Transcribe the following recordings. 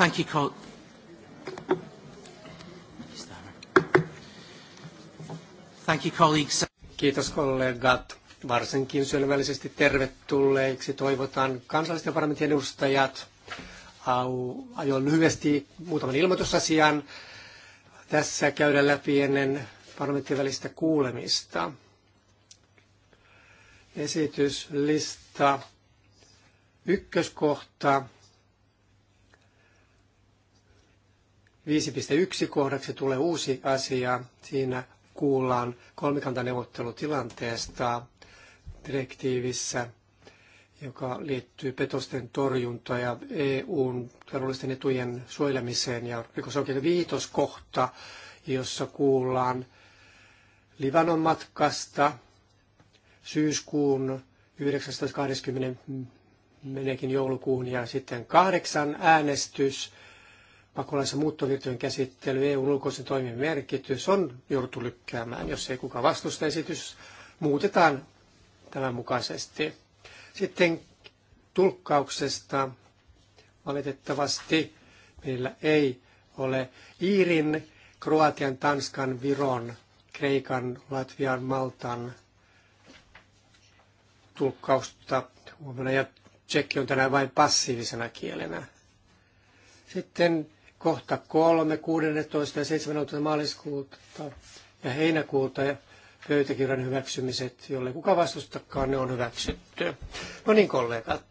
Thank you, Col- Thank you, colleagues. Kiitos kollegat. Varsinkin sylvällisesti tervetulleiksi toivotan kansallisten parlamentin edustajat. Aion lyhyesti muutaman ilmoitusasian tässä käydä läpi ennen parlamentin välistä kuulemista. Esityslista ykköskohta 5.1 kohdaksi tulee uusi asia. Siinä kuullaan kolmikantaneuvottelutilanteesta direktiivissä, joka liittyy petosten torjunta ja EUn taloudellisten etujen suojelemiseen ja rikosoikeuden kohta, jossa kuullaan Livanon matkasta syyskuun 19.20 menekin joulukuun ja sitten kahdeksan äänestys – pakolais- ja muuttovirtojen käsittely, EUn ulkoisen toimien merkitys on jouduttu lykkäämään. Jos ei kukaan vastusta esitys, muutetaan tämän mukaisesti. Sitten tulkkauksesta valitettavasti meillä ei ole Iirin, Kroatian, Tanskan, Viron, Kreikan, Latvian, Maltan tulkkausta huomenna ja tsekki on tänään vain passiivisena kielenä. Sitten kohta 3, 16 ja 17 maaliskuuta ja heinäkuuta ja pöytäkirjan hyväksymiset, jolle kuka vastustakaan, ne on hyväksytty. No niin kollegat,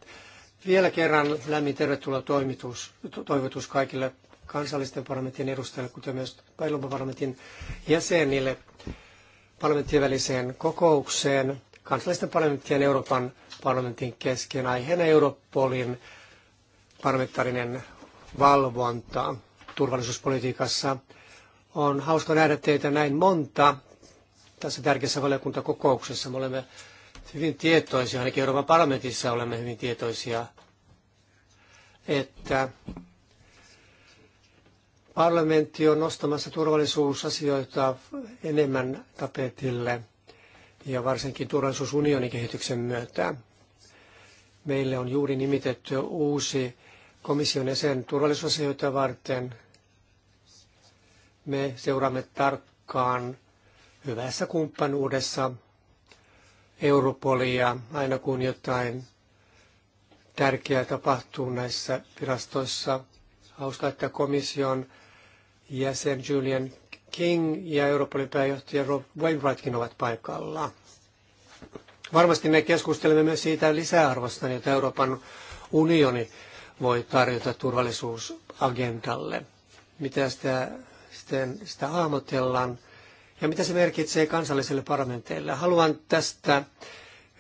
vielä kerran lämmin tervetuloa toimitus, toivotus kaikille kansallisten parlamentin edustajille, kuten myös Päilumman parlamentin jäsenille parlamenttien väliseen kokoukseen kansallisten parlamenttien Euroopan parlamentin kesken aiheena Europolin parlamentaarinen valvontaa turvallisuuspolitiikassa. On hauska nähdä teitä näin monta tässä tärkeässä valiokuntakokouksessa. Me olemme hyvin tietoisia, ainakin Euroopan parlamentissa olemme hyvin tietoisia, että parlamentti on nostamassa turvallisuusasioita enemmän tapetille ja varsinkin turvallisuusunionin kehityksen myötä. Meille on juuri nimitetty uusi komission jäsen turvallisuusasioita varten. Me seuraamme tarkkaan hyvässä kumppanuudessa Europolia aina kun jotain tärkeää tapahtuu näissä virastoissa. Hauska, että komission jäsen Julian King ja Europolin pääjohtaja Rob Wainwrightkin ovat paikalla. Varmasti me keskustelemme myös siitä lisäarvosta, jota Euroopan unioni voi tarjota turvallisuusagendalle. Mitä sitä, sitä, sitä hahmotellaan ja mitä se merkitsee kansallisille parlamenteille. Haluan tästä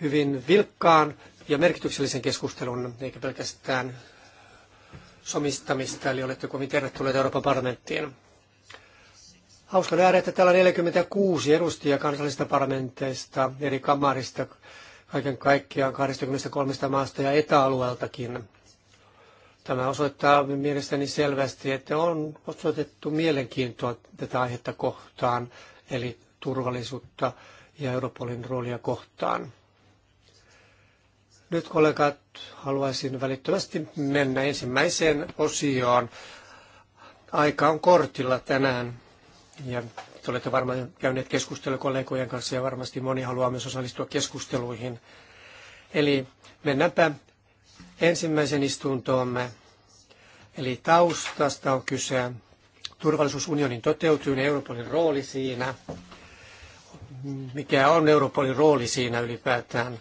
hyvin vilkkaan ja merkityksellisen keskustelun, eikä pelkästään somistamista, eli olette kovin tervetulleet Euroopan parlamenttiin. Hauska nähdä, että täällä on 46 edustajia kansallisista parlamenteista, eri kamarista, kaiken kaikkiaan 23 maasta ja etäalueeltakin. Tämä osoittaa mielestäni selvästi, että on osoitettu mielenkiintoa tätä aihetta kohtaan, eli turvallisuutta ja Europolin roolia kohtaan. Nyt kollegat, haluaisin välittömästi mennä ensimmäiseen osioon. Aika on kortilla tänään ja te olette varmaan käyneet keskustelua kollegojen kanssa ja varmasti moni haluaa myös osallistua keskusteluihin. Eli mennäänpä ensimmäisen istuntoomme. Eli taustasta on kyse turvallisuusunionin toteutuu ja Europolin rooli siinä. Mikä on Europolin rooli siinä ylipäätään?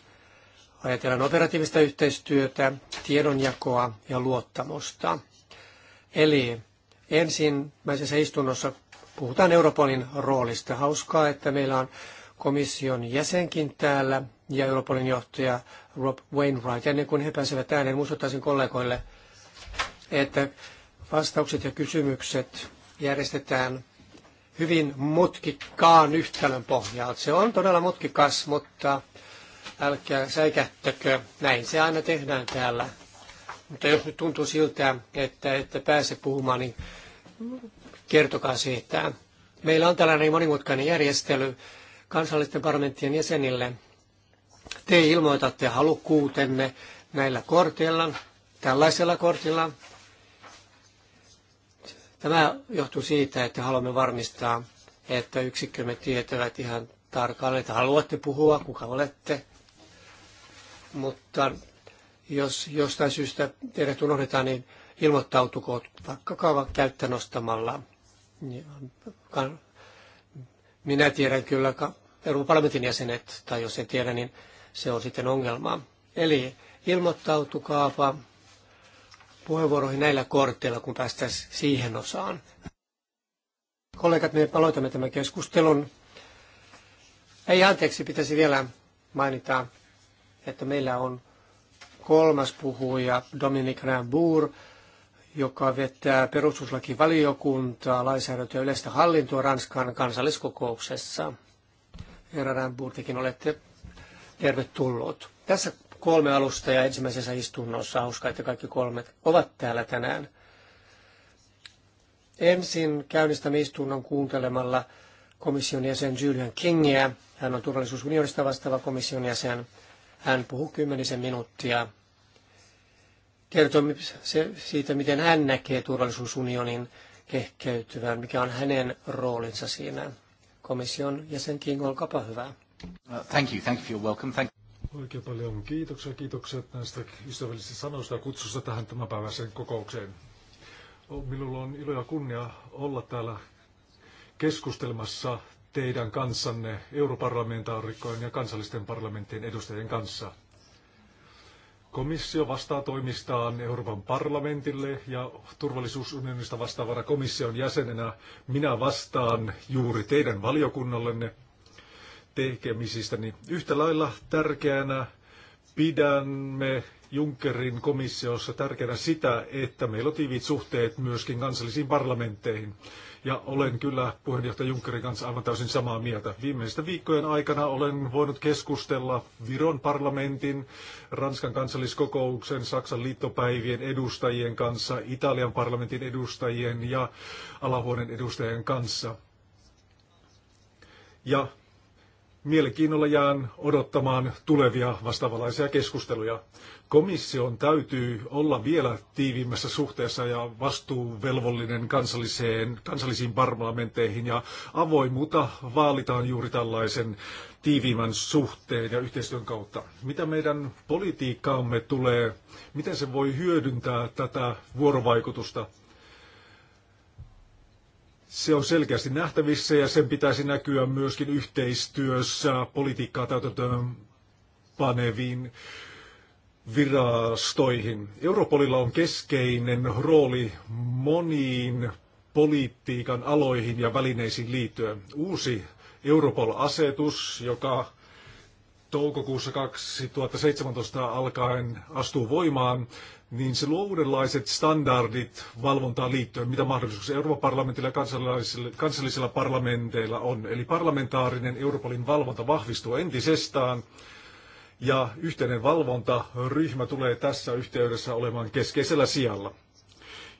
Ajatellaan operatiivista yhteistyötä, tiedonjakoa ja luottamusta. Eli ensimmäisessä istunnossa puhutaan Europolin roolista. Hauskaa, että meillä on komission jäsenkin täällä ja Europolin johtaja Rob Wainwright. Ennen kuin he pääsevät ääneen, muistuttaisin kollegoille, että vastaukset ja kysymykset järjestetään hyvin mutkikkaan yhtälön pohjalta. Se on todella mutkikas, mutta älkää säikähtäkö. Näin se aina tehdään täällä. Mutta jos nyt tuntuu siltä, että, että pääse puhumaan, niin kertokaa siitä. Meillä on tällainen monimutkainen järjestely kansallisten parlamenttien jäsenille – te ilmoitatte halukkuutenne näillä kortilla, tällaisella kortilla. Tämä johtuu siitä, että haluamme varmistaa, että yksikkömme tietävät ihan tarkalleen, että haluatte puhua, kuka olette. Mutta jos jostain syystä teidät unohdetaan, niin ilmoittautukoot vaikka kaavan käyttä nostamalla. Minä tiedän kyllä Euroopan parlamentin jäsenet, tai jos en tiedä, niin se on sitten ongelma. Eli ilmoittautukaapa puheenvuoroihin näillä korteilla, kun päästään siihen osaan. Kollegat, me aloitamme tämän keskustelun. Ei anteeksi, pitäisi vielä mainita, että meillä on kolmas puhuja, Dominic Rambour, joka vetää perustuslakivaliokuntaa, lainsäädäntö ja yleistä hallintoa Ranskan kansalliskokouksessa. Herra tekin olette tervetullut. Tässä kolme alusta ja ensimmäisessä istunnossa. Hauska, että kaikki kolme ovat täällä tänään. Ensin käynnistämme istunnon kuuntelemalla komission jäsen Julian Kingia, Hän on turvallisuusunionista vastaava komission jäsen. Hän puhuu kymmenisen minuuttia. Kertoo se, siitä, miten hän näkee turvallisuusunionin kehkeytyvän, mikä on hänen roolinsa siinä. Komission jäsen King, olkaapa hyvä. Uh, thank you, thank you for your welcome. Thank Oikein paljon kiitoksia, kiitokset näistä ystävällisistä sanoista ja kutsusta tähän tämänpäiväiseen kokoukseen. Minulla on ilo ja kunnia olla täällä keskustelmassa teidän kanssanne, europarlamentaarikkojen ja kansallisten parlamenttien edustajien kanssa. Komissio vastaa toimistaan Euroopan parlamentille ja turvallisuusunionista vastaavana komission jäsenenä minä vastaan juuri teidän valiokunnallenne – tekemisistä, niin yhtä lailla tärkeänä pidämme Junckerin komissiossa tärkeänä sitä, että meillä on tiiviit suhteet myöskin kansallisiin parlamentteihin. Ja olen kyllä puheenjohtaja Junckerin kanssa aivan täysin samaa mieltä. Viimeisten viikkojen aikana olen voinut keskustella Viron parlamentin, Ranskan kansalliskokouksen, Saksan liittopäivien edustajien kanssa, Italian parlamentin edustajien ja alahuoneen edustajien kanssa. Ja Mielenkiinnolla jään odottamaan tulevia vastaavanlaisia keskusteluja. Komission täytyy olla vielä tiiviimmässä suhteessa ja vastuuvelvollinen kansalliseen, kansallisiin parlamentteihin ja avoimuutta vaalitaan juuri tällaisen tiiviimmän suhteen ja yhteistyön kautta. Mitä meidän politiikkaamme tulee, miten se voi hyödyntää tätä vuorovaikutusta? Se on selkeästi nähtävissä ja sen pitäisi näkyä myöskin yhteistyössä politiikkaa täytäntöön paneviin virastoihin. Europolilla on keskeinen rooli moniin politiikan aloihin ja välineisiin liittyen. Uusi Europol-asetus, joka toukokuussa 2017 alkaen astuu voimaan, niin se luo uudenlaiset standardit valvontaan liittyen, mitä mahdollisuuksia Euroopan parlamentilla ja kansallisilla, parlamenteilla on. Eli parlamentaarinen Euroopan valvonta vahvistuu entisestään ja yhteinen valvontaryhmä tulee tässä yhteydessä olemaan keskeisellä sijalla.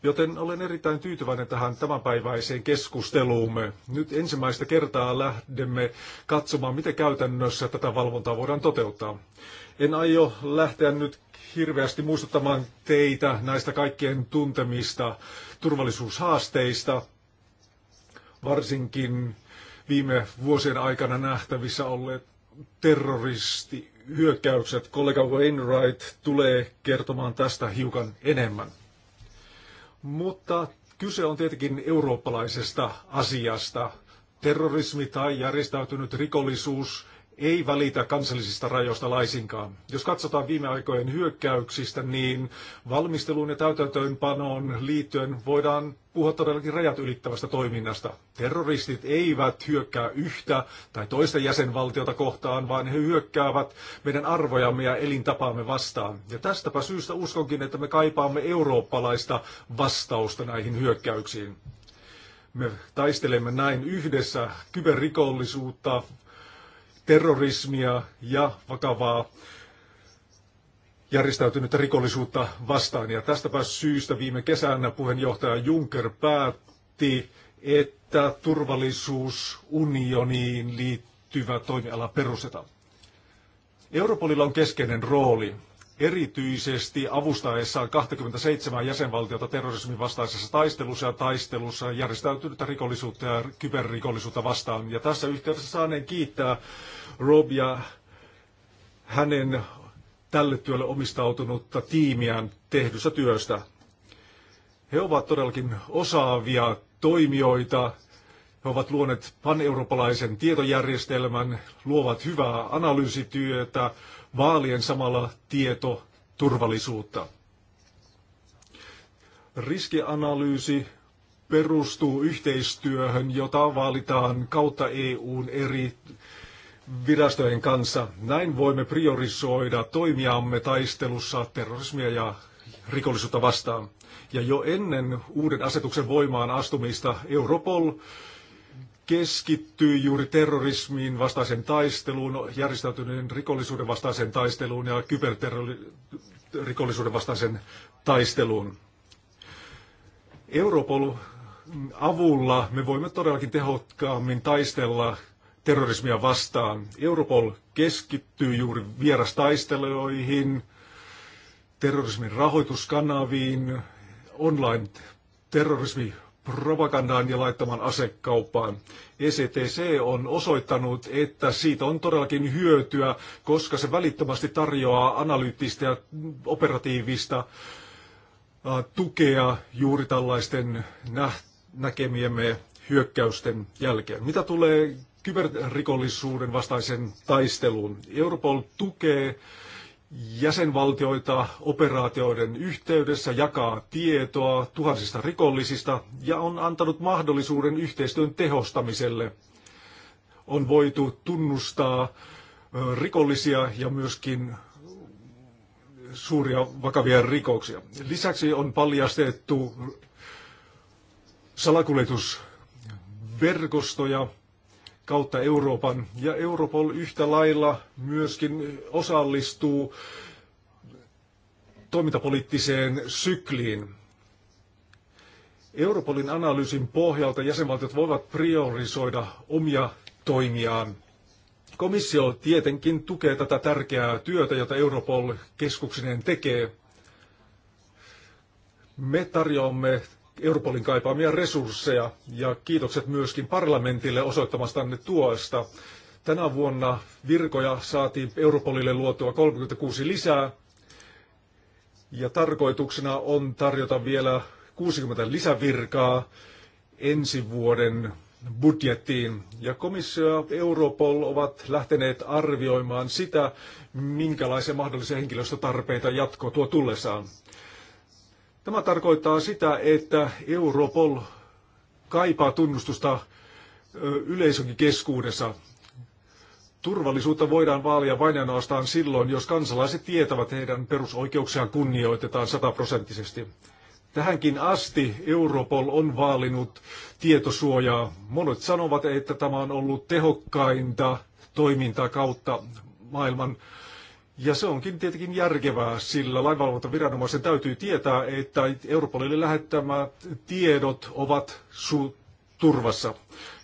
Joten olen erittäin tyytyväinen tähän tämänpäiväiseen keskusteluumme. Nyt ensimmäistä kertaa lähdemme katsomaan, miten käytännössä tätä valvontaa voidaan toteuttaa. En aio lähteä nyt hirveästi muistuttamaan teitä näistä kaikkien tuntemista turvallisuushaasteista, varsinkin viime vuosien aikana nähtävissä olleet terroristihyökkäykset. Kollega Wainwright tulee kertomaan tästä hiukan enemmän. Mutta kyse on tietenkin eurooppalaisesta asiasta. Terrorismi tai järjestäytynyt rikollisuus ei välitä kansallisista rajoista laisinkaan. Jos katsotaan viime aikojen hyökkäyksistä, niin valmisteluun ja täytäntöönpanoon liittyen voidaan puhua todellakin rajat ylittävästä toiminnasta. Terroristit eivät hyökkää yhtä tai toista jäsenvaltiota kohtaan, vaan he hyökkäävät meidän arvojamme ja elintapaamme vastaan. Ja tästäpä syystä uskonkin, että me kaipaamme eurooppalaista vastausta näihin hyökkäyksiin. Me taistelemme näin yhdessä kyberrikollisuutta terrorismia ja vakavaa järjestäytynyttä rikollisuutta vastaan. Ja tästäpä syystä viime kesänä puheenjohtaja Juncker päätti, että turvallisuusunioniin liittyvä toimiala perustetaan. Europolilla on keskeinen rooli erityisesti avustaessaan 27 jäsenvaltiota terrorismin vastaisessa taistelussa ja taistelussa järjestäytynyttä rikollisuutta ja kyberrikollisuutta vastaan. Ja tässä yhteydessä saaneen kiittää Robia hänen tälle työlle omistautunutta tiimiään tehdyssä työstä. He ovat todellakin osaavia toimijoita. He ovat luoneet paneurooppalaisen tietojärjestelmän, luovat hyvää analyysityötä, vaalien samalla tieto turvallisuutta. Riskianalyysi perustuu yhteistyöhön, jota vaalitaan kautta EUn eri virastojen kanssa. Näin voimme priorisoida toimiamme taistelussa terrorismia ja rikollisuutta vastaan. Ja jo ennen uuden asetuksen voimaan astumista Europol keskittyy juuri terrorismiin vastaiseen taisteluun, järjestäytyneen rikollisuuden vastaiseen taisteluun ja kyberterrorikollisuuden vastaiseen taisteluun. Europol avulla me voimme todellakin tehokkaammin taistella terrorismia vastaan. Europol keskittyy juuri vierastaistelijoihin, terrorismin rahoituskanaviin, online terrorismi propagandaan ja laittoman asekauppaan. ECTC on osoittanut, että siitä on todellakin hyötyä, koska se välittömästi tarjoaa analyyttistä ja operatiivista tukea juuri tällaisten näkemiemme hyökkäysten jälkeen. Mitä tulee kyberrikollisuuden vastaisen taisteluun? Europol tukee jäsenvaltioita operaatioiden yhteydessä, jakaa tietoa tuhansista rikollisista ja on antanut mahdollisuuden yhteistyön tehostamiselle. On voitu tunnustaa rikollisia ja myöskin suuria vakavia rikoksia. Lisäksi on paljastettu salakuljetusverkostoja kautta Euroopan. Ja Europol yhtä lailla myöskin osallistuu toimintapoliittiseen sykliin. Europolin analyysin pohjalta jäsenvaltiot voivat priorisoida omia toimiaan. Komissio tietenkin tukee tätä tärkeää työtä, jota Europol keskuksineen tekee. Me tarjoamme Europolin kaipaamia resursseja ja kiitokset myöskin parlamentille osoittamastanne tuosta. Tänä vuonna virkoja saatiin Europolille luotua 36 lisää ja tarkoituksena on tarjota vielä 60 lisävirkaa ensi vuoden budjettiin. Ja komissio ja Europol ovat lähteneet arvioimaan sitä, minkälaisia mahdollisia henkilöstötarpeita jatko tuo tullessaan. Tämä tarkoittaa sitä, että Europol kaipaa tunnustusta yleisönkin keskuudessa. Turvallisuutta voidaan vaalia vain ainoastaan silloin, jos kansalaiset tietävät heidän perusoikeuksiaan kunnioitetaan sataprosenttisesti. Tähänkin asti Europol on vaalinut tietosuojaa. Monet sanovat, että tämä on ollut tehokkainta toimintaa kautta maailman ja se onkin tietenkin järkevää, sillä lainvalvontaviranomaisen täytyy tietää, että Europolille lähettämät tiedot ovat su- turvassa.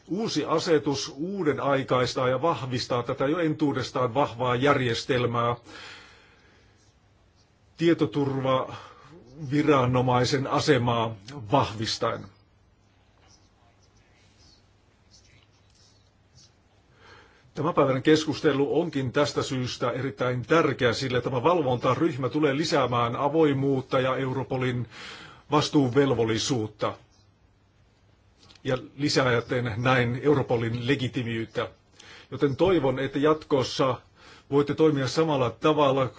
Uusi asetus uuden aikaistaa ja vahvistaa tätä jo entuudestaan vahvaa järjestelmää tietoturva viranomaisen asemaa vahvistaen. Tämä päivän keskustelu onkin tästä syystä erittäin tärkeä, sillä tämä valvontaryhmä tulee lisäämään avoimuutta ja Europolin vastuuvelvollisuutta ja lisääjäten näin Europolin legitimiyttä. Joten toivon, että jatkossa voitte toimia samalla tavalla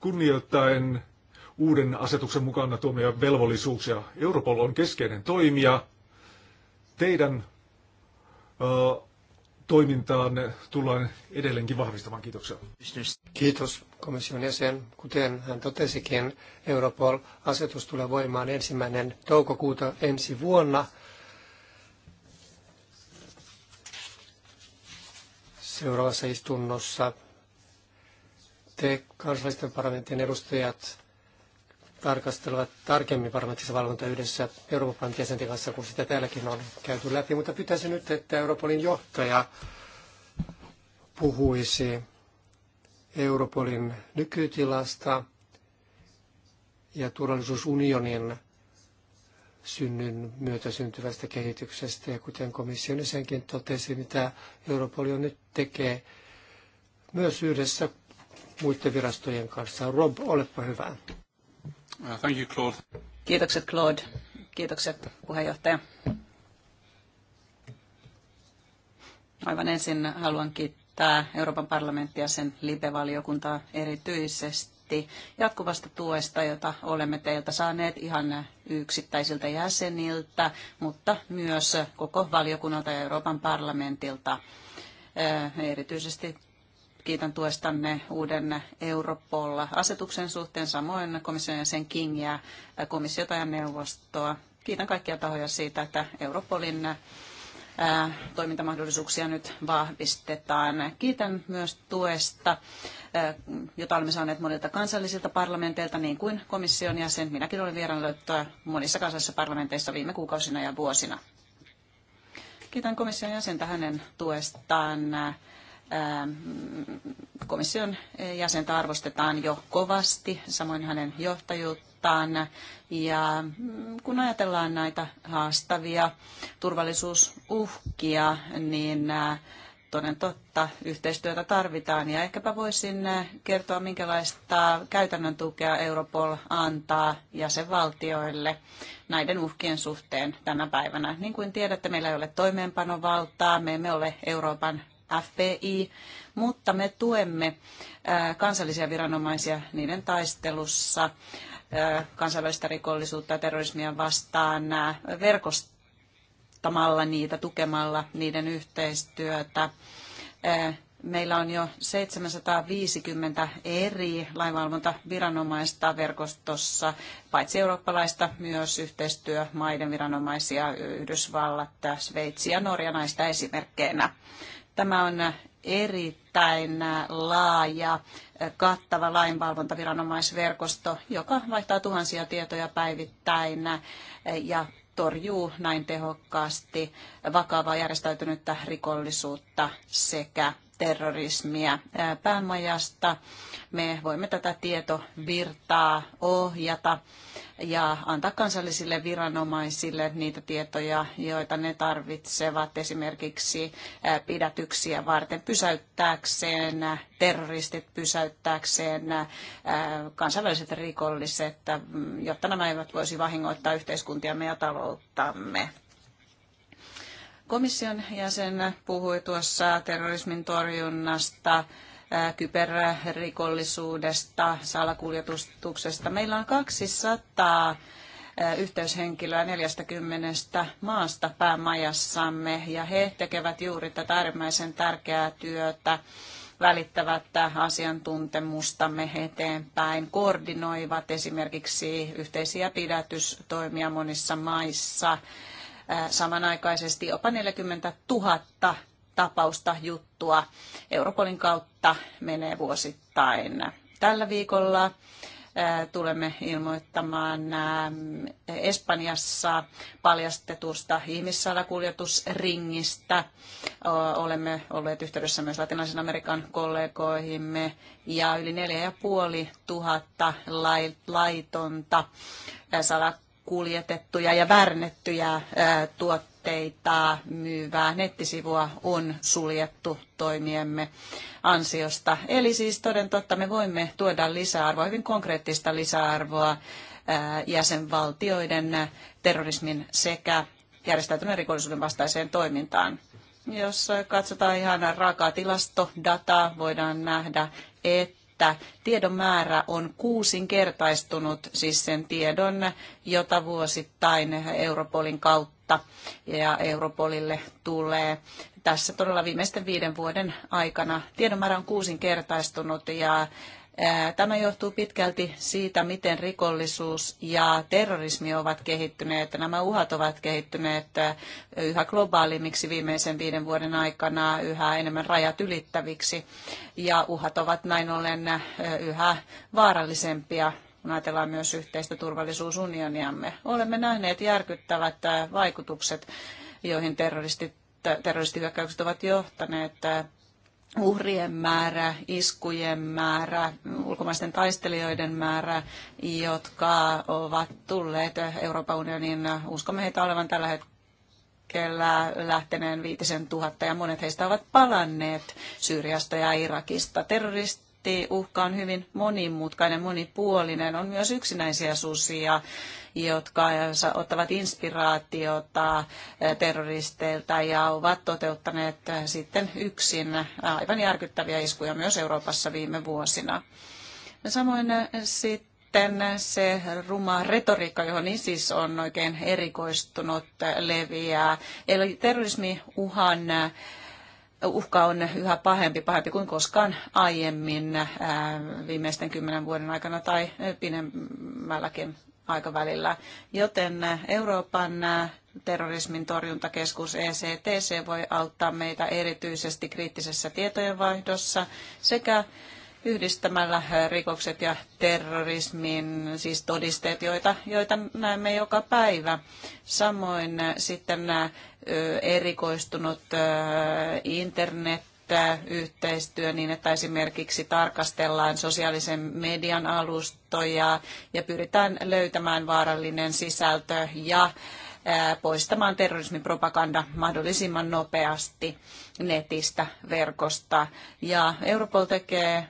kunnioittaen uuden asetuksen mukana tuomia velvollisuuksia. Europol on keskeinen toimija. Teidän toimintaan tullaan edelleenkin vahvistamaan. Kiitoksia. Kiitos komission jäsen. Kuten hän totesikin, Europol-asetus tulee voimaan ensimmäinen toukokuuta ensi vuonna. Seuraavassa istunnossa te kansallisten parlamentin edustajat tarkastella tarkemmin parlamentissa valvonta yhdessä Euroopan parlamentin jäsenten kanssa, kun sitä täälläkin on käyty läpi. Mutta pitäisi nyt, että Europolin johtaja puhuisi Europolin nykytilasta ja turvallisuusunionin synnyn myötä syntyvästä kehityksestä. Ja kuten komission senkin totesi, mitä Europoli on nyt tekee myös yhdessä muiden virastojen kanssa. Rob, olepa hyvä. Uh, thank you, Claude. Kiitokset Claude. Kiitokset puheenjohtaja. Aivan ensin haluan kiittää Euroopan parlamenttia sen live-valiokuntaa erityisesti jatkuvasta tuesta, jota olemme teiltä saaneet ihan yksittäisiltä jäseniltä, mutta myös koko valiokunnalta ja Euroopan parlamentilta. Äh, erityisesti Kiitän tuestanne uuden Europol-asetuksen suhteen, samoin komission sen Kingiä, komissiota ja neuvostoa. Kiitän kaikkia tahoja siitä, että Europolin toimintamahdollisuuksia nyt vahvistetaan. Kiitän myös tuesta, jota olemme saaneet monilta kansallisilta parlamenteilta, niin kuin komission jäsen. Minäkin olen vieraillut monissa kansallisissa parlamenteissa viime kuukausina ja vuosina. Kiitän komission jäsentä hänen tuestaan Ähm, komission jäsentä arvostetaan jo kovasti, samoin hänen johtajuuttaan. Ja mm, kun ajatellaan näitä haastavia turvallisuusuhkia, niin äh, toden totta yhteistyötä tarvitaan. Ja ehkäpä voisin äh, kertoa, minkälaista käytännön tukea Europol antaa jäsenvaltioille näiden uhkien suhteen tänä päivänä. Niin kuin tiedätte, meillä ei ole toimeenpanovaltaa, me emme ole Euroopan FPI, mutta me tuemme kansallisia viranomaisia niiden taistelussa kansainvälistä rikollisuutta ja terrorismia vastaan verkostamalla niitä, tukemalla niiden yhteistyötä. Meillä on jo 750 eri lainvalvontaviranomaista verkostossa, paitsi eurooppalaista, myös yhteistyömaiden viranomaisia, Yhdysvallat, Sveitsi ja Norja näistä esimerkkeinä. Tämä on erittäin laaja, kattava lainvalvontaviranomaisverkosto, joka vaihtaa tuhansia tietoja päivittäin ja torjuu näin tehokkaasti vakavaa järjestäytynyttä rikollisuutta sekä terrorismia päämajasta. Me voimme tätä tietovirtaa ohjata ja antaa kansallisille viranomaisille niitä tietoja, joita ne tarvitsevat esimerkiksi pidätyksiä varten pysäyttääkseen, terroristit pysäyttääkseen, kansainväliset rikolliset, jotta nämä eivät voisi vahingoittaa yhteiskuntiamme ja talouttamme. Komission jäsen puhui tuossa terrorismin torjunnasta, kyberrikollisuudesta, salakuljetuksesta. Meillä on 200 yhteyshenkilöä 40 maasta päämajassamme ja he tekevät juuri tätä äärimmäisen tärkeää työtä välittävät asiantuntemustamme eteenpäin, koordinoivat esimerkiksi yhteisiä pidätystoimia monissa maissa Äh, samanaikaisesti jopa 40 000 tapausta juttua Europolin kautta menee vuosittain. Tällä viikolla äh, tulemme ilmoittamaan äh, Espanjassa paljastetusta ihmissalakuljetusringistä. Olemme olleet yhteydessä myös Latinalaisen Amerikan kollegoihimme ja yli 4500 laitonta salak kuljetettuja ja värnettyjä tuotteita myyvää nettisivua on suljettu toimiemme ansiosta. Eli siis toden totta me voimme tuoda lisäarvoa, hyvin konkreettista lisäarvoa jäsenvaltioiden terrorismin sekä järjestäytyneen rikollisuuden vastaiseen toimintaan. Jos katsotaan ihan raakaa tilastodataa, voidaan nähdä, että että tiedon määrä on kuusinkertaistunut, siis sen tiedon, jota vuosittain Europolin kautta ja Europolille tulee. Tässä todella viimeisten viiden vuoden aikana tiedon määrä on kuusinkertaistunut ja Tämä johtuu pitkälti siitä, miten rikollisuus ja terrorismi ovat kehittyneet. Nämä uhat ovat kehittyneet yhä globaalimmiksi viimeisen viiden vuoden aikana, yhä enemmän rajat ylittäviksi. Ja uhat ovat näin ollen yhä vaarallisempia kun ajatellaan myös yhteistä turvallisuusunioniamme. Olemme nähneet järkyttävät vaikutukset, joihin terroristit, terroristihyökkäykset ovat johtaneet uhrien määrä, iskujen määrä, ulkomaisten taistelijoiden määrä, jotka ovat tulleet Euroopan unionin, uskomme heitä olevan tällä hetkellä lähteneen viitisen tuhatta ja monet heistä ovat palanneet Syyriasta ja Irakista. Terrorist, uhka on hyvin monimutkainen, monipuolinen. On myös yksinäisiä susia, jotka ottavat inspiraatiota eh, terroristeilta ja ovat toteuttaneet eh, sitten yksin eh, aivan järkyttäviä iskuja myös Euroopassa viime vuosina. Samoin sitten sitten se ruma retoriikka, johon ISIS on oikein erikoistunut, leviää. Eli terrorismiuhan uhka on yhä pahempi, pahempi kuin koskaan aiemmin viimeisten kymmenen vuoden aikana tai pidemmälläkin aikavälillä. Joten Euroopan terrorismin torjuntakeskus ECTC voi auttaa meitä erityisesti kriittisessä tietojenvaihdossa sekä yhdistämällä rikokset ja terrorismin, siis todisteet, joita, joita näemme joka päivä. Samoin sitten erikoistunut internet yhteistyö niin, että esimerkiksi tarkastellaan sosiaalisen median alustoja ja pyritään löytämään vaarallinen sisältö ja poistamaan terrorismin propaganda mahdollisimman nopeasti netistä, verkosta. Ja Europol tekee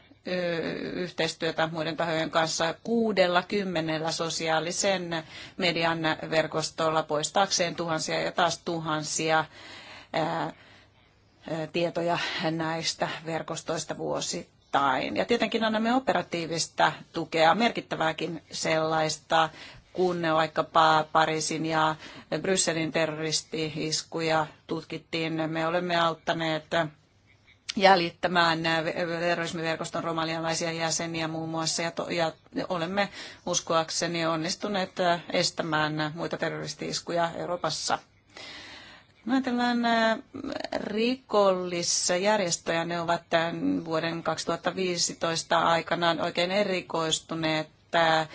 yhteistyötä muiden tahojen kanssa kuudella kymmenellä sosiaalisen median verkostolla poistaakseen tuhansia ja taas tuhansia tietoja näistä verkostoista vuosittain Ja tietenkin annamme operatiivista tukea, merkittävääkin sellaista, kun vaikkapa Pariisin ja Brysselin terroristi-iskuja tutkittiin. Me olemme auttaneet jäljittämään terrorismiverkoston romanialaisia jäseniä muun muassa ja, to, ja olemme uskoakseni onnistuneet äh, estämään muita terroristiiskuja Euroopassa. Me ajatellaan äh, rikollisjärjestöjä, ne ovat tämän vuoden 2015 aikana oikein erikoistuneet Äh,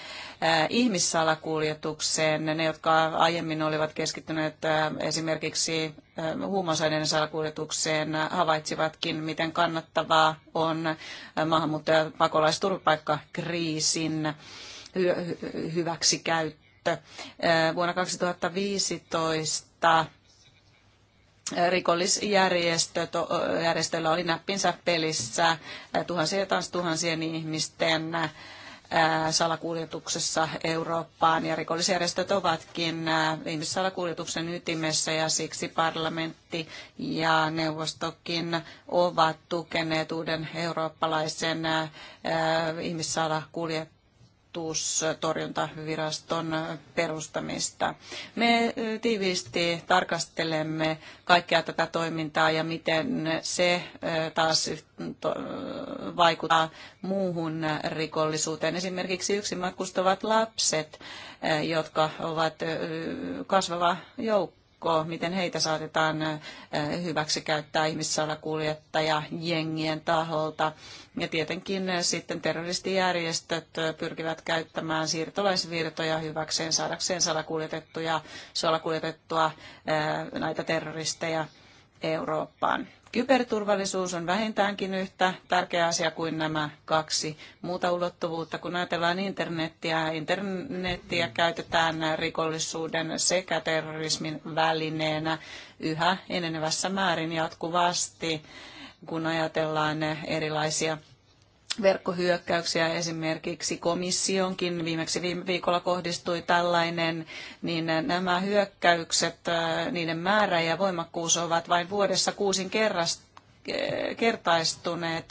ihmissalakuljetukseen. Ne, jotka aiemmin olivat keskittyneet äh, esimerkiksi äh, huumausaineiden salakuljetukseen, havaitsivatkin, miten kannattavaa on maahanmuutto- ja pakolaisturvapaikkakriisin hyväksikäyttö. Vuonna 2015 rikollisjärjestöillä oli näppinsä pelissä tuhansien ja taas tuhansien ihmisten salakuljetuksessa Eurooppaan ja rikollisjärjestöt ovatkin ihmissalakuljetuksen ytimessä ja siksi parlamentti ja neuvostokin ovat tukeneet uuden eurooppalaisen ihmissalakuljetuksen petostorjuntaviraston perustamista. Me eh, tiiviisti tarkastelemme kaikkea tätä toimintaa ja miten se eh, taas eh, vaikuttaa muuhun rikollisuuteen. Esimerkiksi yksin matkustavat lapset, jotka ovat kasvava joukko joukko, miten heitä saatetaan hyväksi käyttää ihmissalakuljettaja jengien taholta. Ja tietenkin sitten terroristijärjestöt pyrkivät käyttämään siirtolaisvirtoja hyväkseen saadakseen salakuljetettuja, salakuljetettua näitä terroristeja Eurooppaan. Kyberturvallisuus on vähintäänkin yhtä tärkeä asia kuin nämä kaksi muuta ulottuvuutta. Kun ajatellaan internettiä, internettiä käytetään rikollisuuden sekä terrorismin välineenä yhä enenevässä määrin jatkuvasti, kun ajatellaan erilaisia verkkohyökkäyksiä esimerkiksi komissionkin viimeksi viime viikolla kohdistui tällainen, niin nämä hyökkäykset, äh, niiden määrä ja voimakkuus ovat vain vuodessa kuusin kerrasta kertaistuneet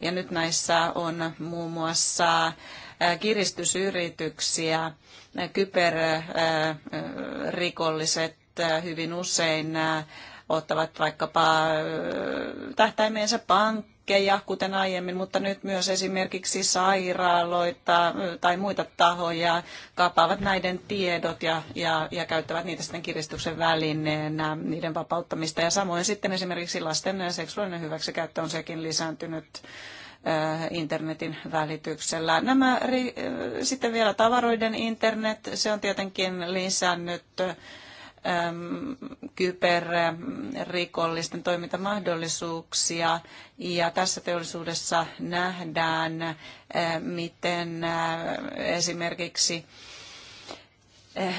ja nyt näissä on muun muassa äh, kiristysyrityksiä, äh, kyberrikolliset hyvin usein ottavat vaikkapa tähtäimeensä pankkeja, kuten aiemmin, mutta nyt myös esimerkiksi sairaaloita tai muita tahoja kapaavat näiden tiedot ja, ja, ja käyttävät niitä sitten kiristyksen välineenä niiden vapauttamista. Ja samoin sitten esimerkiksi lasten seksuaalinen hyväksikäyttö on sekin lisääntynyt internetin välityksellä. Nämä sitten vielä tavaroiden internet, se on tietenkin lisännyt kyberrikollisten toimintamahdollisuuksia. Ja tässä teollisuudessa nähdään, miten esimerkiksi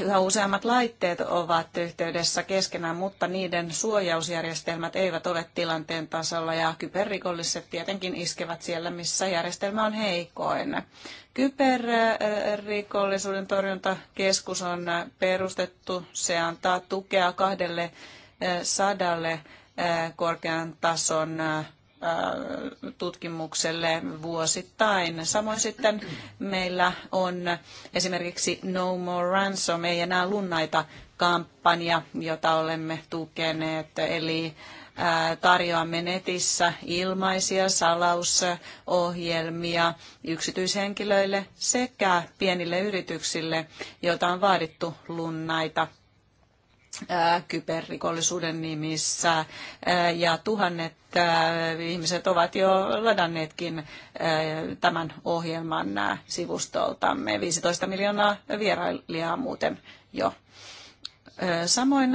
Yhä useammat laitteet ovat yhteydessä keskenään, mutta niiden suojausjärjestelmät eivät ole tilanteen tasalla ja kyberrikolliset tietenkin iskevät siellä, missä järjestelmä on heikoin. Kyberrikollisuuden torjuntakeskus on perustettu. Se antaa tukea kahdelle eh, sadalle eh, korkean tason eh, tutkimukselle vuosittain. Samoin sitten meillä on esimerkiksi No More Ransom, ei enää lunnaita kampanja, jota olemme tukeneet. Eli Tarjoamme netissä ilmaisia salausohjelmia yksityishenkilöille sekä pienille yrityksille, joita on vaadittu lunnaita kyberrikollisuuden nimissä ja tuhannet ihmiset ovat jo ladanneetkin tämän ohjelman sivustoltamme. 15 miljoonaa vierailijaa muuten jo Samoin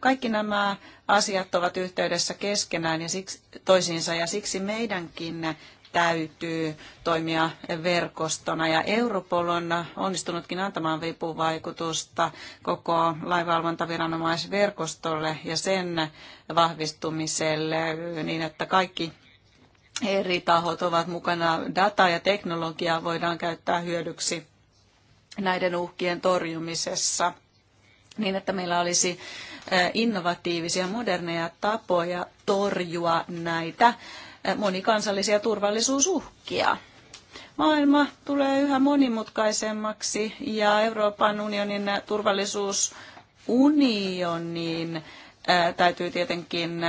kaikki nämä asiat ovat yhteydessä keskenään ja siksi, toisiinsa ja siksi meidänkin täytyy toimia verkostona. Ja Europol on onnistunutkin antamaan vipuvaikutusta koko laivalvontaviranomaisverkostolle ja sen vahvistumiselle niin, että kaikki eri tahot ovat mukana. data ja teknologiaa voidaan käyttää hyödyksi näiden uhkien torjumisessa niin että meillä olisi innovatiivisia, moderneja tapoja torjua näitä monikansallisia turvallisuusuhkia. Maailma tulee yhä monimutkaisemmaksi ja Euroopan unionin turvallisuusunionin täytyy tietenkin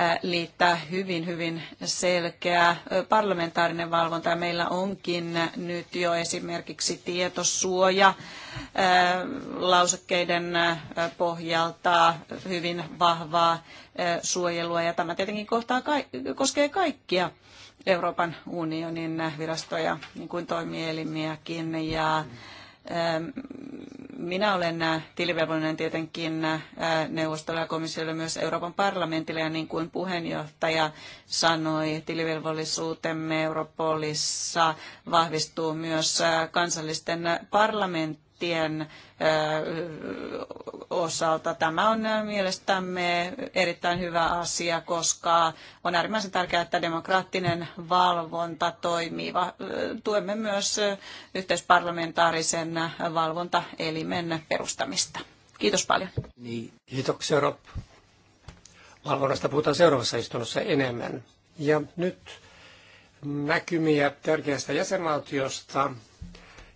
Äh, liittää hyvin, hyvin selkeä äh, parlamentaarinen valvonta. Meillä onkin nyt jo esimerkiksi tietosuoja äh, lausekkeiden pohjalta hyvin vahvaa suojelua ja tämä tietenkin kohtaa, koskee kaikkia Euroopan unionin virastoja, niin kuin toimielimiäkin ja mm Ähm, minä olen äh, tilivelvollinen tietenkin äh, neuvostolle ja komissiolle myös Euroopan parlamentille ja niin kuin puheenjohtaja sanoi, tilivelvollisuutemme Europolissa vahvistuu myös äh, kansallisten parlamenttien konsulttien osalta. Tämä on mielestämme erittäin hyvä asia, koska on äärimmäisen tärkeää, että demokraattinen valvonta toimii. Tuemme myös yhteisparlamentaarisen valvontaelimen perustamista. Kiitos paljon. Niin, kiitoksia Rob. Valvonnasta puhutaan seuraavassa istunnossa enemmän. Ja nyt näkymiä tärkeästä jäsenvaltiosta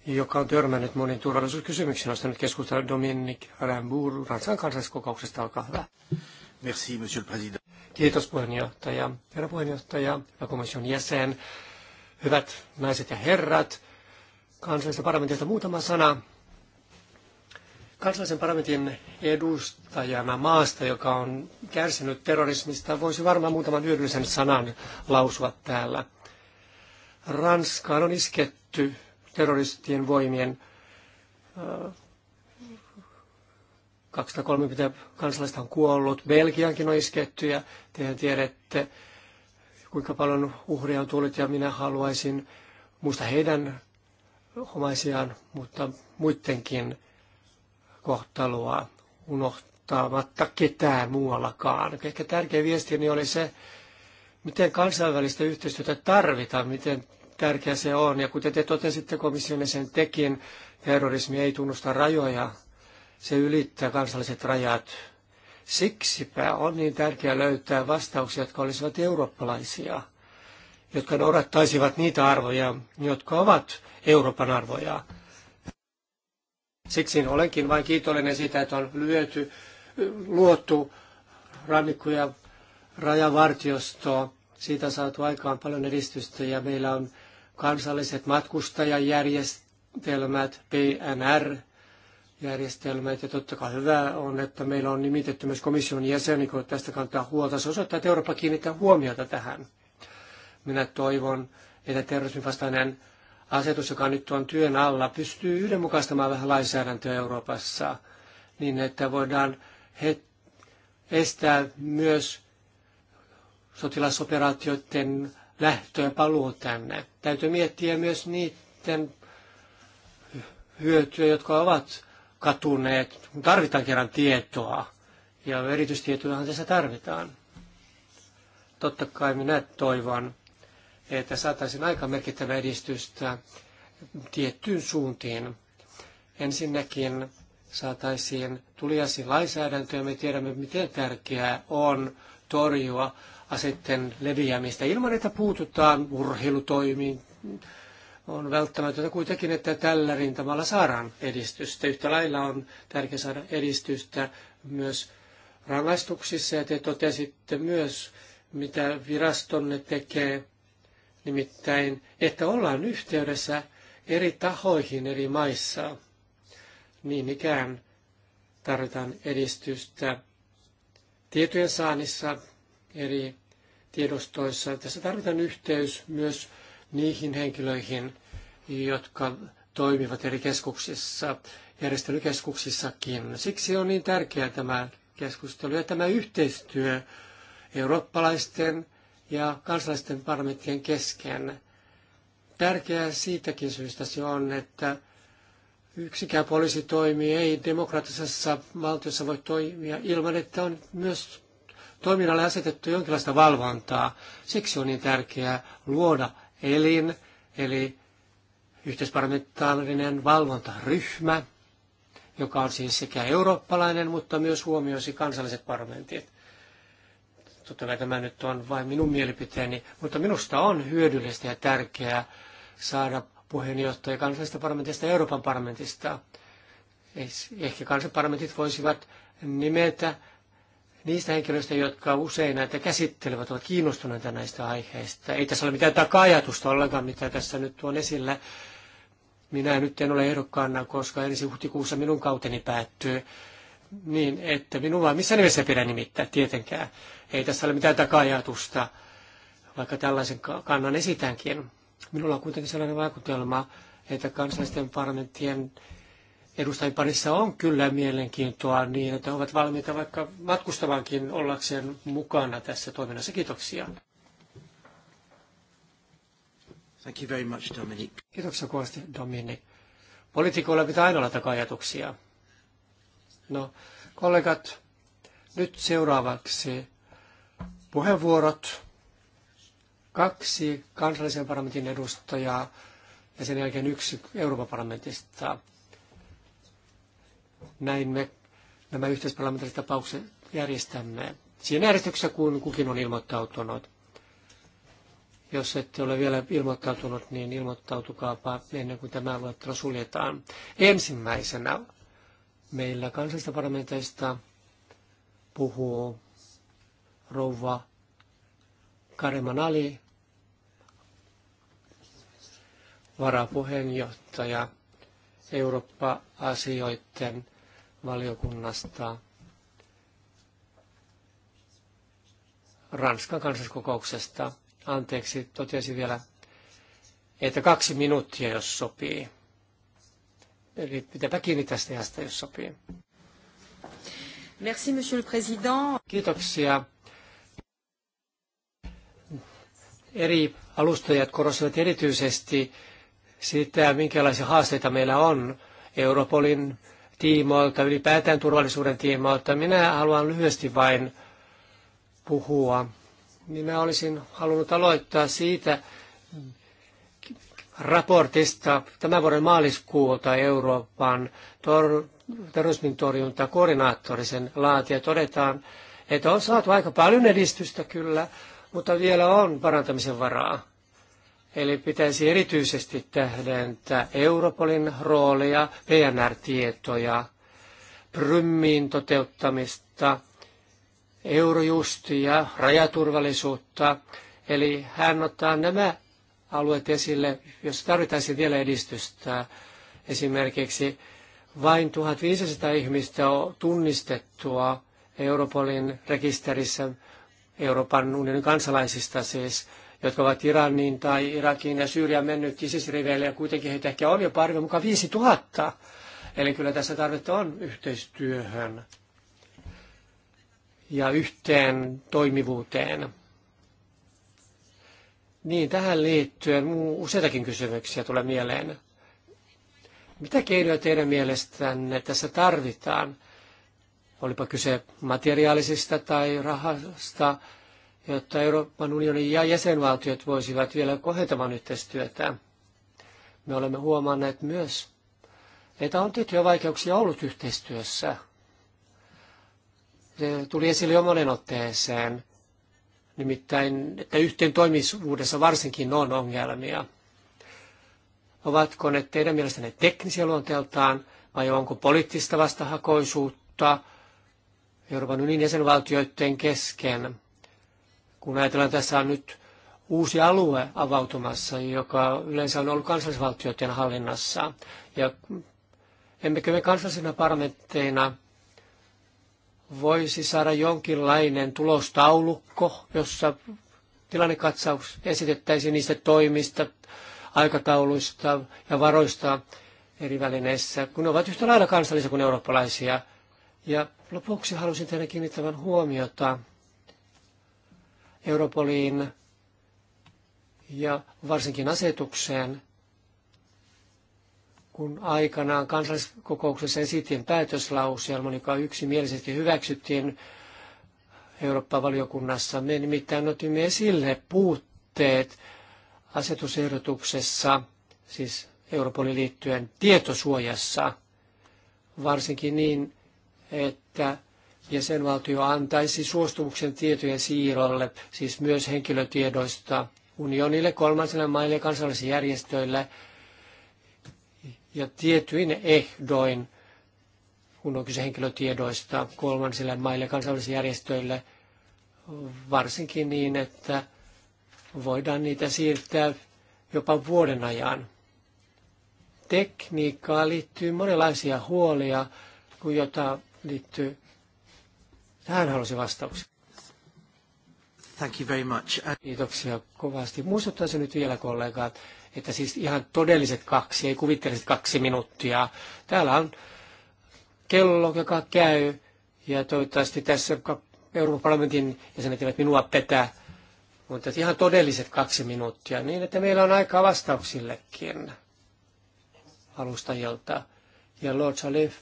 joka on törmännyt moniin turvallisuuskysymyksiin. Nostanut keskustelun Dominic Rambour Ranskan kansalliskokouksesta. Olkaa hyvä. Merci, monsieur le président. Kiitos puheenjohtaja, herra puheenjohtaja, ja komission jäsen. Hyvät naiset ja herrat, kansallisesta parlamentista muutama sana. Kansallisen parlamentin edustajana maasta, joka on kärsinyt terrorismista, voisi varmaan muutaman hyödyllisen sanan lausua täällä. Ranskaan on isketty terroristien voimien 230 äh, kansalaista on kuollut. Belgiankin on isketty ja tehän tiedätte, kuinka paljon uhria on tullut ja minä haluaisin muista heidän omaisiaan, mutta muidenkin kohtaloa unohtamatta ketään muuallakaan. Ehkä tärkeä viestini oli se, miten kansainvälistä yhteistyötä tarvitaan, miten tärkeä se on. Ja kuten te totesitte komission sen tekin, terrorismi ei tunnusta rajoja. Se ylittää kansalliset rajat. Siksipä on niin tärkeää löytää vastauksia, jotka olisivat eurooppalaisia, jotka noudattaisivat niitä arvoja, jotka ovat Euroopan arvoja. Siksi olenkin vain kiitollinen siitä, että on lyöty, luotu rannikko- ja rajavartiosto. Siitä on saatu aikaan paljon edistystä ja meillä on kansalliset matkustajajärjestelmät, PNR-järjestelmät. Ja totta kai hyvä on, että meillä on nimitetty myös komission jäseni, kun tästä kantaa huolta. Se osoittaa, että Eurooppa kiinnittää huomiota tähän. Minä toivon, että terrorismin vastainen asetus, joka nyt on työn alla, pystyy yhdenmukaistamaan vähän lainsäädäntöä Euroopassa niin, että voidaan estää myös sotilasoperaatioiden lähtöä paluu tänne. Täytyy miettiä myös niiden hyötyä, jotka ovat katuneet. Tarvitaan kerran tietoa ja erityistietojahan tässä tarvitaan. Totta kai minä toivon, että saataisiin aika merkittävää edistystä tiettyyn suuntiin. Ensinnäkin saataisiin tuliasi lainsäädäntöä. Me tiedämme, miten tärkeää on torjua aseiden leviämistä ilman, että puututaan urheilutoimiin. On välttämätöntä kuitenkin, että tällä rintamalla saadaan edistystä. Yhtä lailla on tärkeää saada edistystä myös rangaistuksissa, ja te totesitte myös, mitä virastonne tekee, nimittäin, että ollaan yhteydessä eri tahoihin eri maissa. Niin ikään tarvitaan edistystä tietojen saannissa eri tiedostoissa. Tässä tarvitaan yhteys myös niihin henkilöihin, jotka toimivat eri keskuksissa, järjestelykeskuksissakin. Siksi on niin tärkeää tämä keskustelu ja tämä yhteistyö eurooppalaisten ja kansalaisten parlamenttien kesken. Tärkeää siitäkin syystä se on, että yksikään poliisitoimi ei demokraattisessa valtiossa voi toimia ilman, että on myös toiminnalle asetettu jonkinlaista valvontaa. Siksi on niin tärkeää luoda elin, eli yhteisparlamentaarinen valvontaryhmä, joka on siis sekä eurooppalainen, mutta myös huomioisi kansalliset parlamentit. Totta kai tämä nyt on vain minun mielipiteeni, mutta minusta on hyödyllistä ja tärkeää saada puheenjohtaja kansallisesta parlamentista ja Euroopan parlamentista. Ehkä kansanparlamentit voisivat nimetä niistä henkilöistä, jotka usein näitä käsittelevät, ovat kiinnostuneita näistä aiheista. Ei tässä ole mitään taka-ajatusta ollenkaan, mitä tässä nyt tuon esillä. Minä nyt en ole ehdokkaana, koska ensi huhtikuussa minun kauteni päättyy. Niin, että minua missä nimessä pidä nimittää tietenkään. Ei tässä ole mitään taka-ajatusta, vaikka tällaisen kannan esitänkin. Minulla on kuitenkin sellainen vaikutelma, että kansallisten parlamenttien edustajien parissa on kyllä mielenkiintoa niin, että ovat valmiita vaikka matkustavankin ollakseen mukana tässä toiminnassa. Kiitoksia. Thank you very much, Dominic. Kiitoksia kovasti, Dominic. Poliitikoilla pitää aina olla takajatuksia. No, kollegat, nyt seuraavaksi puheenvuorot. Kaksi kansallisen parlamentin edustajaa ja sen jälkeen yksi Euroopan parlamentista. Näin me nämä yhteisparlamentaariset tapaukset järjestämme. Siinä järjestyksessä, kun kukin on ilmoittautunut. Jos ette ole vielä ilmoittautunut, niin ilmoittautukaapa ennen kuin tämä luettelo suljetaan. Ensimmäisenä meillä kansallisista parlamenteista puhuu rouva Kareman Ali, varapuheenjohtaja Eurooppa-asioiden valiokunnasta Ranskan kansalliskokouksesta. Anteeksi, totesi vielä, että kaksi minuuttia, jos sopii. Eli pitääpä kiinni tästä jästä, jos sopii. Merci, monsieur le président. Kiitoksia. Eri alustajat korostivat erityisesti sitä, minkälaisia haasteita meillä on Europolin tiimoilta, ylipäätään turvallisuuden tiimoilta. Minä haluan lyhyesti vain puhua. Minä olisin halunnut aloittaa siitä raportista tämän vuoden maaliskuuta Euroopan tor- terrorismin torjunta koordinaattorisen laatia. Todetaan, että on saatu aika paljon edistystä kyllä, mutta vielä on parantamisen varaa. Eli pitäisi erityisesti tähdentää Europolin roolia, PNR-tietoja, Prymmiin toteuttamista, Eurojustia, rajaturvallisuutta. Eli hän ottaa nämä alueet esille, jos tarvitaan vielä edistystä. Esimerkiksi vain 1500 ihmistä on tunnistettua Europolin rekisterissä Euroopan unionin kansalaisista siis – jotka ovat Iraniin tai Irakin ja Syyrian mennyt isis ja kuitenkin heitä ehkä on jo parvi mukaan 5000. Eli kyllä tässä tarvetta on yhteistyöhön ja yhteen toimivuuteen. Niin, tähän liittyen useitakin kysymyksiä tulee mieleen. Mitä keinoja teidän mielestänne tässä tarvitaan? Olipa kyse materiaalisista tai rahasta jotta Euroopan unionin ja jäsenvaltiot voisivat vielä kohentamaan yhteistyötä. Me olemme huomanneet myös, että on tiettyjä vaikeuksia ollut yhteistyössä. Se tuli esille jo monen otteeseen, nimittäin, että yhteen toimisuudessa varsinkin on ongelmia. Ovatko ne teidän mielestänne teknisiä luonteeltaan vai onko poliittista vastahakoisuutta Euroopan unionin jäsenvaltioiden kesken? Kun ajatellaan, tässä on nyt uusi alue avautumassa, joka yleensä on ollut kansallisvaltioiden hallinnassa. Ja emmekö me kansallisina parlamentteina voisi saada jonkinlainen tulostaulukko, jossa tilannekatsaus esitettäisiin niistä toimista, aikatauluista ja varoista eri välineissä, kun ne ovat yhtä lailla kansallisia kuin eurooppalaisia. Ja lopuksi halusin teidän kiinnittävän huomiota Europoliin ja varsinkin asetukseen, kun aikanaan kansalliskokouksessa esitin päätöslauselman, joka yksimielisesti hyväksyttiin Eurooppa-valiokunnassa, me nimittäin otimme esille puutteet asetusehdotuksessa, siis Europoliin liittyen tietosuojassa, varsinkin niin, että jäsenvaltio antaisi suostumuksen tietojen siirrolle, siis myös henkilötiedoista unionille, kolmansille maille ja kansallisille järjestöille ja tietyin ehdoin, kun on kyse henkilötiedoista kolmansille maille ja kansallisille järjestöille, varsinkin niin, että voidaan niitä siirtää jopa vuoden ajan. Tekniikkaan liittyy monenlaisia huolia, kun jota liittyy Tähän halusin vastauksen. Thank you very much. Uh, Kiitoksia kovasti. Muistuttaisin nyt vielä kollegaat, että siis ihan todelliset kaksi, ei kuvitteliset kaksi minuuttia. Täällä on kello, joka käy, ja toivottavasti tässä Euroopan parlamentin jäsenet eivät minua petä, mutta ihan todelliset kaksi minuuttia, niin että meillä on aikaa vastauksillekin alustajilta. Ja Lord Salif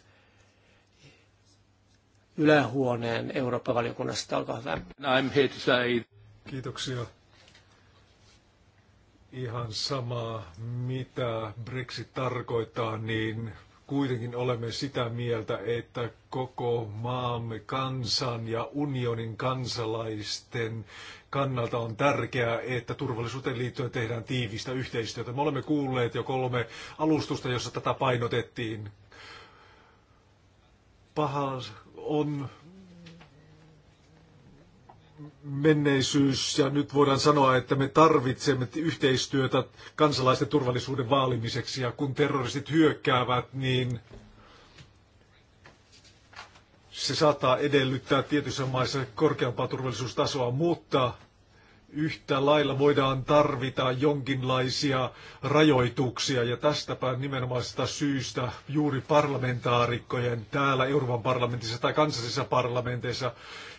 ylähuoneen Eurooppa-valiokunnasta. Olkaa hyvä. I'm here to say... Kiitoksia. Ihan samaa, mitä Brexit tarkoittaa, niin kuitenkin olemme sitä mieltä, että koko maamme kansan ja unionin kansalaisten kannalta on tärkeää, että turvallisuuteen liittyen tehdään tiivistä yhteistyötä. Me olemme kuulleet jo kolme alustusta, jossa tätä painotettiin. Paha on menneisyys ja nyt voidaan sanoa, että me tarvitsemme yhteistyötä kansalaisten turvallisuuden vaalimiseksi ja kun terroristit hyökkäävät, niin se saattaa edellyttää tietyissä maissa korkeampaa turvallisuustasoa, mutta yhtä lailla voidaan tarvita jonkinlaisia rajoituksia ja tästäpä nimenomaisesta syystä juuri parlamentaarikkojen täällä Euroopan parlamentissa tai kansallisissa parlamenteissa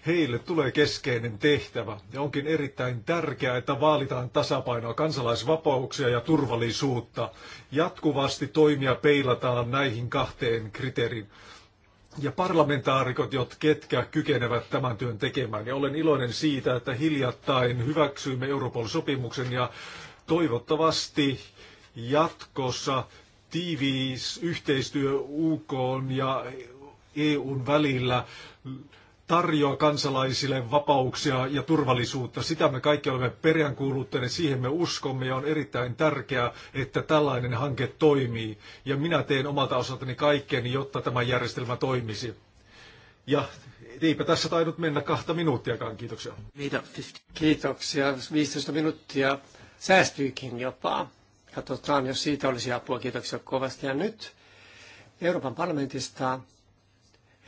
heille tulee keskeinen tehtävä ja onkin erittäin tärkeää, että vaalitaan tasapainoa kansalaisvapauksia ja turvallisuutta. Jatkuvasti toimia peilataan näihin kahteen kriteeriin ja parlamentaarikot, jotka ketkä kykenevät tämän työn tekemään. Ja olen iloinen siitä, että hiljattain hyväksyimme Europol-sopimuksen ja toivottavasti jatkossa tiiviis yhteistyö UK ja EUn välillä tarjoaa kansalaisille vapauksia ja turvallisuutta. Sitä me kaikki olemme peräänkuuluttaneet, siihen me uskomme ja on erittäin tärkeää, että tällainen hanke toimii. Ja minä teen omalta osaltani kaikkeni, jotta tämä järjestelmä toimisi. Ja eipä tässä tainnut mennä kahta minuuttiakaan, kiitoksia. Kiitoksia, 15 minuuttia säästyykin jopa. Katsotaan, jos siitä olisi apua. Kiitoksia kovasti. Ja nyt Euroopan parlamentista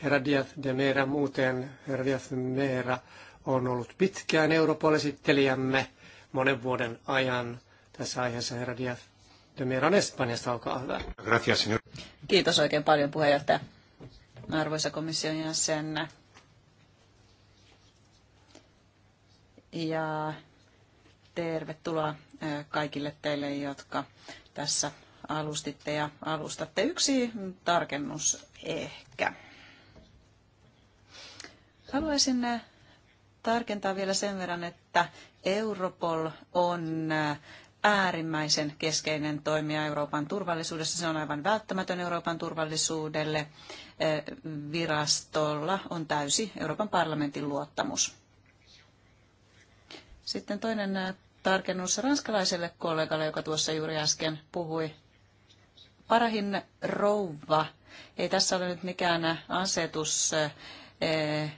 Herra Diaz de Mera muuten, herra Diaz de Mera on ollut pitkään Euroopan esittelijämme monen vuoden ajan tässä aiheessa, herra Diaz de Mera on Espanjasta, olkaa hyvä. Gracias, señor. Kiitos oikein paljon puheenjohtaja. Arvoisa komission jäsen. Ja tervetuloa kaikille teille, jotka tässä alustitte ja alustatte. Yksi tarkennus ehkä. Haluaisin äh, tarkentaa vielä sen verran, että Europol on äh, äärimmäisen keskeinen toimija Euroopan turvallisuudessa. Se on aivan välttämätön Euroopan turvallisuudelle. Äh, virastolla on täysi Euroopan parlamentin luottamus. Sitten toinen tarkennus ranskalaiselle kollegalle, joka tuossa juuri äsken puhui. Parahin rouva. Ei tässä ole nyt mikään asetus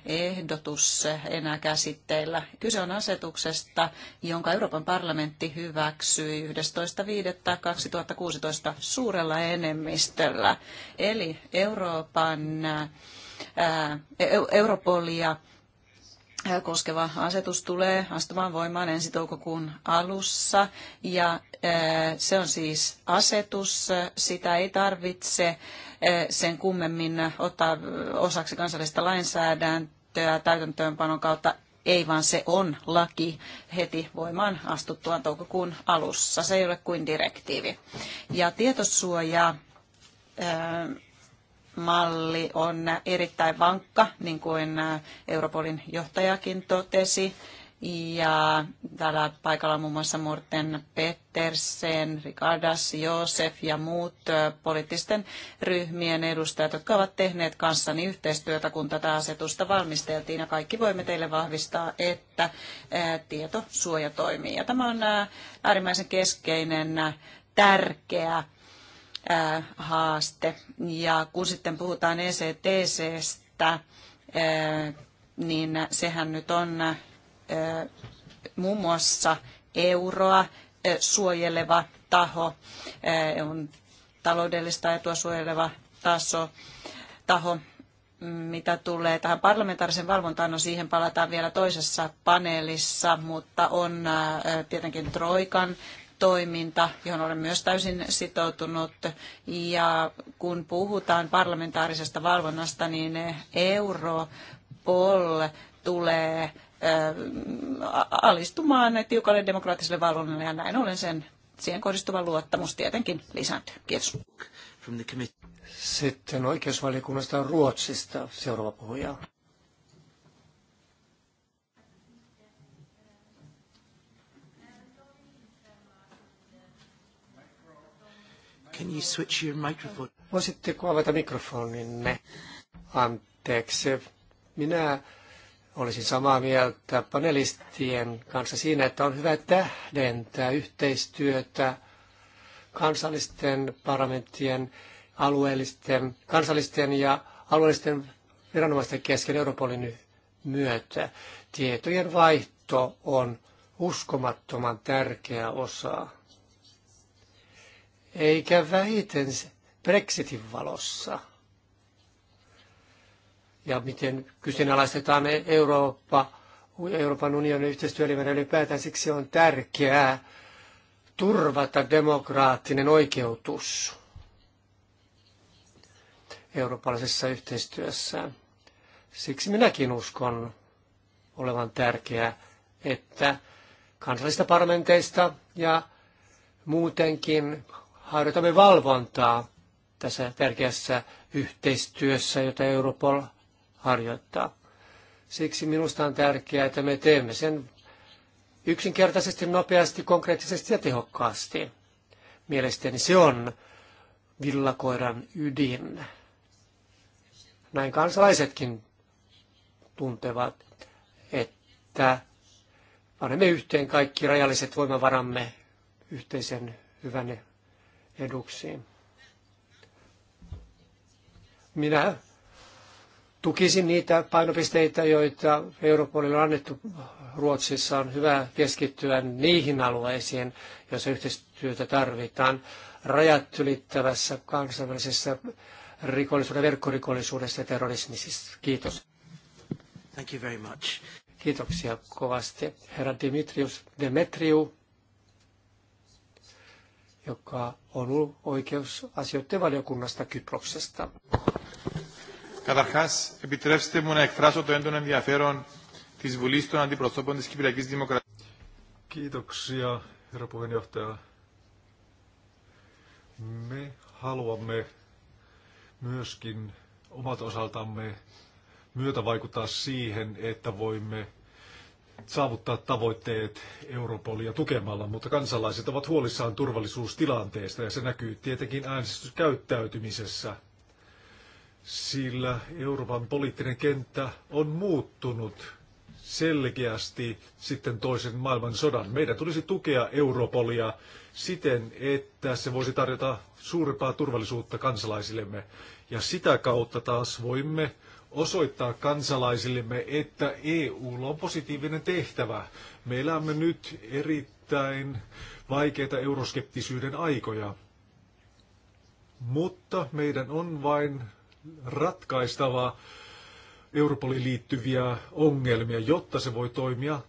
ehdotus enää käsitteillä. Kyse on asetuksesta, jonka Euroopan parlamentti hyväksyi 11.5.2016 suurella enemmistöllä. Eli Euroopan, Europolia koskeva asetus tulee astumaan voimaan ensi toukokuun alussa ja se on siis asetus, sitä ei tarvitse Eh, sen kummemmin ottaa osaksi kansallista lainsäädäntöä täytäntöönpanon kautta ei vaan se on laki heti voimaan astuttuaan toukokuun alussa. Se ei ole kuin direktiivi. Ja tietosuoja eh, malli on erittäin vankka, niin kuin eh, Europolin johtajakin totesi. Ja täällä paikalla on muun muassa Morten Pettersen, Ricardas, Josef ja muut poliittisten ryhmien edustajat, jotka ovat tehneet kanssani yhteistyötä, kun tätä asetusta valmisteltiin. Ja kaikki voimme teille vahvistaa, että tietosuoja toimii. Ja tämä on äärimmäisen keskeinen, tärkeä haaste. Ja kun sitten puhutaan ECTCstä, niin sehän nyt on muun muassa euroa suojeleva taho, EUn taloudellista etua suojeleva taso, taho, mm, mitä tulee tähän parlamentaariseen valvontaan, no siihen palataan vielä toisessa paneelissa, mutta on tietenkin Troikan toiminta, johon olen myös täysin sitoutunut. Ja kun puhutaan parlamentaarisesta valvonnasta, niin Europol tulee alistumaan tiukalle demokraattiselle valvonnalle ja näin ollen sen, siihen kohdistuva luottamus tietenkin lisääntyy. Kiitos. Sitten oikeusvaliokunnasta Ruotsista seuraava puhuja. Can you switch your microphone? Voisitteko avata mikrofoninne? Anteeksi. Minä Olisin samaa mieltä panelistien kanssa siinä, että on hyvä tähdentää yhteistyötä kansallisten parlamenttien, alueellisten, kansallisten ja alueellisten viranomaisten kesken Europolin myötä. Tietojen vaihto on uskomattoman tärkeä osa. Eikä vähiten Brexitin valossa ja miten kyseenalaistetaan Eurooppa, Euroopan unionin yhteistyöelimen ylipäätään. Siksi on tärkeää turvata demokraattinen oikeutus eurooppalaisessa yhteistyössä. Siksi minäkin uskon olevan tärkeää, että kansallisista parlamenteista ja muutenkin harjoitamme valvontaa tässä tärkeässä yhteistyössä, jota Euroopalla harjoittaa. Siksi minusta on tärkeää, että me teemme sen yksinkertaisesti, nopeasti, konkreettisesti ja tehokkaasti. Mielestäni se on villakoiran ydin. Näin kansalaisetkin tuntevat, että panemme yhteen kaikki rajalliset voimavaramme yhteisen hyvän eduksiin. Minä tukisin niitä painopisteitä, joita Europolille on annettu Ruotsissa. On hyvä keskittyä niihin alueisiin, joissa yhteistyötä tarvitaan rajat ylittävässä kansainvälisessä rikollisuuden, verkkorikollisuudessa ja terrorismissa. Kiitos. Thank you very much. Kiitoksia kovasti. Herra Dimitrius Demetriou, joka on oikeusasioiden valiokunnasta Kyproksesta. Καταρχάς, επιτρέψτε μου να εκφράσω το έντονο ενδιαφέρον της Βουλής των Αντιπροσώπων της Κυπριακής Δημοκρατίας. Kiitoksia, herra puheenjohtaja. Me haluamme myöskin omalta osaltamme myötä vaikuttaa siihen, että voimme saavuttaa tavoitteet Europolia tukemalla, mutta kansalaiset ovat huolissaan turvallisuustilanteesta ja se näkyy tietenkin äänestyskäyttäytymisessä sillä Euroopan poliittinen kenttä on muuttunut selkeästi sitten toisen maailmansodan. Meidän tulisi tukea Europolia siten, että se voisi tarjota suurempaa turvallisuutta kansalaisillemme. Ja sitä kautta taas voimme osoittaa kansalaisillemme, että EU on positiivinen tehtävä. Me elämme nyt erittäin vaikeita euroskeptisyyden aikoja. Mutta meidän on vain ratkaistava Europoliin liittyviä ongelmia, jotta se voi toimia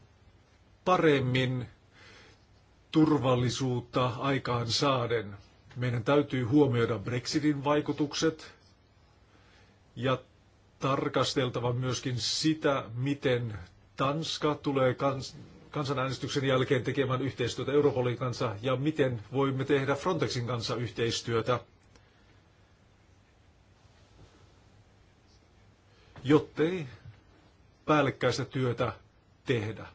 paremmin turvallisuutta aikaan saaden. Meidän täytyy huomioida Brexitin vaikutukset ja tarkasteltava myöskin sitä, miten Tanska tulee kans- kansanäänestyksen jälkeen tekemään yhteistyötä Europolin kanssa ja miten voimme tehdä Frontexin kanssa yhteistyötä jottei päällekkäistä työtä tehdä.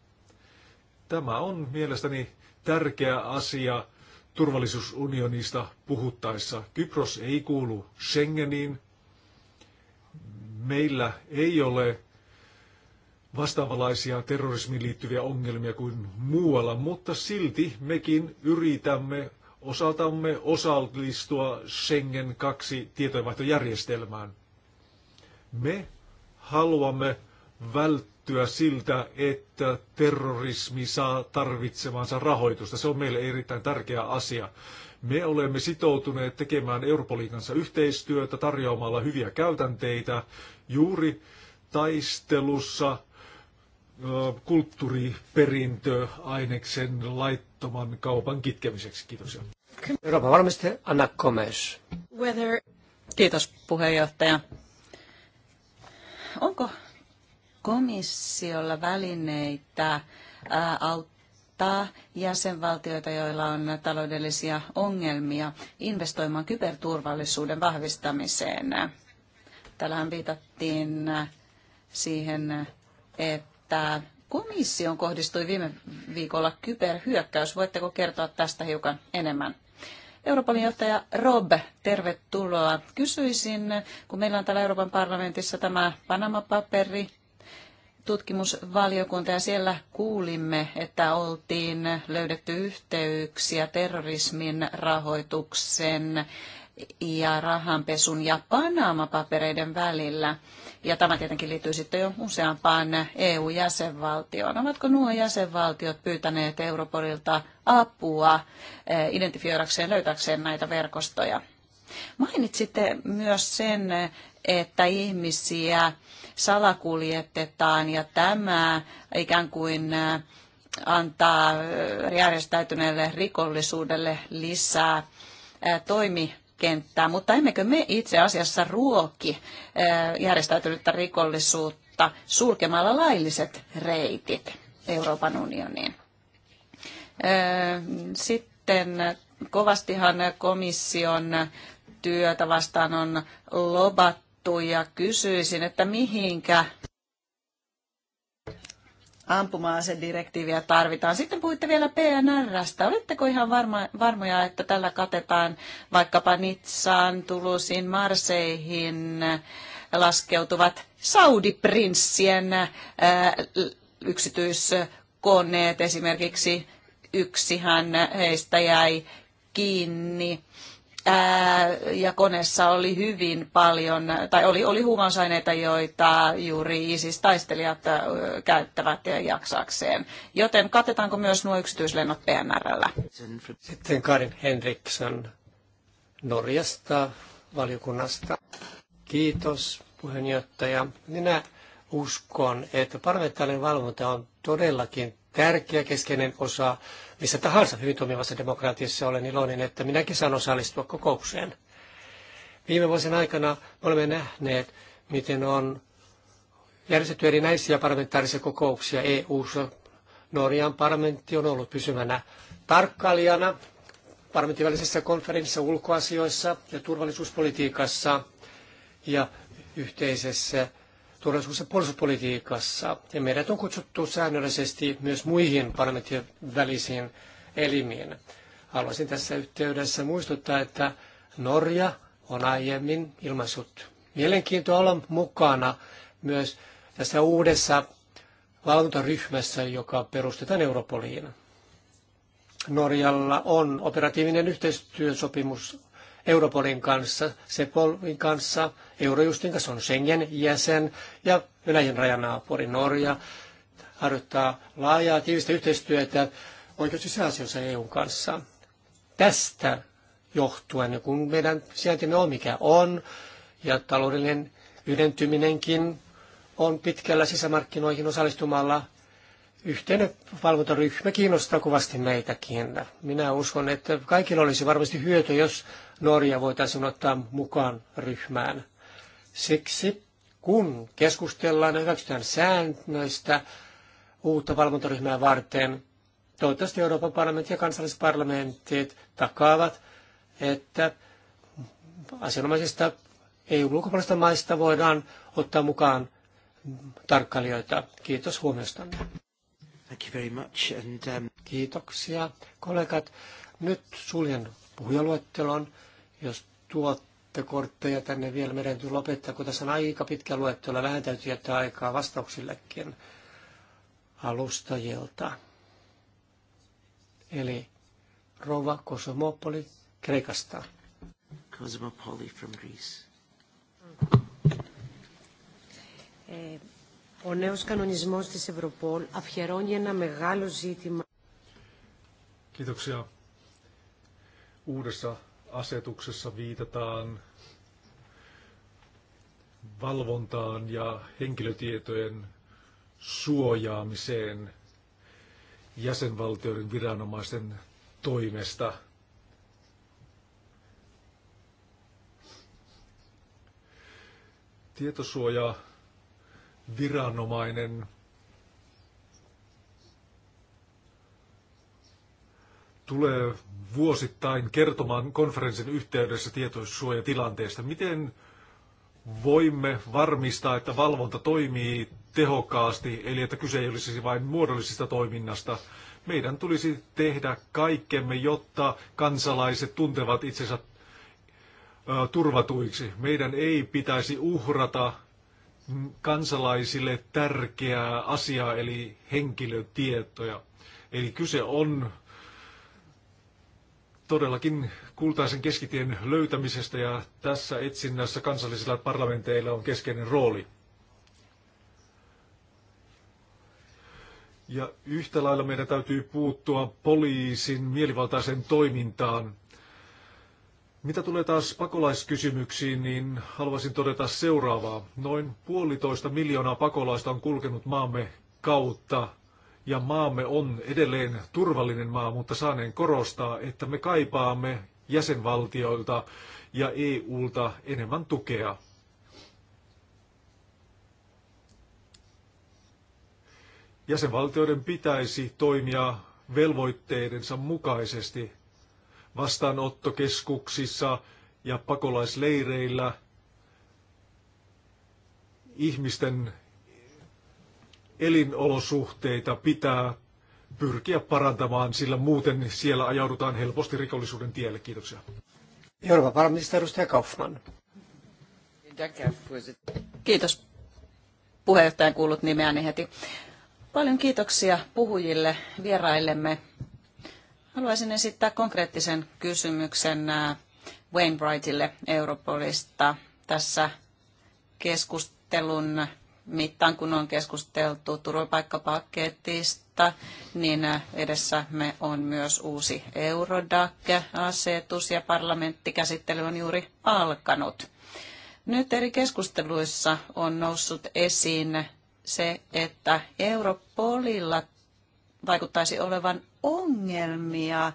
Tämä on mielestäni tärkeä asia turvallisuusunionista puhuttaessa. Kypros ei kuulu Schengeniin. Meillä ei ole vastaavalaisia terrorismiin liittyviä ongelmia kuin muualla, mutta silti mekin yritämme osaltamme osallistua Schengen 2 tietojenvaihtojärjestelmään. Me haluamme välttyä siltä, että terrorismi saa tarvitsemansa rahoitusta. Se on meille erittäin tärkeä asia. Me olemme sitoutuneet tekemään Europolin kanssa yhteistyötä tarjoamalla hyviä käytänteitä juuri taistelussa kulttuuriperintöaineksen laittoman kaupan kitkemiseksi. Euroopan Anna Komes. Kiitos puheenjohtaja. Onko komissiolla välineitä auttaa jäsenvaltioita, joilla on taloudellisia ongelmia, investoimaan kyberturvallisuuden vahvistamiseen? Täällähän viitattiin siihen, että komission kohdistui viime viikolla kyberhyökkäys. Voitteko kertoa tästä hiukan enemmän? Euroopan johtaja Rob, tervetuloa. Kysyisin, kun meillä on täällä Euroopan parlamentissa tämä Panama-paperi, tutkimusvaliokunta ja siellä kuulimme, että oltiin löydetty yhteyksiä terrorismin rahoituksen ja rahanpesun ja Panama-papereiden välillä. Ja tämä tietenkin liittyy sitten jo useampaan EU-jäsenvaltioon. Ovatko nuo jäsenvaltiot pyytäneet Europolilta apua eh, identifioidakseen löytäkseen näitä verkostoja? Mainitsitte myös sen, että ihmisiä salakuljetetaan ja tämä ikään kuin eh, antaa eh, järjestäytyneelle rikollisuudelle lisää toimi kenttää, mutta emmekö me itse asiassa ruoki järjestäytynyttä rikollisuutta sulkemalla lailliset reitit Euroopan unioniin? Sitten kovastihan komission työtä vastaan on lobattu ja kysyisin, että mihinkä ampuma-asedirektiiviä tarvitaan. Sitten puhuitte vielä PNRstä. Oletteko ihan varma, varmoja, että tällä katetaan vaikkapa Nitsaan, Tulusin, Marseihin laskeutuvat saudi ää, äh, yksityiskoneet esimerkiksi? Yksihän heistä jäi kiinni ja koneessa oli hyvin paljon, tai oli, oli huumausaineita, joita juuri ISIS-taistelijat käyttävät jaksakseen. Joten katetaanko myös nuo yksityislennot PNRllä? Sitten Karin Henriksson Norjasta valiokunnasta. Kiitos puheenjohtaja. Minä uskon, että parlamentaarinen valvonta on todellakin tärkeä keskeinen osa missä tahansa hyvin toimivassa demokratiassa olen iloinen, että minäkin saan osallistua kokoukseen. Viime vuosien aikana olemme nähneet, miten on järjestetty erinäisiä parlamentaarisia kokouksia EU-ssa. Norjan parlamentti on ollut pysyvänä tarkkailijana parlamentin välisessä konferenssissa ulkoasioissa ja turvallisuuspolitiikassa ja yhteisessä turvallisuus- ja puolustuspolitiikassa. Ja meidät on kutsuttu säännöllisesti myös muihin parlamenttien välisiin elimiin. Haluaisin tässä yhteydessä muistuttaa, että Norja on aiemmin ilmaissut mielenkiintoa olla mukana myös tässä uudessa valvontaryhmässä, joka perustetaan Europoliin. Norjalla on operatiivinen yhteistyösopimus Europolin kanssa, Sepolin kanssa, Eurojustin kanssa on Schengen jäsen ja Venäjän rajanaapuri Norja harjoittaa laajaa tiivistä yhteistyötä oikeus- ja sisäasioissa EUn kanssa. Tästä johtuen, kun meidän sijaintimme on mikä on, ja taloudellinen yhdentyminenkin on pitkällä sisämarkkinoihin osallistumalla, yhteinen valvontaryhmä kiinnostaa kovasti meitäkin. Minä uskon, että kaikilla olisi varmasti hyöty, jos Norja voitaisiin ottaa mukaan ryhmään. Siksi kun keskustellaan ja hyväksytään säännöistä uutta valvontaryhmää varten, toivottavasti Euroopan parlamentti ja kansallisparlamentit takaavat, että asianomaisista eu ulkopuolista maista voidaan ottaa mukaan tarkkailijoita. Kiitos huomiostanne. Thank you very much. And, um... Kiitoksia kollegat. Nyt suljen puhujaluettelon. Jos tuotte kortteja tänne vielä, meidän täytyy lopettaa, kun tässä on aika pitkä luettelo. Vähän täytyy jättää aikaa vastauksillekin alustajilta. Eli Rova Kosomopoli Kreikasta. Kosomopoli from Greece. ο νέος κανονισμός της Ευρωπόλ αφιερώνει ένα μεγάλο ζήτημα. Kiitoksia. Uudessa asetuksessa viitataan valvontaan ja henkilötietojen suojaamiseen jäsenvaltioiden viranomaisten toimesta. Tietosuoja viranomainen tulee vuosittain kertomaan konferenssin yhteydessä tietosuojatilanteesta. Miten voimme varmistaa, että valvonta toimii tehokkaasti, eli että kyse ei olisi vain muodollisesta toiminnasta. Meidän tulisi tehdä kaikkemme, jotta kansalaiset tuntevat itsensä turvatuiksi. Meidän ei pitäisi uhrata kansalaisille tärkeää asiaa, eli henkilötietoja. Eli kyse on todellakin kultaisen keskitien löytämisestä ja tässä etsinnässä kansallisilla parlamenteilla on keskeinen rooli. Ja yhtä lailla meidän täytyy puuttua poliisin mielivaltaiseen toimintaan. Mitä tulee taas pakolaiskysymyksiin, niin haluaisin todeta seuraavaa. Noin puolitoista miljoonaa pakolaista on kulkenut maamme kautta ja maamme on edelleen turvallinen maa, mutta saaneen korostaa, että me kaipaamme jäsenvaltioilta ja EUlta enemmän tukea. Jäsenvaltioiden pitäisi toimia velvoitteidensa mukaisesti vastaanottokeskuksissa ja pakolaisleireillä ihmisten elinolosuhteita pitää pyrkiä parantamaan, sillä muuten siellä ajaudutaan helposti rikollisuuden tielle. Kiitoksia. Euroopan varmista edustaja Kaufmann. Kiitos. Puheenjohtajan kuullut nimeäni heti. Paljon kiitoksia puhujille, vieraillemme. Haluaisin esittää konkreettisen kysymyksen äh, Wainwrightille Europolista tässä keskustelun mittaan, kun on keskusteltu turvapaikkapaketista, niin edessämme on myös uusi Eurodac-asetus ja parlamenttikäsittely on juuri alkanut. Nyt eri keskusteluissa on noussut esiin se, että Europolilla vaikuttaisi olevan ongelmia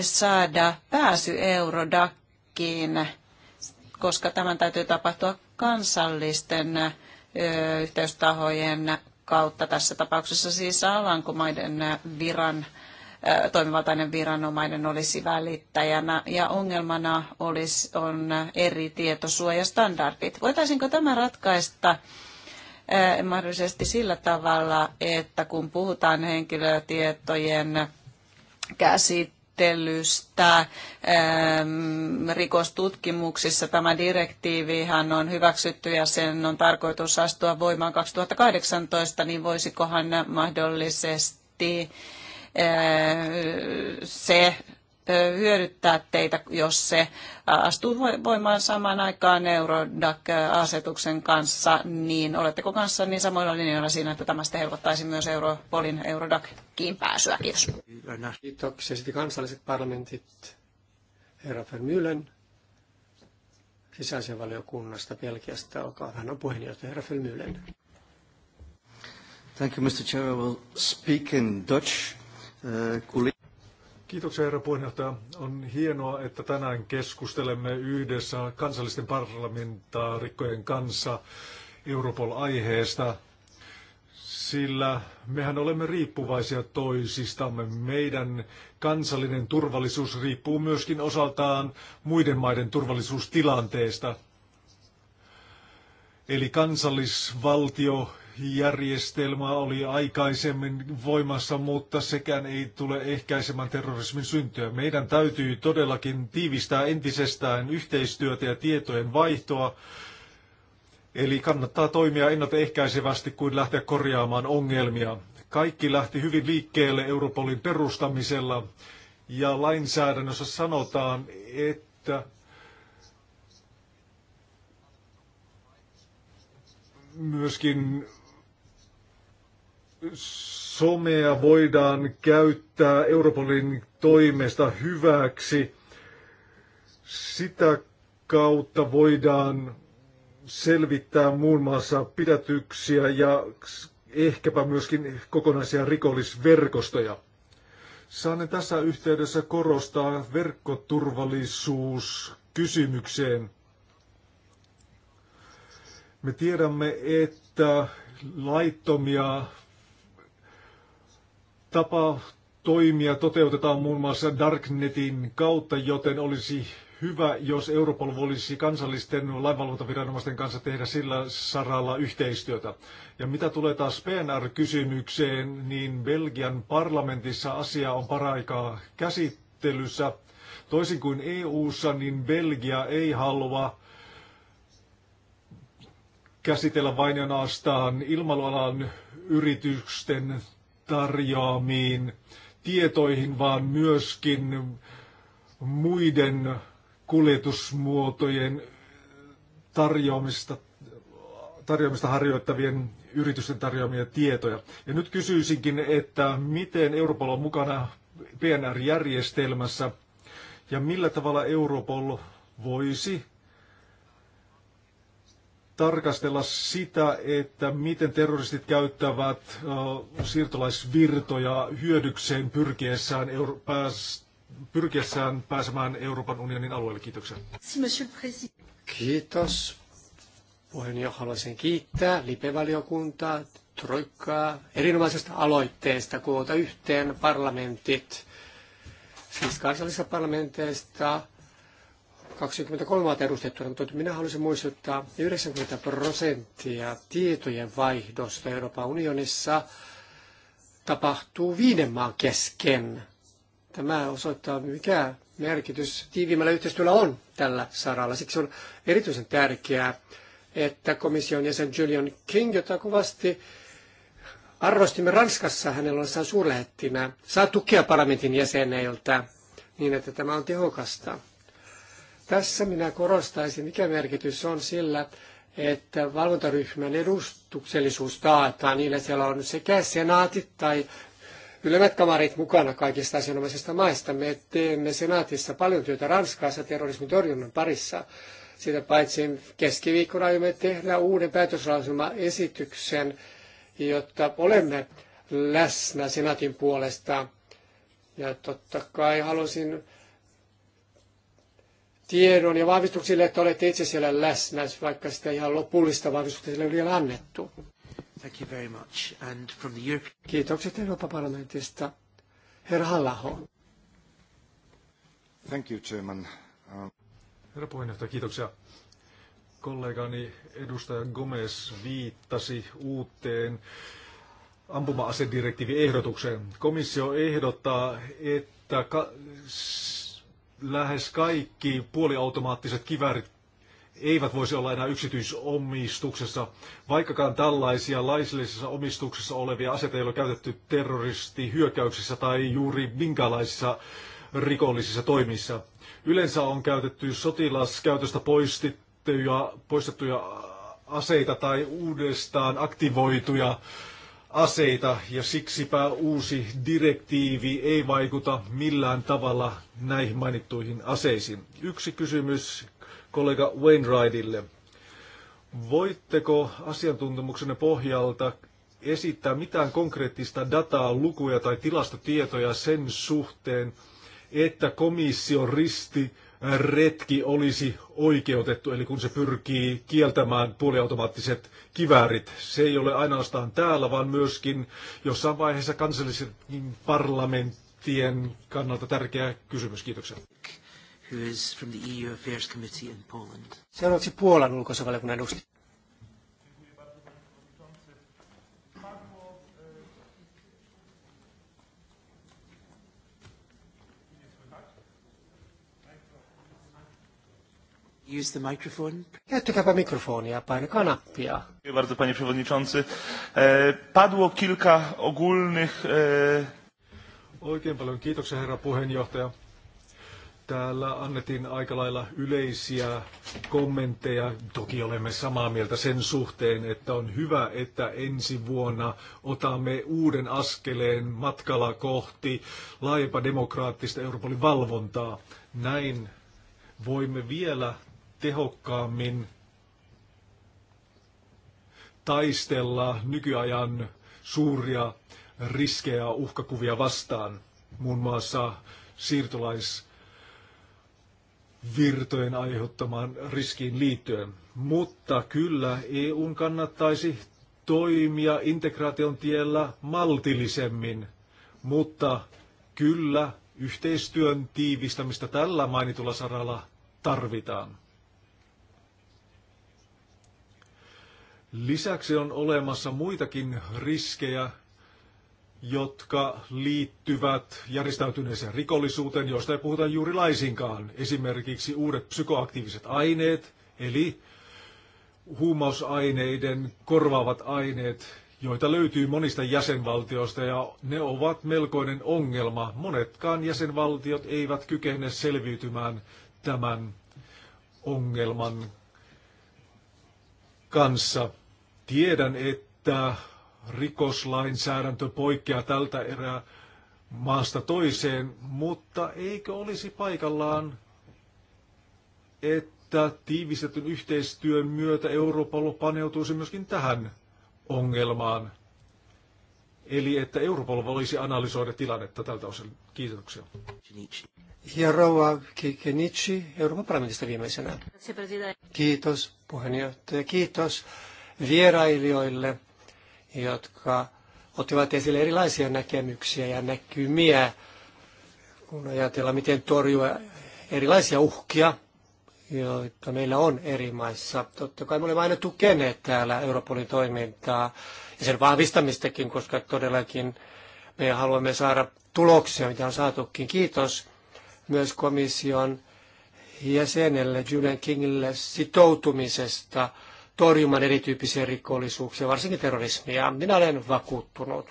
saada pääsy Eurodakkiin, koska tämän täytyy tapahtua kansallisten yhteystahojen kautta, tässä tapauksessa siis Alankomaiden viran toimivaltainen viranomainen olisi välittäjänä ja ongelmana olisi, on eri tietosuojastandardit. Voitaisinko tämä ratkaista mahdollisesti sillä tavalla, että kun puhutaan henkilötietojen käsittelystä, menettelystä ehm, rikostutkimuksissa. Tämä direktiivihan on hyväksytty ja sen on tarkoitus astua voimaan 2018, niin voisikohan mahdollisesti ehm, se hyödyttää teitä, jos se astuu voimaan samaan aikaan Eurodac-asetuksen kanssa, niin oletteko kanssa niin samoilla linjoilla siinä, että tämä sitten helpottaisi myös Europolin Eurodaciin pääsyä? Kiitos. Kiitoksia. Sitten kansalliset parlamentit. Herra Vermylen sisäisenvaliokunnasta Belgiasta, olkaa hän on puheenjohtaja herra Vermylen. Thank you, Mr. Chair. I will speak in Dutch. Uh, Kiitoksia herra puheenjohtaja. On hienoa, että tänään keskustelemme yhdessä kansallisten parlamentaarikkojen kanssa Europol-aiheesta, sillä mehän olemme riippuvaisia toisistamme. Meidän kansallinen turvallisuus riippuu myöskin osaltaan muiden maiden turvallisuustilanteesta. Eli kansallisvaltio järjestelmä oli aikaisemmin voimassa, mutta sekään ei tule ehkäisemään terrorismin syntyä. Meidän täytyy todellakin tiivistää entisestään yhteistyötä ja tietojen vaihtoa. Eli kannattaa toimia ennaltaehkäisevästi kuin lähteä korjaamaan ongelmia. Kaikki lähti hyvin liikkeelle Europolin perustamisella ja lainsäädännössä sanotaan, että myöskin somea voidaan käyttää Europolin toimesta hyväksi. Sitä kautta voidaan selvittää muun muassa pidätyksiä ja ehkäpä myöskin kokonaisia rikollisverkostoja. Saan tässä yhteydessä korostaa verkkoturvallisuuskysymykseen. Me tiedämme, että laittomia tapa toimia toteutetaan muun muassa Darknetin kautta, joten olisi hyvä, jos Europol voisi kansallisten lainvalvontaviranomaisten kanssa tehdä sillä saralla yhteistyötä. Ja mitä tulee taas PNR-kysymykseen, niin Belgian parlamentissa asia on paraikaa käsittelyssä. Toisin kuin EU:ssa, niin Belgia ei halua käsitellä vain ja ilmailualan yritysten tarjoamiin tietoihin, vaan myöskin muiden kuljetusmuotojen tarjoamista, tarjoamista harjoittavien yritysten tarjoamia tietoja. Ja nyt kysyisinkin, että miten Europol on mukana PNR-järjestelmässä ja millä tavalla Europol voisi tarkastella sitä, että miten terroristit käyttävät siirtolaisvirtoja hyödykseen pyrkiessään, euro- pääs- pyrkiessään pääsemään Euroopan unionin alueelle. Kiitoksia. Kiitos. Puheenjohtaja, haluaisin kiittää lipevaliokuntaa, troikkaa, erinomaisesta aloitteesta koota yhteen parlamentit, siis kansallisista parlamenteista, 23 edustettuna, mutta minä haluaisin muistuttaa 90 prosenttia tietojen vaihdosta Euroopan unionissa tapahtuu viiden maan kesken. Tämä osoittaa, mikä merkitys tiiviimmällä yhteistyöllä on tällä saralla. Siksi on erityisen tärkeää, että komission jäsen Julian King, jota kovasti arvostimme Ranskassa hänellä ollessaan suurlähettinä, saa tukea parlamentin jäseneiltä niin, että tämä on tehokasta. Tässä minä korostaisin, mikä merkitys on sillä, että valvontaryhmän edustuksellisuus taataan niin, että siellä on sekä senaatit tai ylemmät kamarit mukana kaikista asianomaisista maista. Me teemme senaatissa paljon työtä Ranskassa terrorismin torjunnan parissa. Sitä paitsi keskiviikkona me tehdä uuden päätöslausumaesityksen, jotta olemme läsnä senaatin puolesta. Ja totta kai halusin tiedon ja vahvistuksille, että olette itse siellä läsnä, vaikka sitä ihan lopullista vahvistusta sille ei vielä annettu. Thank you very much. And from the Kiitokset Euroopan parlamentista. Herra Hallaho. Thank you, Chairman. Um, Herra puheenjohtaja, kiitoksia. Kollegani edustaja Gomez viittasi uuteen ampuma-asedirektiiviehdotukseen. Komissio ehdottaa, että ka- lähes kaikki puoliautomaattiset kiväärit eivät voisi olla enää yksityisomistuksessa, vaikkakaan tällaisia laisellisessa omistuksessa olevia aseita ei ole käytetty terroristihyökkäyksissä tai juuri minkälaisissa rikollisissa toimissa. Yleensä on käytetty sotilaskäytöstä poistettuja, poistettuja aseita tai uudestaan aktivoituja äh, aseita ja siksipä uusi direktiivi ei vaikuta millään tavalla näihin mainittuihin aseisiin. Yksi kysymys kollega Wainwrightille. Voitteko asiantuntemuksenne pohjalta esittää mitään konkreettista dataa, lukuja tai tilastotietoja sen suhteen, että komission risti retki olisi oikeutettu, eli kun se pyrkii kieltämään puoliautomaattiset kiväärit. Se ei ole ainoastaan täällä, vaan myöskin jossain vaiheessa kansallisen parlamenttien kannalta tärkeä kysymys. Kiitoksia. Who is from the EU Affairs Committee in Poland. Seuraavaksi Puolan ulkoisvaliokunnan edustaja. Use the microphone. mikrofonia, painakaa nappia. Bardzo, panie przewodniczący. E, padło kilka ogólnych... E... Oikein paljon kiitoksia, herra puheenjohtaja. Täällä annettiin aika lailla yleisiä kommentteja. Toki olemme samaa mieltä sen suhteen, että on hyvä, että ensi vuonna otamme uuden askeleen matkalla kohti laajempaa demokraattista Euroopan valvontaa. Näin voimme vielä tehokkaammin taistella nykyajan suuria riskejä ja uhkakuvia vastaan, muun muassa siirtolaisvirtojen aiheuttamaan riskiin liittyen. Mutta kyllä EUn kannattaisi toimia integraation tiellä maltillisemmin, mutta kyllä yhteistyön tiivistämistä tällä mainitulla saralla tarvitaan. Lisäksi on olemassa muitakin riskejä, jotka liittyvät järjestäytyneeseen rikollisuuteen, joista ei puhuta juuri laisinkaan. Esimerkiksi uudet psykoaktiiviset aineet, eli huumausaineiden korvaavat aineet, joita löytyy monista jäsenvaltioista ja ne ovat melkoinen ongelma. Monetkaan jäsenvaltiot eivät kykene selviytymään tämän ongelman kanssa. Tiedän, että rikoslainsäädäntö poikkeaa tältä erää maasta toiseen, mutta eikö olisi paikallaan, että tiivistetyn yhteistyön myötä Euroopalla paneutuisi myöskin tähän ongelmaan? Eli että Europol voisi analysoida tilannetta tältä osin. Kiitoksia. Ja rouva Kikenichi Euroopan parlamentista viimeisenä. Kiitos puheenjohtaja, kiitos vierailijoille, jotka ottivat esille erilaisia näkemyksiä ja näkymiä, kun ajatellaan, miten torjua erilaisia uhkia, joita meillä on eri maissa. Totta kai me olemme aina tukeneet täällä Europolin toimintaa ja sen vahvistamistakin, koska todellakin me haluamme saada tuloksia, mitä on saatukin. Kiitos myös komission jäsenelle Julian Kingille sitoutumisesta torjumaan erityyppisiä rikollisuuksia, varsinkin terrorismia. Minä olen vakuuttunut,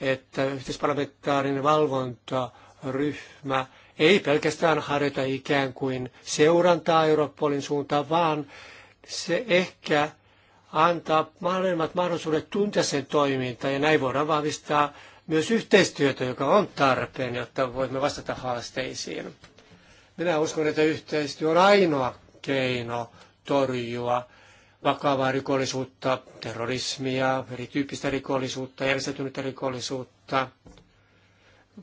että yhteisparlamentaarinen valvontaryhmä ei pelkästään harjoita ikään kuin seurantaa Europolin suuntaan, vaan se ehkä antaa maailmat mahdollisuudet tuntea sen toimintaa ja näin voidaan vahvistaa myös yhteistyötä, joka on tarpeen, jotta voimme vastata haasteisiin. Minä uskon, että yhteistyö on ainoa keino torjua vakavaa rikollisuutta, terrorismia, erityyppistä rikollisuutta, järjestäytynyttä rikollisuutta,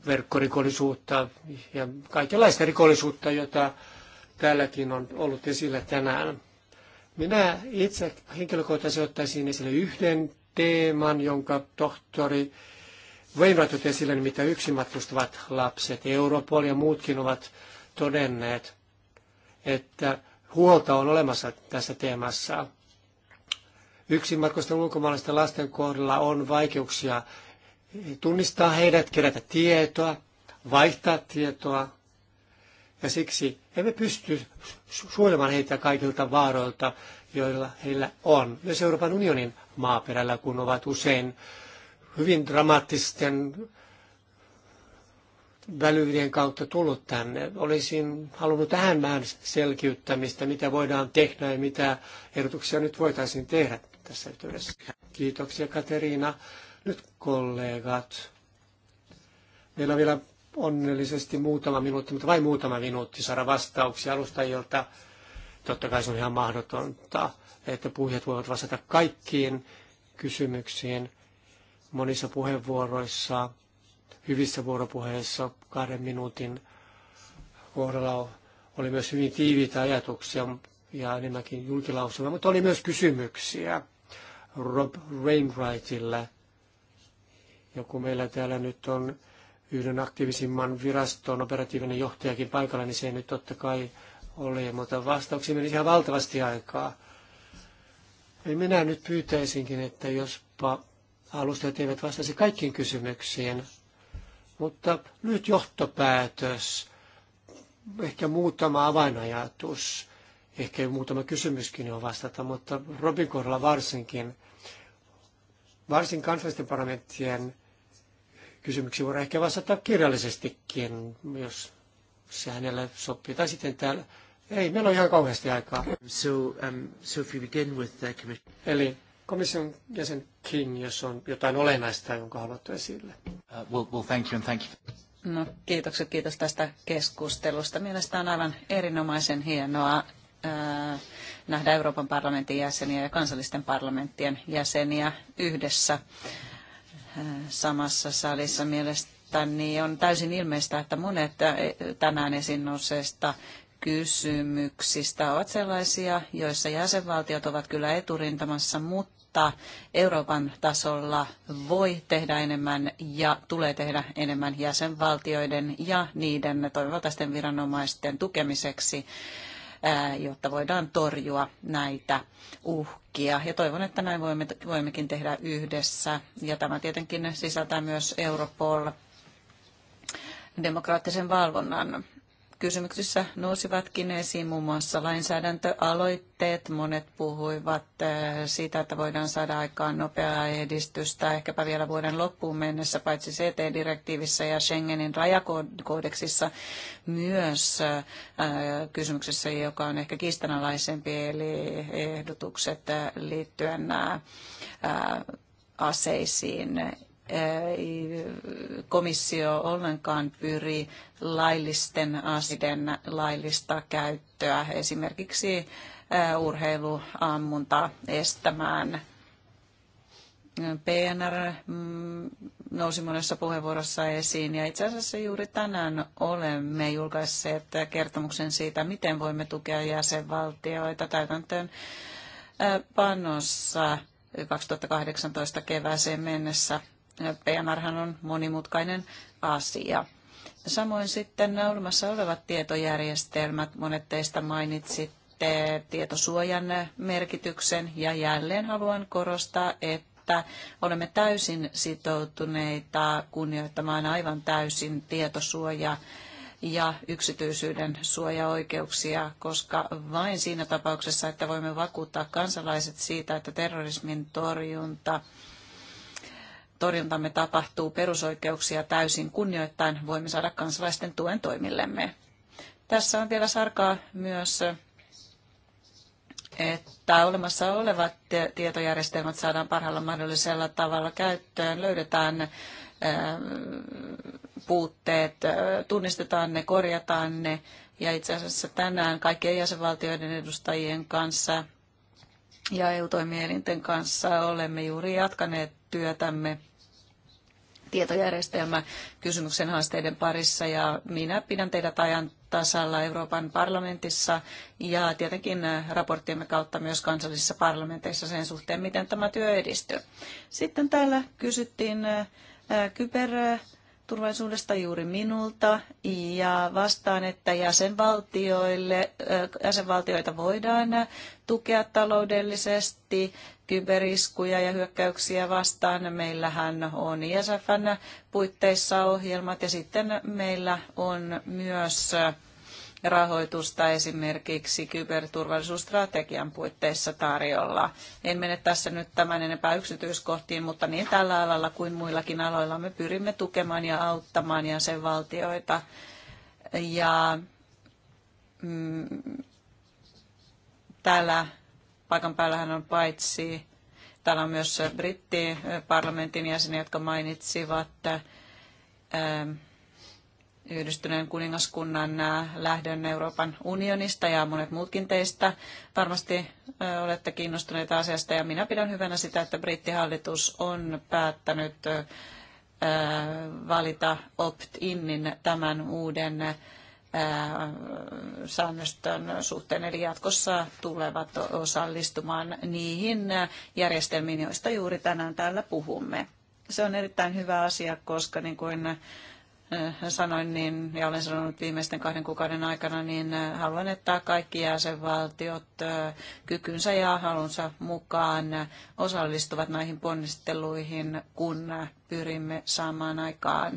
verkkorikollisuutta ja kaikenlaista rikollisuutta, jota täälläkin on ollut esillä tänään. Minä itse henkilökohtaisesti ottaisin esille yhden teeman, jonka tohtori Wainwright otti esille, mitä yksin matkustavat lapset. Europol ja muutkin ovat todenneet, että huolta on olemassa tässä teemassa. Yksin ulkomaalaisten lasten kohdalla on vaikeuksia tunnistaa heidät, kerätä tietoa, vaihtaa tietoa. Ja siksi emme pysty suojelemaan heitä kaikilta vaaroilta, joilla heillä on. Myös Euroopan unionin maaperällä, kun ovat usein hyvin dramaattisten välyvien kautta tullut tänne. Olisin halunnut tähän vähän selkiyttämistä, mitä voidaan tehdä ja mitä ehdotuksia nyt voitaisiin tehdä tässä yhteydessä. Kiitoksia Kateriina. Nyt kollegat. Meillä on vielä onnellisesti muutama minuutti, mutta vain muutama minuutti saada vastauksia alustajilta. Totta kai se on ihan mahdotonta, että puhujat voivat vastata kaikkiin kysymyksiin monissa puheenvuoroissa, hyvissä vuoropuheissa kahden minuutin kohdalla oli myös hyvin tiiviitä ajatuksia ja enemmänkin julkilausumia, mutta oli myös kysymyksiä. Rob Wainwrightilla. Ja kun meillä täällä nyt on yhden aktiivisimman viraston operatiivinen johtajakin paikalla, niin se ei nyt totta kai ole, mutta vastauksia menisi ihan valtavasti aikaa. Eli minä nyt pyytäisinkin, että jospa alustajat eivät vastaisi kaikkiin kysymyksiin, mutta nyt johtopäätös, ehkä muutama avainajatus Ehkä muutama kysymyskin on vastata, mutta Robin kohdalla varsinkin. Varsin kansallisten parlamenttien kysymyksiä voidaan ehkä vastata kirjallisestikin, jos se hänelle sopii. Tai sitten täällä. Ei, meillä on ihan kauheasti aikaa. So, um, so if we begin with the commission... Eli komission jäsen King, jos on jotain olennaista, jonka haluat esille. Uh, well, well, thank you and thank you. No, kiitokset, kiitos tästä keskustelusta. Mielestäni on aivan erinomaisen hienoa, Äh, nähdä Euroopan parlamentin jäseniä ja kansallisten parlamenttien jäseniä yhdessä äh, samassa salissa mielestäni on täysin ilmeistä, että monet äh, tänään esiin nousseista kysymyksistä ovat sellaisia, joissa jäsenvaltiot ovat kyllä eturintamassa, mutta Euroopan tasolla voi tehdä enemmän ja tulee tehdä enemmän jäsenvaltioiden ja niiden toimivaltaisten viranomaisten tukemiseksi jotta voidaan torjua näitä uhkia. Ja toivon, että näin voimme, voimmekin tehdä yhdessä. Ja tämä tietenkin sisältää myös Europol demokraattisen valvonnan kysymyksissä nousivatkin esiin muun muassa lainsäädäntöaloitteet. Monet puhuivat eh, siitä, että voidaan saada aikaan nopeaa edistystä ehkäpä vielä vuoden loppuun mennessä, paitsi CT-direktiivissä ja Schengenin rajakoodeksissa myös eh, kysymyksessä, joka on ehkä kiistanalaisempi, eli ehdotukset eh, liittyen aseisiin komissio ollenkaan pyri laillisten aseiden laillista käyttöä, esimerkiksi urheiluammuntaa estämään. PNR mm, nousi monessa puheenvuorossa esiin ja itse asiassa juuri tänään olemme julkaisseet kertomuksen siitä, miten voimme tukea jäsenvaltioita täytäntöön panossa 2018 kevääseen mennessä PNR on monimutkainen asia. Samoin sitten olemassa olevat tietojärjestelmät, monet teistä mainitsitte tietosuojan merkityksen ja jälleen haluan korostaa, että olemme täysin sitoutuneita kunnioittamaan aivan täysin tietosuojaa ja yksityisyyden suojaoikeuksia, koska vain siinä tapauksessa, että voimme vakuuttaa kansalaiset siitä, että terrorismin torjunta torjuntamme tapahtuu perusoikeuksia täysin kunnioittain, voimme saada kansalaisten tuen toimillemme. Tässä on vielä sarkaa myös, että olemassa olevat tietojärjestelmät saadaan parhaalla mahdollisella tavalla käyttöön, löydetään äh, puutteet, äh, tunnistetaan ne, korjataan ne. Ja itse asiassa tänään kaikkien jäsenvaltioiden edustajien kanssa ja EU-toimielinten kanssa olemme juuri jatkaneet työtämme tietojärjestelmä kysymyksen haasteiden parissa ja minä pidän teidät ajan tasalla Euroopan parlamentissa ja tietenkin äh, raporttiemme kautta myös kansallisissa parlamenteissa sen suhteen, miten tämä työ edistyy. Sitten täällä kysyttiin äh, äh, kyber turvallisuudesta juuri minulta ja vastaan, että jäsenvaltioille, jäsenvaltioita voidaan tukea taloudellisesti kyberiskuja ja hyökkäyksiä vastaan. Meillähän on ISFn puitteissa ohjelmat ja sitten meillä on myös rahoitusta esimerkiksi kyberturvallisuusstrategian puitteissa tarjolla. En mene tässä nyt tämän enempää yksityiskohtiin, mutta niin tällä alalla kuin muillakin aloilla me pyrimme tukemaan ja auttamaan jäsenvaltioita. Ja mm, täällä paikan päällähän on paitsi, täällä on myös parlamentin jäseniä, jotka mainitsivat, että yhdistyneen kuningaskunnan lähdön Euroopan unionista ja monet muutkin teistä varmasti olette kiinnostuneita asiasta ja minä pidän hyvänä sitä, että brittihallitus on päättänyt valita opt-innin tämän uuden säännöstön suhteen, eli jatkossa tulevat osallistumaan niihin järjestelmiin, joista juuri tänään täällä puhumme. Se on erittäin hyvä asia, koska niin kuin Äh, sanoin niin, ja olen sanonut viimeisten kahden kuukauden aikana, niin äh, haluan, että kaikki jäsenvaltiot äh, kykynsä ja halunsa mukaan osallistuvat näihin ponnisteluihin, kun pyrimme saamaan aikaan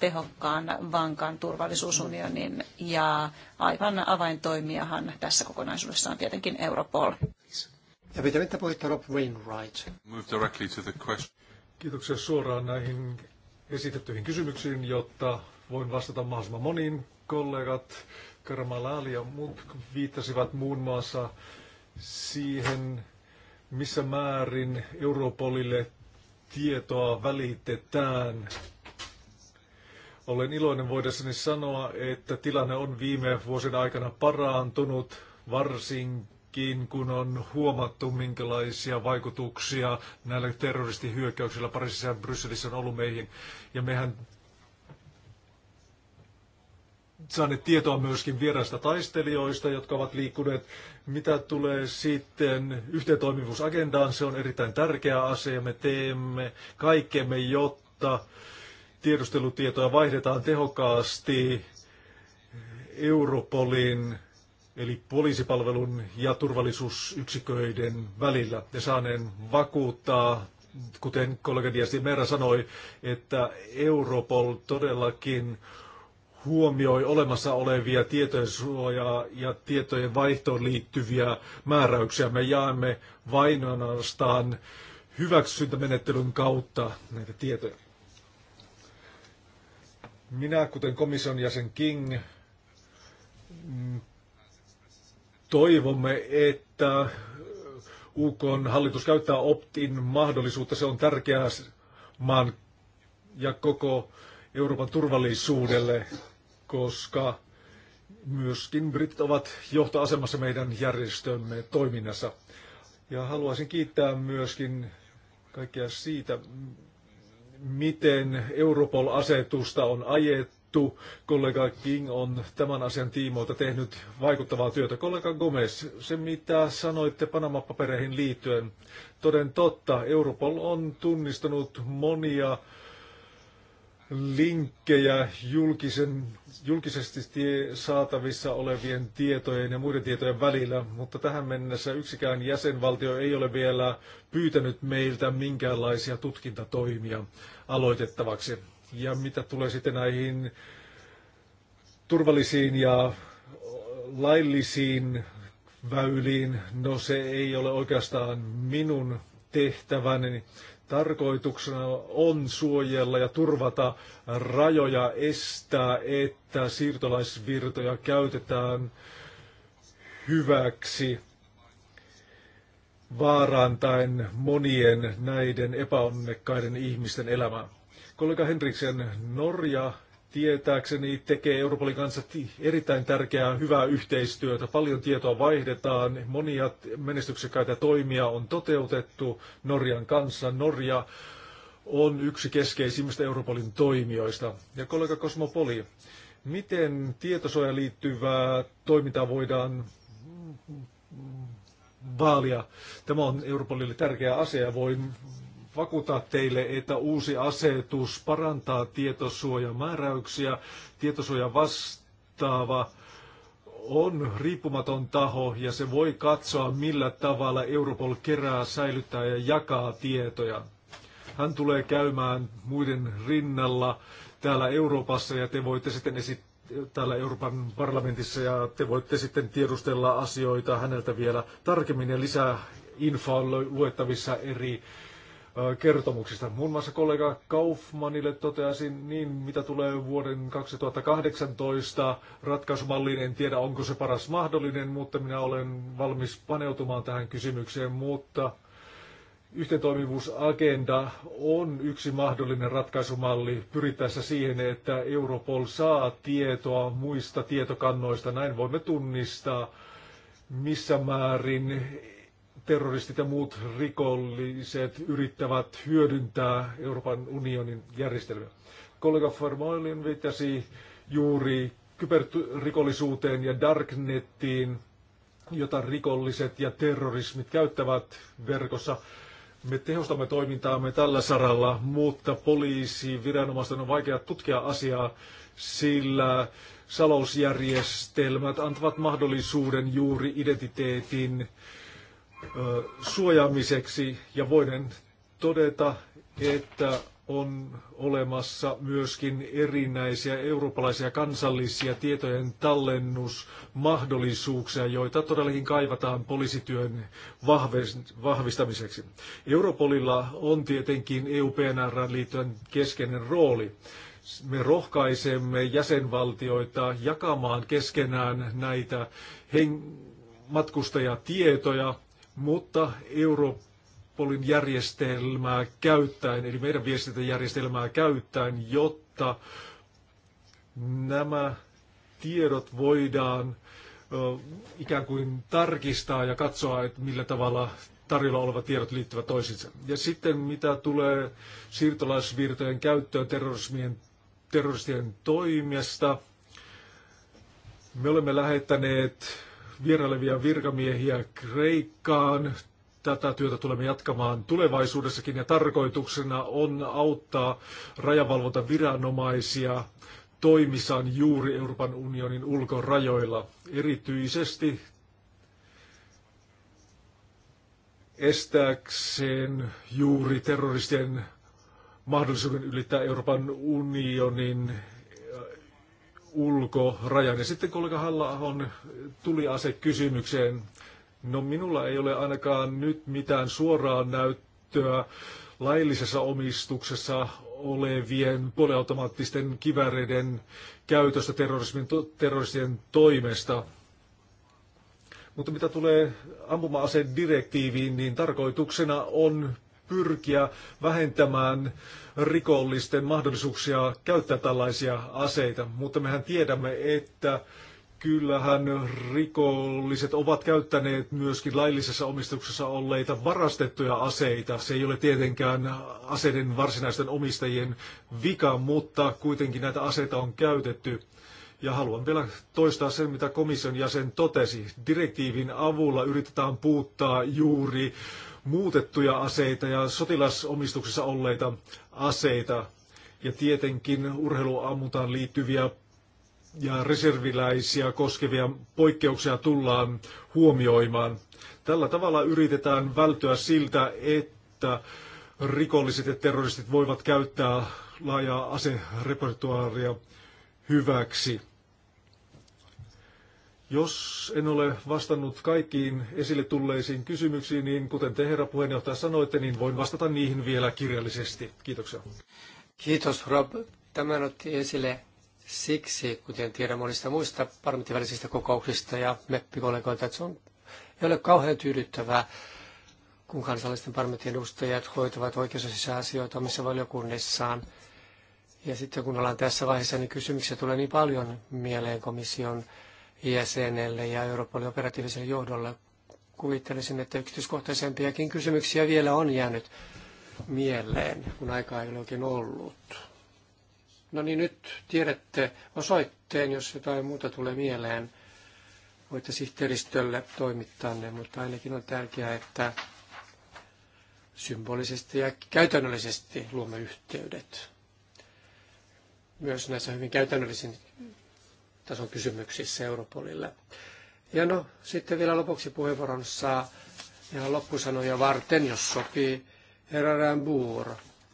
tehokkaan, vankan turvallisuusunionin ja aivan avaintoimijahan tässä kokonaisuudessa on tietenkin Europol. Ja pitämättä puhetta Rob Wainwright. Move directly to the question. Kiitoksia suoraan näihin esitettyihin kysymyksiin, jotta voin vastata mahdollisimman moniin. Kollegat Karamalali ja muut viittasivat muun muassa siihen, missä määrin Europolille tietoa välitetään. Olen iloinen voidessani sanoa, että tilanne on viime vuosien aikana parantunut, varsinkin varsinkin kun on huomattu, minkälaisia vaikutuksia näillä terroristihyökkäyksillä Pariisissa ja Brysselissä on ollut meihin. Ja mehän saaneet tietoa myöskin vieraista taistelijoista, jotka ovat liikkuneet. Mitä tulee sitten yhteentoimivuusagendaan, se on erittäin tärkeä asia me teemme kaikkemme, jotta tiedustelutietoja vaihdetaan tehokkaasti Europolin eli poliisipalvelun ja turvallisuusyksiköiden välillä. Ja saaneen vakuuttaa, kuten kollega Diasti Merra sanoi, että Europol todellakin huomioi olemassa olevia tietosuojaa ja tietojen vaihtoon liittyviä määräyksiä. Me jaamme vain ainoastaan hyväksyntämenettelyn kautta näitä tietoja. Minä, kuten komission jäsen King, Toivomme, että UK hallitus käyttää optin mahdollisuutta. Se on tärkeää maan ja koko Euroopan turvallisuudelle, koska myöskin britit ovat johtoasemassa meidän järjestömme toiminnassa. Ja haluaisin kiittää myöskin kaikkia siitä, miten Europol-asetusta on ajettu tuttu Kollega King on tämän asian tiimoilta tehnyt vaikuttavaa työtä. Kollega Gomez, se mitä sanoitte Panama-papereihin liittyen, toden totta, Europol on tunnistanut monia linkkejä julkisen, julkisesti tie, saatavissa olevien tietojen ja muiden tietojen välillä, mutta tähän mennessä yksikään jäsenvaltio ei ole vielä pyytänyt meiltä minkäänlaisia tutkintatoimia aloitettavaksi. Ja mitä tulee sitten näihin turvallisiin ja laillisiin väyliin, no se ei ole oikeastaan minun tehtäväni. Tarkoituksena on suojella ja turvata rajoja, estää, että siirtolaisvirtoja käytetään hyväksi vaarantaen monien näiden epäonnekkaiden ihmisten elämää. Kollega Henriksen, Norja tietääkseni tekee Euroopan kanssa erittäin tärkeää hyvää yhteistyötä. Paljon tietoa vaihdetaan, monia menestyksekkäitä toimia on toteutettu Norjan kanssa. Norja on yksi keskeisimmistä Europolin toimijoista. Ja kollega Kosmopoli, miten tietosuoja liittyvää toimintaa voidaan vaalia? Tämä on Europolille tärkeä asia ja voin vakuuttaa teille, että uusi asetus parantaa tietosuojamääräyksiä. Tietosuoja vastaava on riippumaton taho ja se voi katsoa, millä tavalla Europol kerää, säilyttää ja jakaa tietoja. Hän tulee käymään muiden rinnalla täällä Euroopassa ja te voitte sitten esittää täällä Euroopan parlamentissa ja te voitte sitten tiedustella asioita häneltä vielä tarkemmin ja lisää infoa luettavissa eri kertomuksista. Muun muassa kollega Kaufmanille toteaisin, niin mitä tulee vuoden 2018 ratkaisumalliin, en tiedä onko se paras mahdollinen, mutta minä olen valmis paneutumaan tähän kysymykseen, mutta yhteentoimivuusagenda on yksi mahdollinen ratkaisumalli pyrittäessä siihen, että Europol saa tietoa muista tietokannoista. Näin voimme tunnistaa, missä määrin terroristit ja muut rikolliset yrittävät hyödyntää Euroopan unionin järjestelmää. Kollega Farmoilin viittasi juuri kyberrikollisuuteen ja darknettiin, jota rikolliset ja terrorismit käyttävät verkossa. Me tehostamme toimintaamme tällä saralla, mutta poliisi, viranomaisten on vaikea tutkia asiaa, sillä salousjärjestelmät antavat mahdollisuuden juuri identiteetin suojaamiseksi ja voiden todeta, että on olemassa myöskin erinäisiä eurooppalaisia kansallisia tietojen tallennusmahdollisuuksia, joita todellakin kaivataan poliisityön vahvistamiseksi. Europolilla on tietenkin EU-PNR liittyen keskeinen rooli. Me rohkaisemme jäsenvaltioita jakamaan keskenään näitä hen- matkustajatietoja mutta Europolin järjestelmää käyttäen, eli meidän viestintäjärjestelmää käyttäen, jotta nämä tiedot voidaan ikään kuin tarkistaa ja katsoa, että millä tavalla tarjolla olevat tiedot liittyvät toisiinsa. Ja sitten mitä tulee siirtolaisvirtojen käyttöön terrorismien, terroristien toimesta, me olemme lähettäneet vierailevia virkamiehiä Kreikkaan. Tätä työtä tulemme jatkamaan tulevaisuudessakin ja tarkoituksena on auttaa rajavalvontaviranomaisia toimissaan juuri Euroopan unionin ulkorajoilla. Erityisesti estääkseen juuri terroristien mahdollisuuden ylittää Euroopan unionin ulkorajan. Ja sitten kollega Halla on ase kysymykseen. No minulla ei ole ainakaan nyt mitään suoraa näyttöä laillisessa omistuksessa olevien puoliautomaattisten kiväreiden käytöstä terrorismin, to, terroristien toimesta. Mutta mitä tulee ampuma-aseen direktiiviin, niin tarkoituksena on pyrkiä vähentämään rikollisten mahdollisuuksia käyttää tällaisia aseita, mutta mehän tiedämme, että kyllähän rikolliset ovat käyttäneet myöskin laillisessa omistuksessa olleita varastettuja aseita. Se ei ole tietenkään aseiden varsinaisten omistajien vika, mutta kuitenkin näitä aseita on käytetty. Ja haluan vielä toistaa sen, mitä komission jäsen totesi. Direktiivin avulla yritetään puuttaa juuri muutettuja aseita ja sotilasomistuksessa olleita aseita ja tietenkin urheiluammuntaan liittyviä ja reserviläisiä koskevia poikkeuksia tullaan huomioimaan. Tällä tavalla yritetään välttyä siltä, että rikolliset ja terroristit voivat käyttää laajaa aserepertuaaria hyväksi. Jos en ole vastannut kaikkiin esille tulleisiin kysymyksiin, niin kuten te herra puheenjohtaja sanoitte, niin voin vastata niihin vielä kirjallisesti. Kiitoksia. Kiitos Rob. Tämän otti esille siksi, kuten tiedän monista muista parlamenttivälisistä kokouksista ja meppikollegoilta, että se on, ei ole kauhean tyydyttävää, kun kansallisten parlamentin edustajat hoitavat oikeus- ja sisäasioita omissa valiokunnissaan. Ja sitten kun ollaan tässä vaiheessa, niin kysymyksiä tulee niin paljon mieleen komission jäsenelle ja Euroopan operatiiviselle johdolle. Kuvittelisin, että yksityiskohtaisempiakin kysymyksiä vielä on jäänyt mieleen, kun aikaa ei ole oikein ollut. No niin, nyt tiedätte osoitteen, jos jotain muuta tulee mieleen. Voitte sihteeristölle toimittaa ne, mutta ainakin on tärkeää, että symbolisesti ja käytännöllisesti luomme yhteydet. Myös näissä hyvin käytännöllisissä tason kysymyksissä Europolille. Ja no, sitten vielä lopuksi puheenvuoron saa ihan loppusanoja varten, jos sopii, herra Rambour.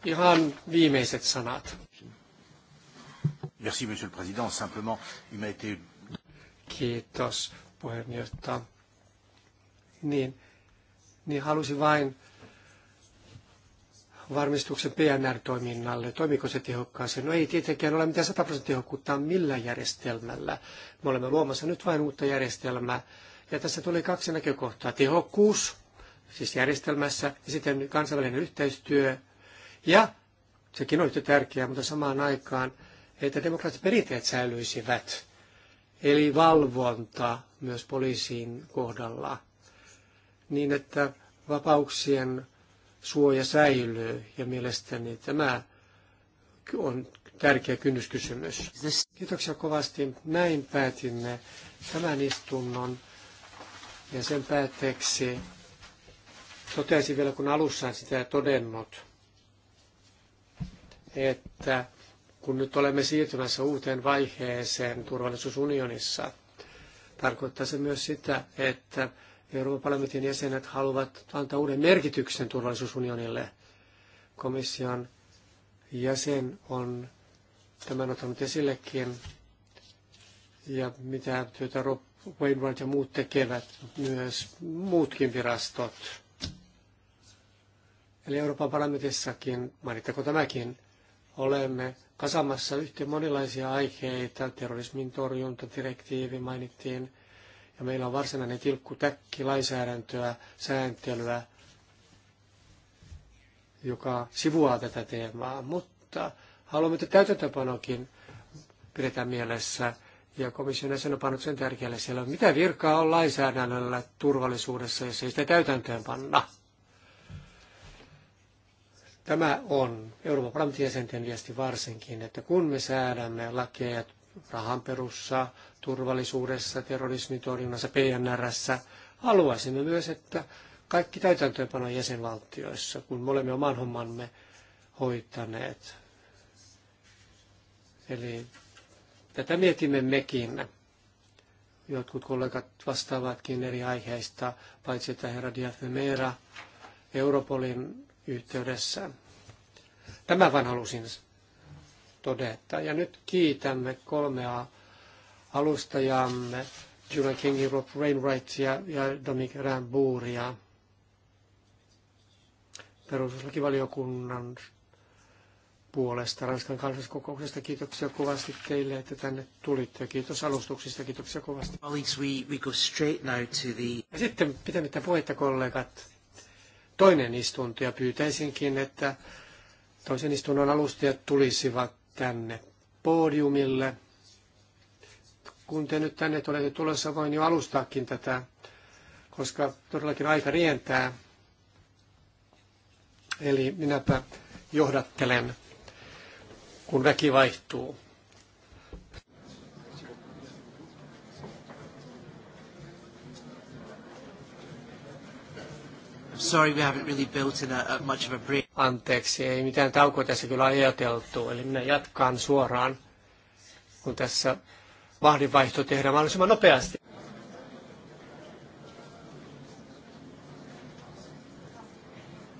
Ihan viimeiset sanat. Merci, monsieur le président. Simplement, il m'a été... Kiitos, puheenjohtaja. Niin, niin halusin vain varmistuksen PNR-toiminnalle? Toimiko se tehokkaasti? No ei tietenkään ole mitään 100 prosenttia tehokkuutta millään järjestelmällä. Me olemme luomassa nyt vain uutta järjestelmää. Ja tässä tuli kaksi näkökohtaa. Tehokkuus, siis järjestelmässä, ja sitten kansainvälinen yhteistyö. Ja sekin on yhtä tärkeää, mutta samaan aikaan, että demokraattiset perinteet säilyisivät. Eli valvonta myös poliisin kohdalla. Niin, että vapauksien suoja säilyy ja mielestäni tämä on tärkeä kynnyskysymys. Kiitoksia kovasti. Näin päätimme tämän istunnon ja sen päätteeksi totesin vielä kun alussa sitä todennut, että kun nyt olemme siirtymässä uuteen vaiheeseen turvallisuusunionissa, tarkoittaa se myös sitä, että Euroopan parlamentin jäsenet haluavat antaa uuden merkityksen turvallisuusunionille. Komission jäsen on tämän ottanut esillekin ja mitä työtä Rob Wainwright ja muut tekevät, myös muutkin virastot. Eli Euroopan parlamentissakin, mainittako tämäkin, olemme kasamassa yhteen monilaisia aiheita. Terrorismin torjuntadirektiivi mainittiin, ja meillä on varsinainen tilkkutäkki lainsäädäntöä, sääntelyä, joka sivuaa tätä teemaa, mutta haluamme, että täytäntöpanokin pidetään mielessä ja komission jäsen on pannut sen tärkeälle siellä. Mitä virkaa on lainsäädännöllä turvallisuudessa, jos ei sitä täytäntöön panna? Tämä on Euroopan parlamentin jäsenten viesti varsinkin, että kun me säädämme lakeja rahanperussa, turvallisuudessa, terrorismin torjunnassa, PNRssä. Haluaisimme myös, että kaikki täytäntöönpano jäsenvaltioissa, kun me olemme oman hommamme hoitaneet. Eli tätä mietimme mekin. Jotkut kollegat vastaavatkin eri aiheista, paitsi että herra Diafemera Europolin yhteydessä. Tämän vain halusin todeta. Ja nyt kiitämme kolmea alustajamme, Julia King, Rob Rainwright ja Dominic Ramburia perustuslakivaliokunnan puolesta Ranskan kansalliskokouksesta. Kiitoksia kovasti teille, että tänne tulitte kiitos alustuksista. Kiitoksia kovasti. we, we go straight now to the... Ja sitten pitämättä puhetta kollegat, toinen istunto ja pyytäisinkin, että toisen istunnon alustajat tulisivat tänne podiumille. Kun te nyt tänne olette tulossa, voin jo alustaakin tätä, koska todellakin aika rientää. Eli minäpä johdattelen, kun väki vaihtuu. Sorry, we haven't really built in a, a much of a break. Anteeksi, ei mitään taukoa tässä kyllä ajateltu, eli minä jatkan suoraan, kun tässä vahdinvaihto tehdään mahdollisimman nopeasti.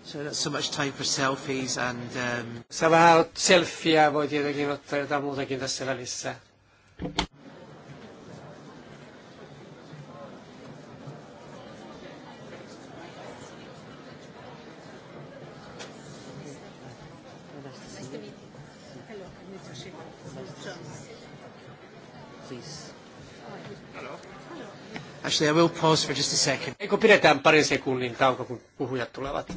So that's so much time for selfies and... Um... Sä vähän selfieä voi tietenkin ottaa jotain muutakin tässä välissä. Actually, I will pause for just a second. Eikö pidetään parin sekunnin tauko, kun puhujat tulevat?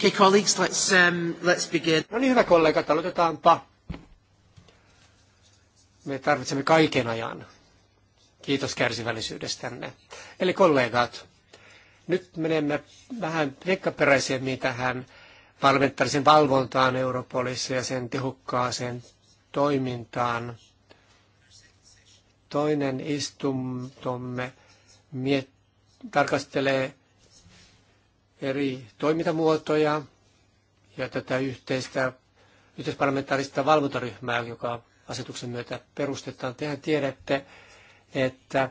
Okay, colleagues, let's, um, let's begin. No niin, hyvä kollegat, aloitetaanpa. Me tarvitsemme kaiken ajan. Kiitos kärsivällisyydestänne. Eli kollegat, nyt menemme vähän rekkaperäisemmin tähän parlamentaarisen valvontaan Europolissa ja sen tehokkaaseen toimintaan. Toinen istuntomme miet- tarkastelee eri toimintamuotoja ja tätä yhteistä yhteisparlamentaarista valvontaryhmää, joka asetuksen myötä perustetaan. Tehän tiedätte, että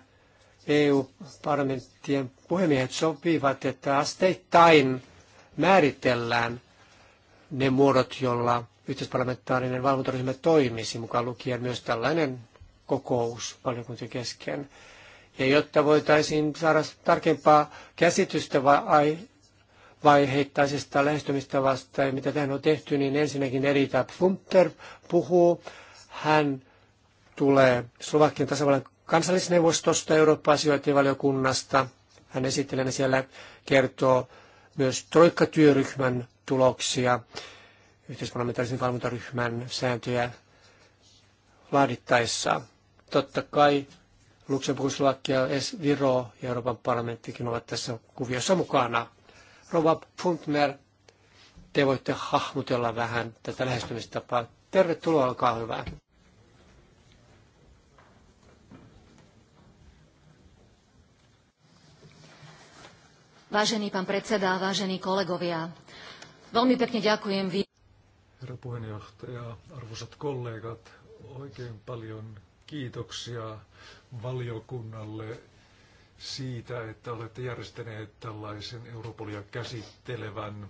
EU-parlamenttien puhemiehet sopivat, että asteittain määritellään ne muodot, joilla yhteisparlamentaarinen valvontaryhmä toimisi, mukaan lukien myös tällainen kokous valiokuntien kesken. Ja jotta voitaisiin saada tarkempaa käsitystä vai vaiheittaisesta lähestymistä vasta ja mitä tähän on tehty, niin ensinnäkin Erita Pfunter puhuu. Hän tulee Slovakian tasavallan kansallisneuvostosta Eurooppa-asioiden valiokunnasta. Hän esittelee siellä kertoo myös troikkatyöryhmän tuloksia, yhteisparlamentaarisen valvontaryhmän sääntöjä laadittaessa. Totta kai Luxemburg, Slovakia, Viro ja Euroopan parlamenttikin ovat tässä kuviossa mukana. Rova Puntmer, te voitte hahmotella vähän tätä lähestymistapaa. Tervetuloa, olkaa hyvää. Vážený pán predseda, vážení kolegovia, veľmi pekne ďakujem vy. Herra puheenjohtaja, arvoisat kollegat, oikein paljon kiitoksia valiokunnalle siitä, että olette järjestäneet tällaisen Europolia käsittelevän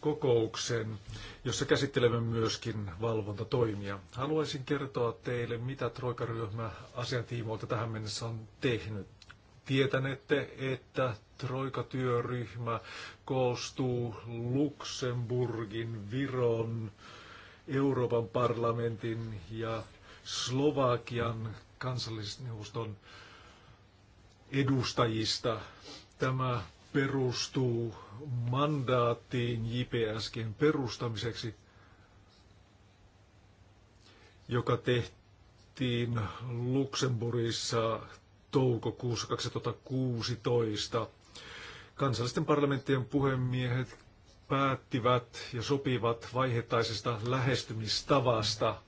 kokouksen, jossa käsittelemme myöskin valvontatoimia. Haluaisin kertoa teille, mitä Troikaryhmä asiantiimoilta tähän mennessä on tehnyt. Tietänette, että troika-työryhmä koostuu Luxemburgin, Viron, Euroopan parlamentin ja Slovakian kansallisneuvoston edustajista. Tämä perustuu mandaattiin JPSGn perustamiseksi, joka tehtiin Luxemburgissa toukokuussa 2016. Kansallisten parlamenttien puhemiehet päättivät ja sopivat vaihettaisesta lähestymistavasta –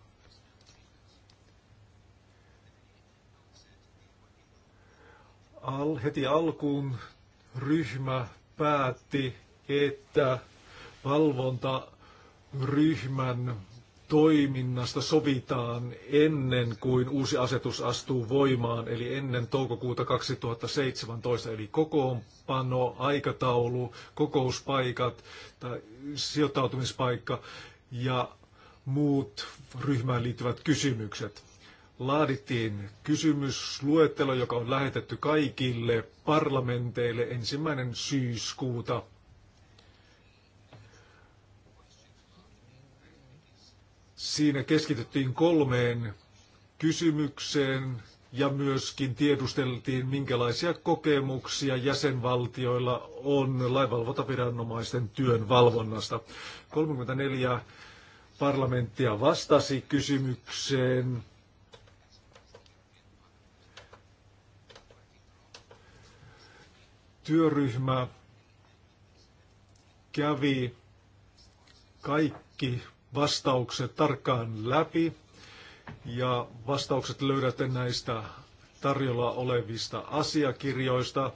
al, heti alkuun ryhmä päätti, että valvontaryhmän toiminnasta sovitaan ennen kuin uusi asetus astuu voimaan, eli ennen toukokuuta 2017, eli kokoonpano, aikataulu, kokouspaikat tai sijoittautumispaikka ja muut ryhmään liittyvät kysymykset laadittiin kysymysluettelo, joka on lähetetty kaikille parlamenteille ensimmäinen syyskuuta. Siinä keskityttiin kolmeen kysymykseen ja myöskin tiedusteltiin, minkälaisia kokemuksia jäsenvaltioilla on lainvalvontaviranomaisten työn valvonnasta. 34 parlamenttia vastasi kysymykseen työryhmä kävi kaikki vastaukset tarkkaan läpi ja vastaukset löydätte näistä tarjolla olevista asiakirjoista.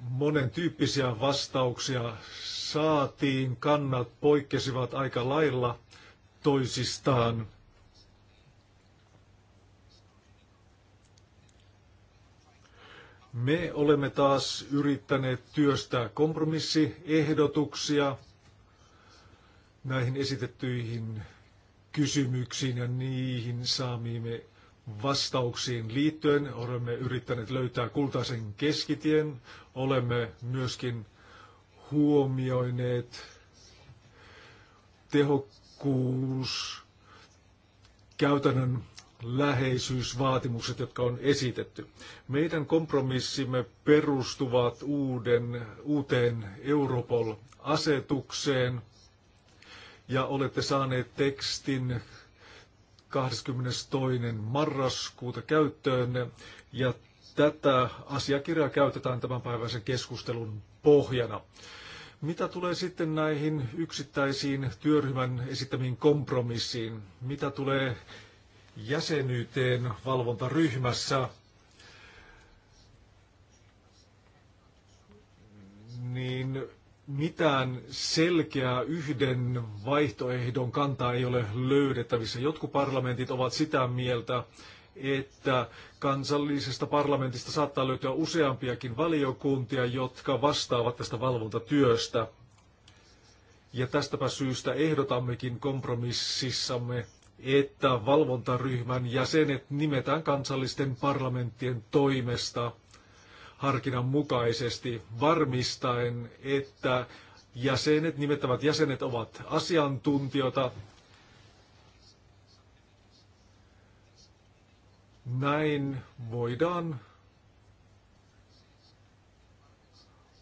Monen tyyppisiä vastauksia saatiin, kannat poikkesivat aika lailla toisistaan. Me olemme taas yrittäneet työstää kompromissiehdotuksia näihin esitettyihin kysymyksiin ja niihin saamiimme vastauksiin liittyen. Olemme yrittäneet löytää kultaisen keskitien. Olemme myöskin huomioineet tehokkuus, käytännön läheisyysvaatimukset, jotka on esitetty. Meidän kompromissimme perustuvat uuden, uuteen Europol-asetukseen ja olette saaneet tekstin 22. marraskuuta käyttöön ja tätä asiakirjaa käytetään tämänpäiväisen keskustelun pohjana. Mitä tulee sitten näihin yksittäisiin työryhmän esittämiin kompromissiin? Mitä tulee jäsenyyteen valvontaryhmässä, niin mitään selkeää yhden vaihtoehdon kantaa ei ole löydettävissä. Jotkut parlamentit ovat sitä mieltä, että kansallisesta parlamentista saattaa löytyä useampiakin valiokuntia, jotka vastaavat tästä valvontatyöstä. Ja tästäpä syystä ehdotammekin kompromississamme että valvontaryhmän jäsenet nimetään kansallisten parlamenttien toimesta harkinnan mukaisesti varmistaen, että jäsenet, nimettävät jäsenet ovat asiantuntijoita. Näin voidaan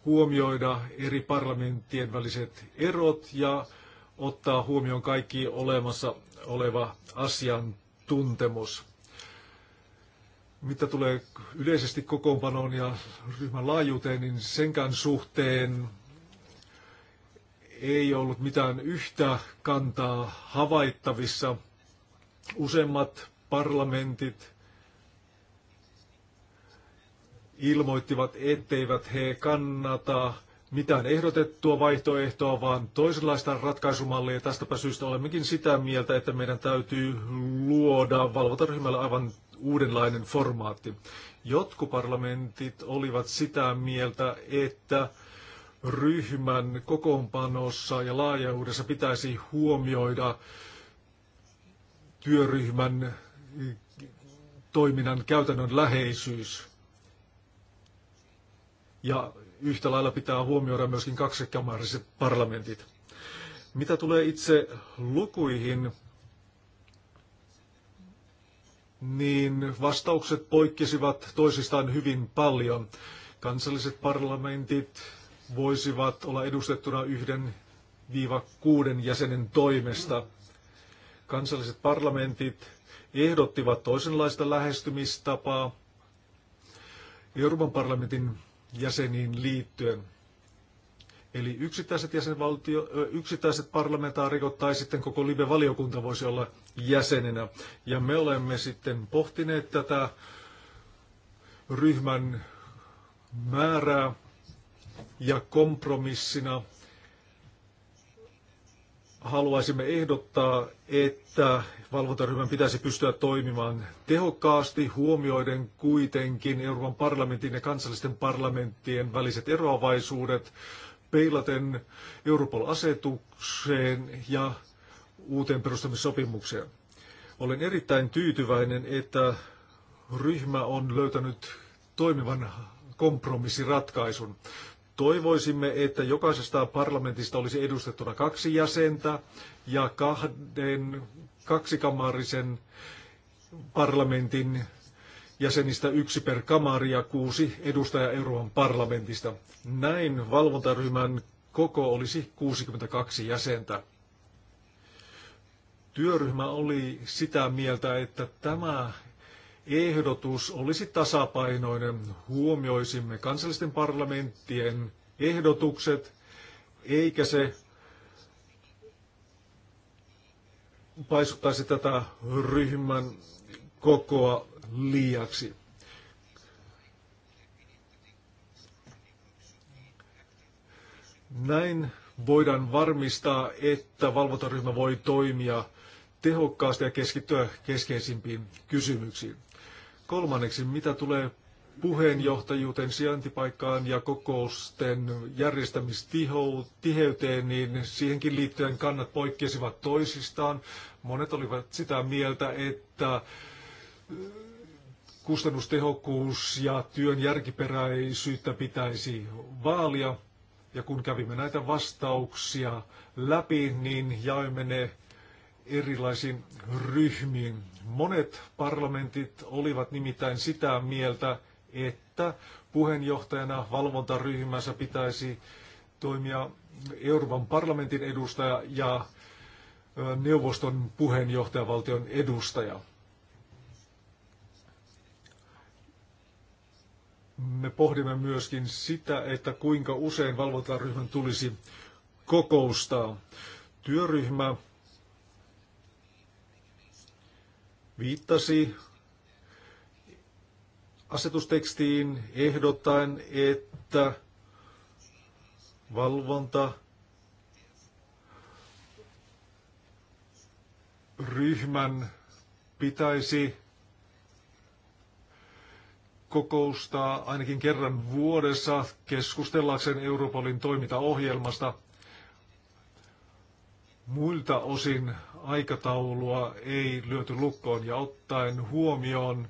huomioida eri parlamenttien väliset erot ja ottaa huomioon kaikki olemassa oleva asiantuntemus. Mitä tulee yleisesti kokoonpanoon ja ryhmän laajuuteen, niin senkään suhteen ei ollut mitään yhtä kantaa havaittavissa. Useimmat parlamentit ilmoittivat, etteivät he kannata mitään ehdotettua vaihtoehtoa, vaan toisenlaista ratkaisumallia. Tästäpä syystä olemmekin sitä mieltä, että meidän täytyy luoda valvontaryhmälle aivan uudenlainen formaatti. Jotkut parlamentit olivat sitä mieltä, että ryhmän kokoonpanossa ja laajuudessa pitäisi huomioida työryhmän toiminnan käytännön läheisyys. Ja yhtä lailla pitää huomioida myöskin kaksikamariset parlamentit. Mitä tulee itse lukuihin, niin vastaukset poikkesivat toisistaan hyvin paljon. Kansalliset parlamentit voisivat olla edustettuna yhden viiva kuuden jäsenen toimesta. Kansalliset parlamentit ehdottivat toisenlaista lähestymistapaa. Euroopan parlamentin jäseniin liittyen. Eli yksittäiset, jäsenvaltio, yksittäiset parlamentaarikot tai sitten koko live-valiokunta voisi olla jäsenenä. Ja me olemme sitten pohtineet tätä ryhmän määrää ja kompromissina haluaisimme ehdottaa, että valvontaryhmän pitäisi pystyä toimimaan tehokkaasti, huomioiden kuitenkin Euroopan parlamentin ja kansallisten parlamenttien väliset eroavaisuudet, peilaten Europol-asetukseen ja uuteen perustamissopimukseen. Olen erittäin tyytyväinen, että ryhmä on löytänyt toimivan kompromissiratkaisun. Toivoisimme, että jokaisesta parlamentista olisi edustettuna kaksi jäsentä ja kahden kaksikamarisen parlamentin jäsenistä yksi per kamari ja kuusi edustajaa Euroopan parlamentista. Näin valvontaryhmän koko olisi 62 jäsentä. Työryhmä oli sitä mieltä, että tämä ehdotus olisi tasapainoinen. Huomioisimme kansallisten parlamenttien ehdotukset, eikä se paisuttaisi tätä ryhmän kokoa liiaksi. Näin voidaan varmistaa, että valvontaryhmä voi toimia tehokkaasti ja keskittyä keskeisimpiin kysymyksiin. Kolmanneksi, mitä tulee puheenjohtajuuteen, sijaintipaikkaan ja kokousten järjestämistiheyteen, niin siihenkin liittyen kannat poikkesivat toisistaan. Monet olivat sitä mieltä, että kustannustehokkuus ja työn järkiperäisyyttä pitäisi vaalia. Ja kun kävimme näitä vastauksia läpi, niin jaimme ne erilaisiin ryhmiin. Monet parlamentit olivat nimittäin sitä mieltä, että puheenjohtajana valvontaryhmässä pitäisi toimia Euroopan parlamentin edustaja ja neuvoston puheenjohtajavaltion edustaja. Me pohdimme myöskin sitä, että kuinka usein valvontaryhmän tulisi kokoustaa. Työryhmä viittasi asetustekstiin ehdottaen, että valvonta ryhmän pitäisi kokoustaa ainakin kerran vuodessa keskustellakseen Europolin toimintaohjelmasta. Muilta osin aikataulua ei lyöty lukkoon ja ottaen huomioon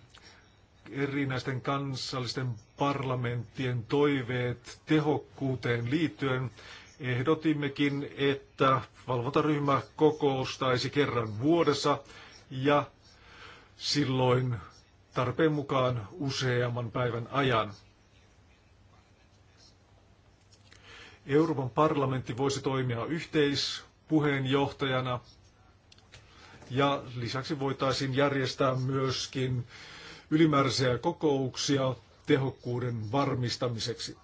erinäisten kansallisten parlamenttien toiveet tehokkuuteen liittyen, ehdotimmekin, että valvontaryhmä kokoustaisi kerran vuodessa ja silloin tarpeen mukaan useamman päivän ajan. Euroopan parlamentti voisi toimia yhteispuheenjohtajana ja lisäksi voitaisiin järjestää myöskin ylimääräisiä kokouksia tehokkuuden varmistamiseksi.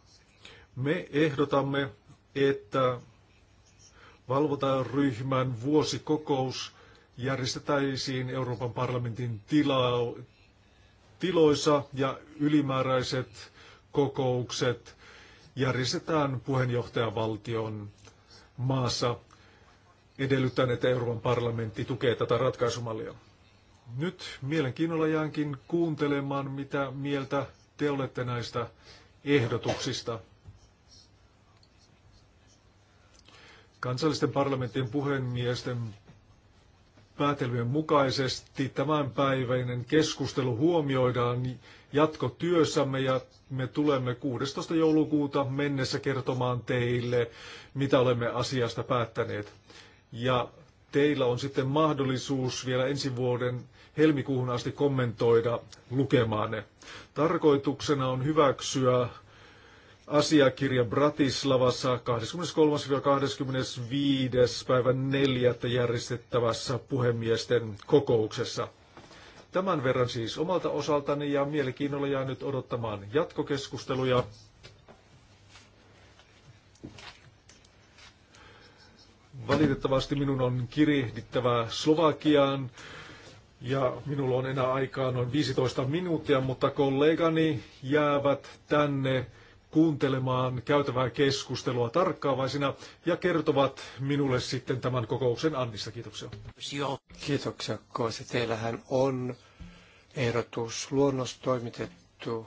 Me ehdotamme, että valvontaryhmän vuosikokous järjestetäisiin Euroopan parlamentin tila- tiloissa ja ylimääräiset kokoukset järjestetään puheenjohtajavaltion maassa edellyttäen, että Euroopan parlamentti tukee tätä ratkaisumallia. Nyt mielenkiinnolla jäänkin kuuntelemaan, mitä mieltä te olette näistä ehdotuksista. Kansallisten parlamenttien puheenmiesten päätelmien mukaisesti tämänpäiväinen keskustelu huomioidaan jatkotyössämme ja me tulemme 16. joulukuuta mennessä kertomaan teille, mitä olemme asiasta päättäneet. Ja teillä on sitten mahdollisuus vielä ensi vuoden helmikuuhun asti kommentoida lukemaanne. Tarkoituksena on hyväksyä asiakirja Bratislavassa 23-25. päivä 4. järjestettävässä puhemiesten kokouksessa. Tämän verran siis omalta osaltani ja mielenkiinnolla jää nyt odottamaan jatkokeskusteluja. Valitettavasti minun on kirjehdittävä Slovakiaan ja minulla on enää aikaa noin 15 minuuttia, mutta kollegani jäävät tänne kuuntelemaan käytävää keskustelua tarkkaavaisina ja kertovat minulle sitten tämän kokouksen Annissa. Kiitoksia. Kiitoksia, Koisi. Teillähän on ehdotus luonnos toimitettu.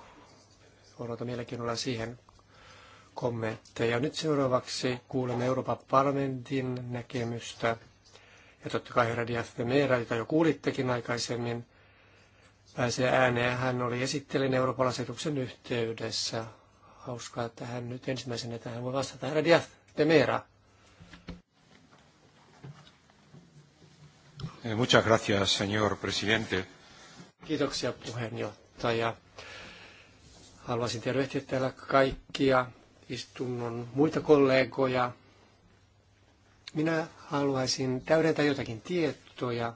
Odotan mielenkiinnolla siihen kommentteja. Nyt seuraavaksi kuulemme Euroopan parlamentin näkemystä. Ja totta kai herra Diaz de jota jo kuulittekin aikaisemmin, pääsee ääneen. Hän oli esittelen Euroopan asetuksen yhteydessä. Hauskaa, että hän nyt ensimmäisenä tähän voi vastata. Herra Diaz de eh, Muchas gracias, señor presidente. Kiitoksia puheenjohtaja. Haluaisin tervehtiä täällä kaikkia istunnon muita kollegoja. Minä haluaisin täydentää jotakin tietoja,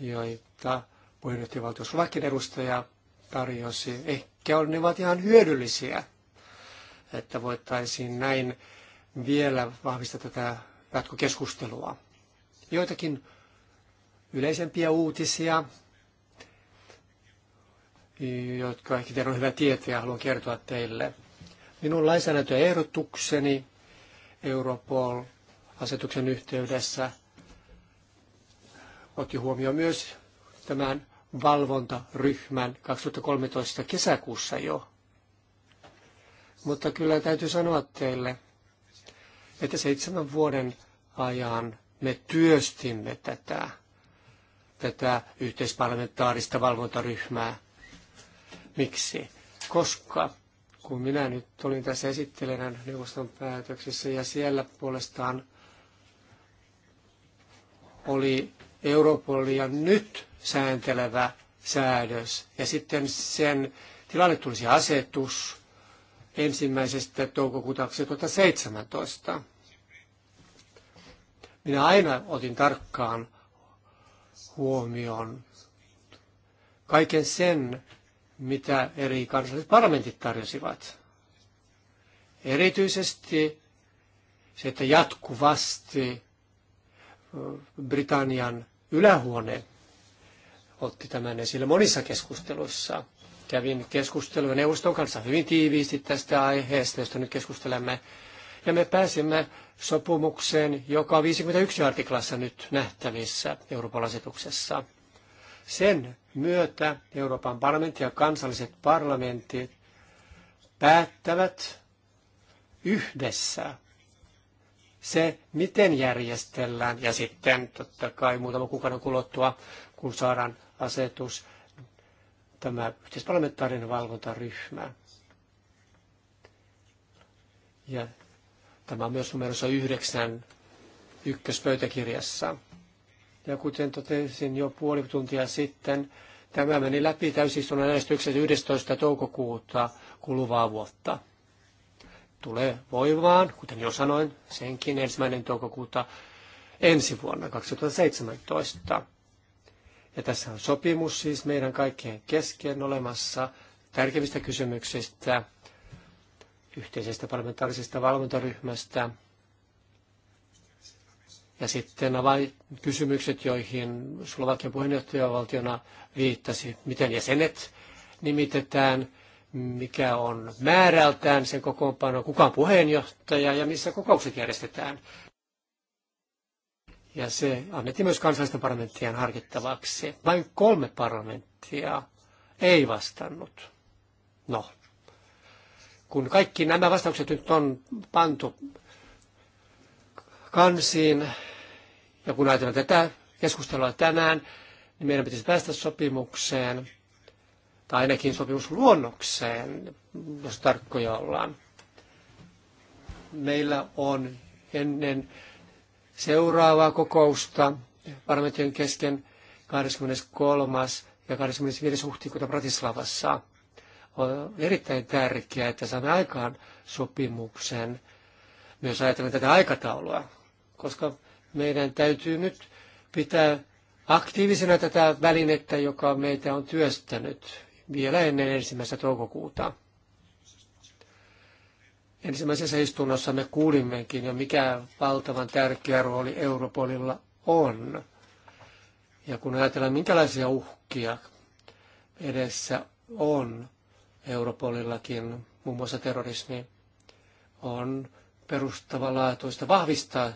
joita puheenjohtajavaltio Slovakian edustaja tarjosi. Ehkä ne ovat ihan hyödyllisiä, että voitaisiin näin vielä vahvistaa tätä jatkokeskustelua. Joitakin yleisempiä uutisia, jotka ehkä teillä on hyvä tietää ja haluan kertoa teille. Minun lainsäädäntöehdotukseni Europol-asetuksen yhteydessä otti huomioon myös tämän valvontaryhmän 2013 kesäkuussa jo. Mutta kyllä täytyy sanoa teille, että seitsemän vuoden ajan me työstimme tätä, tätä yhteisparlamentaarista valvontaryhmää. Miksi? Koska kun minä nyt olin tässä esittelenä neuvoston päätöksessä ja siellä puolestaan oli Europolia nyt sääntelevä säädös ja sitten sen tilalle tulisi asetus ensimmäisestä toukokuuta 2017. Minä aina otin tarkkaan huomioon kaiken sen, mitä eri kansalliset parlamentit tarjosivat. Erityisesti se, että jatkuvasti Britannian ylähuone otti tämän esille monissa keskusteluissa. Kävin keskustelua neuvoston kanssa hyvin tiiviisti tästä aiheesta, josta nyt keskustelemme. Ja me pääsimme sopumukseen, joka on 51 artiklassa nyt nähtävissä Euroopan asetuksessa. Sen myötä Euroopan parlamentti ja kansalliset parlamentit päättävät yhdessä se, miten järjestellään. Ja sitten totta kai muutama kuukauden kuluttua, kun saadaan asetus, tämä yhteisparlamentaarinen valvontaryhmä. Ja tämä on myös numerossa yhdeksän ykköspöytäkirjassa. Ja kuten totesin jo puoli tuntia sitten, tämä meni läpi täysistunnon äänestyksessä 11. toukokuuta kuluvaa vuotta. Tulee voimaan, kuten jo sanoin, senkin ensimmäinen toukokuuta ensi vuonna 2017. Ja tässä on sopimus siis meidän kaikkien kesken olemassa tärkeimmistä kysymyksistä, yhteisestä parlamentaarisesta valvontaryhmästä – ja sitten kysymykset joihin Slovakian puheenjohtajavaltiona viittasi, miten jäsenet nimitetään, mikä on määrältään sen kokoonpano, kuka on puheenjohtaja ja missä kokoukset järjestetään. Ja se annettiin myös kansallisten parlamenttien harkittavaksi. Vain kolme parlamenttia ei vastannut. No, kun kaikki nämä vastaukset nyt on pantu kansiin, ja kun ajatellaan tätä keskustelua tänään, niin meidän pitäisi päästä sopimukseen, tai ainakin sopimusluonnokseen, jos tarkkoja ollaan. Meillä on ennen seuraavaa kokousta parlamentin kesken 23. ja 25. huhtikuuta Bratislavassa. On erittäin tärkeää, että saamme aikaan sopimuksen, myös ajatellen tätä aikataulua, koska meidän täytyy nyt pitää aktiivisena tätä välinettä, joka meitä on työstänyt vielä ennen ensimmäistä toukokuuta. Ensimmäisessä istunnossa me kuulimmekin jo, mikä valtavan tärkeä rooli Europolilla on. Ja kun ajatellaan, minkälaisia uhkia edessä on Europolillakin, muun muassa terrorismi, on perustavanlaatuista vahvistaa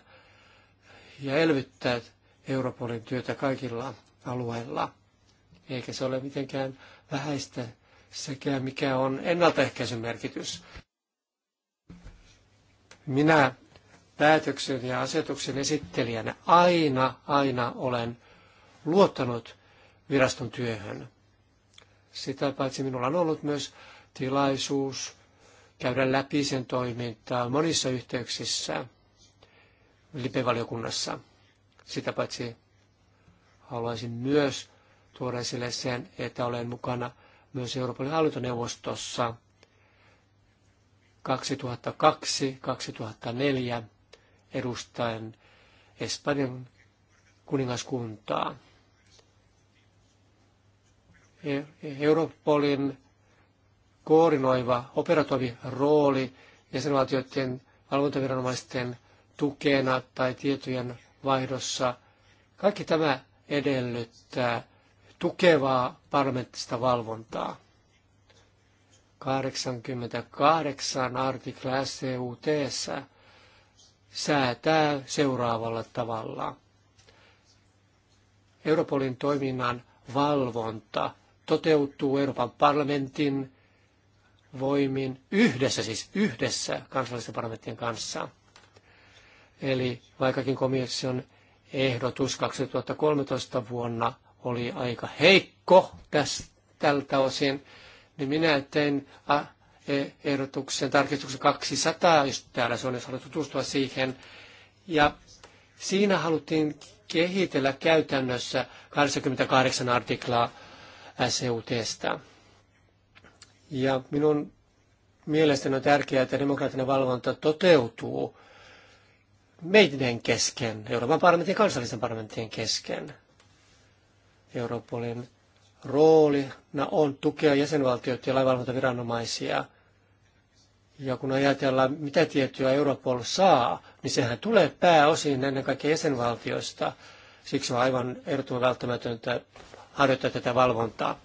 ja elvyttää Europolin työtä kaikilla alueilla. Eikä se ole mitenkään vähäistä sekä mikä on ennaltaehkäisyn merkitys. Minä päätöksen ja asetuksen esittelijänä aina, aina olen luottanut viraston työhön. Sitä paitsi minulla on ollut myös tilaisuus käydä läpi sen toimintaa monissa yhteyksissä – lipevaliokunnassa. Sitä paitsi haluaisin myös tuoda esille sen, että olen mukana myös Euroopan hallintoneuvostossa 2002-2004 edustaen Espanjan kuningaskuntaa. E-, Europolin koordinoiva operatiivi rooli jäsenvaltioiden valvontaviranomaisten tukena tai tietojen vaihdossa. Kaikki tämä edellyttää tukevaa parlamenttista valvontaa. 88 artikla SCUT säätää seuraavalla tavalla. Europolin toiminnan valvonta toteutuu Euroopan parlamentin voimin yhdessä, siis yhdessä kansallisten parlamenttien kanssa. Eli vaikkakin komission ehdotus 2013 vuonna oli aika heikko tästä, tältä osin, niin minä tein e, ehdotuksen tarkistuksen 200, jos täällä se on, jos haluat tutustua siihen. Ja siinä haluttiin kehitellä käytännössä 28 artiklaa SEUTstä. Ja minun mielestäni on tärkeää, että demokraattinen valvonta toteutuu meidän kesken, Euroopan parlamentin ja kansallisten parlamenttien kesken. Europolin roolina on tukea jäsenvaltioita ja lainvalvontaviranomaisia. Ja kun ajatellaan, mitä tietoja Europol saa, niin sehän tulee pääosin ennen kaikkea jäsenvaltioista. Siksi on aivan ehdottoman välttämätöntä harjoittaa tätä valvontaa.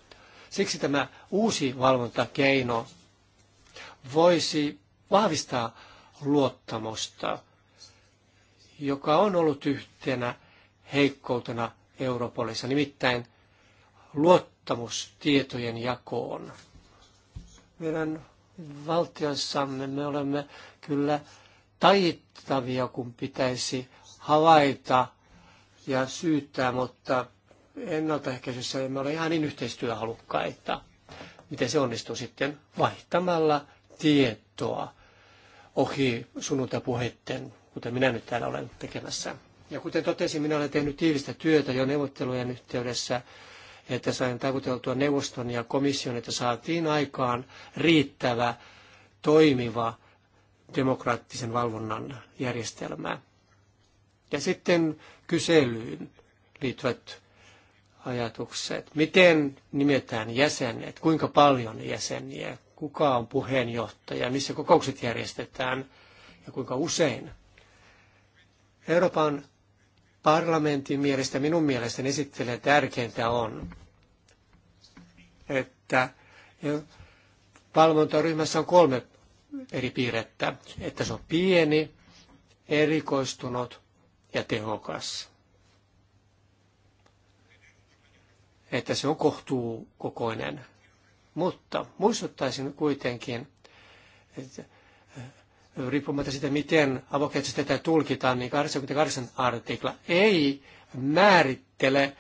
Siksi tämä uusi valvontakeino voisi vahvistaa luottamusta joka on ollut yhtenä heikkoutena Europolissa, nimittäin luottamus tietojen jakoon. Meidän valtiossamme me olemme kyllä taittavia, kun pitäisi havaita ja syyttää, mutta ennaltaehkäisyssä emme ole ihan niin yhteistyöhalukkaita. Miten se onnistuu sitten? Vaihtamalla tietoa ohi sunnuntapuheiden kuten minä nyt täällä olen tekemässä. Ja kuten totesin, minä olen tehnyt tiivistä työtä jo neuvottelujen yhteydessä, että sain takuteltua neuvoston ja komission, että saatiin aikaan riittävä, toimiva demokraattisen valvonnan järjestelmä. Ja sitten kyselyyn liittyvät ajatukset. Miten nimetään jäsenet? Kuinka paljon jäseniä? Kuka on puheenjohtaja? Missä kokoukset järjestetään? Ja kuinka usein? Euroopan parlamentin mielestä, minun mielestäni esittelee tärkeintä on, että valvontaryhmässä on kolme eri piirrettä, että se on pieni, erikoistunut ja tehokas. Että se on kohtuukokoinen. Mutta muistuttaisin kuitenkin, että riippumatta siitä, miten avokätisesti tätä tulkitaan, niin 88 artikla ei määrittele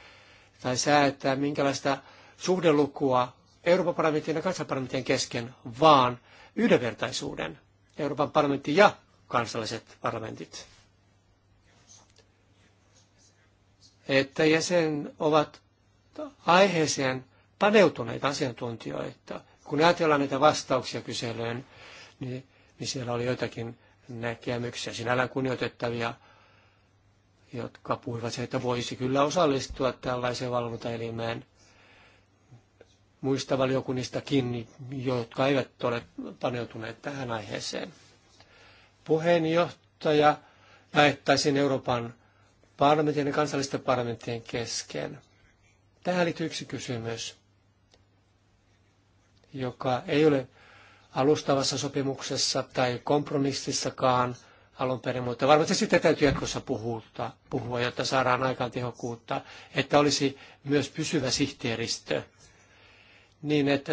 tai säätää minkälaista suhdelukua Euroopan parlamentin ja kansanparlamentin kesken, vaan yhdenvertaisuuden. Euroopan parlamentti ja kansalliset parlamentit. Että jäsen ovat aiheeseen paneutuneita asiantuntijoita. Kun ajatellaan näitä vastauksia kyselyyn, niin niin siellä oli joitakin näkemyksiä, sinällään kunnioitettavia, jotka puhuivat se, että voisi kyllä osallistua tällaiseen valvontaelimeen muista valiokunnistakin, jotka eivät ole paneutuneet tähän aiheeseen. Puheenjohtaja jaettaisiin Euroopan parlamentin ja kansallisten parlamenttien kesken. Tähän liittyy yksi kysymys, joka ei ole alustavassa sopimuksessa tai kompromississakaan alun perin, mutta varmasti sitä täytyy jatkossa puhuta, puhua, jotta saadaan aikaan tehokkuutta, että olisi myös pysyvä sihteeristö, niin että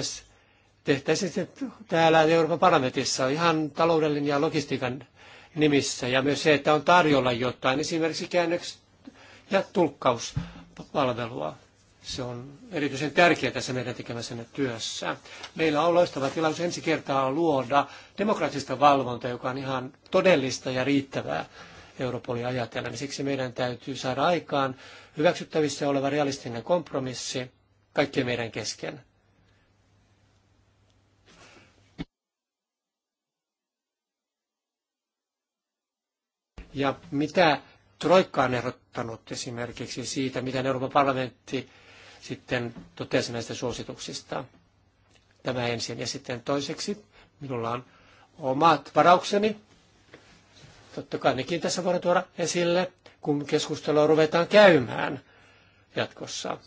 tehtäisiin se täällä Euroopan parlamentissa ihan taloudellinen ja logistiikan nimissä, ja myös se, että on tarjolla jotain, esimerkiksi käännöksi ja tulkkauspalvelua. Se on erityisen tärkeää tässä meidän tekemässämme työssä. Meillä on loistava tilaisuus ensi kertaa luoda demokraattista valvontaa, joka on ihan todellista ja riittävää Europolia ajatellen. Siksi meidän täytyy saada aikaan hyväksyttävissä oleva realistinen kompromissi kaikkien meidän kesken. Ja mitä Troikka on ehdottanut esimerkiksi siitä, miten Euroopan parlamentti sitten totesi näistä suosituksista. Tämä ensin. Ja sitten toiseksi minulla on omat varaukseni. Totta kai nekin tässä voidaan tuoda esille, kun keskustelua ruvetaan käymään jatkossa.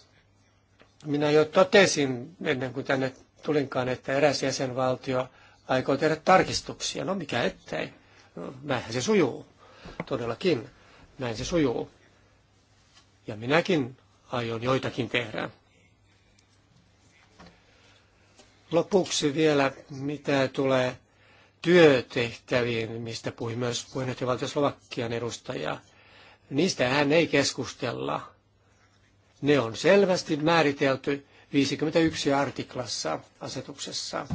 Minä jo totesin ennen kuin tänne tulinkaan, että eräs jäsenvaltio aikoo tehdä tarkistuksia. No mikä ettei. No, näinhän se sujuu. Todellakin. Näin se sujuu. Ja minäkin aion joitakin tehdä. Lopuksi vielä, mitä tulee työtehtäviin, mistä puhui myös puheenjohtaja Slovakian edustaja. Niistä hän ei keskustella. Ne on selvästi määritelty 51 artiklassa asetuksessa.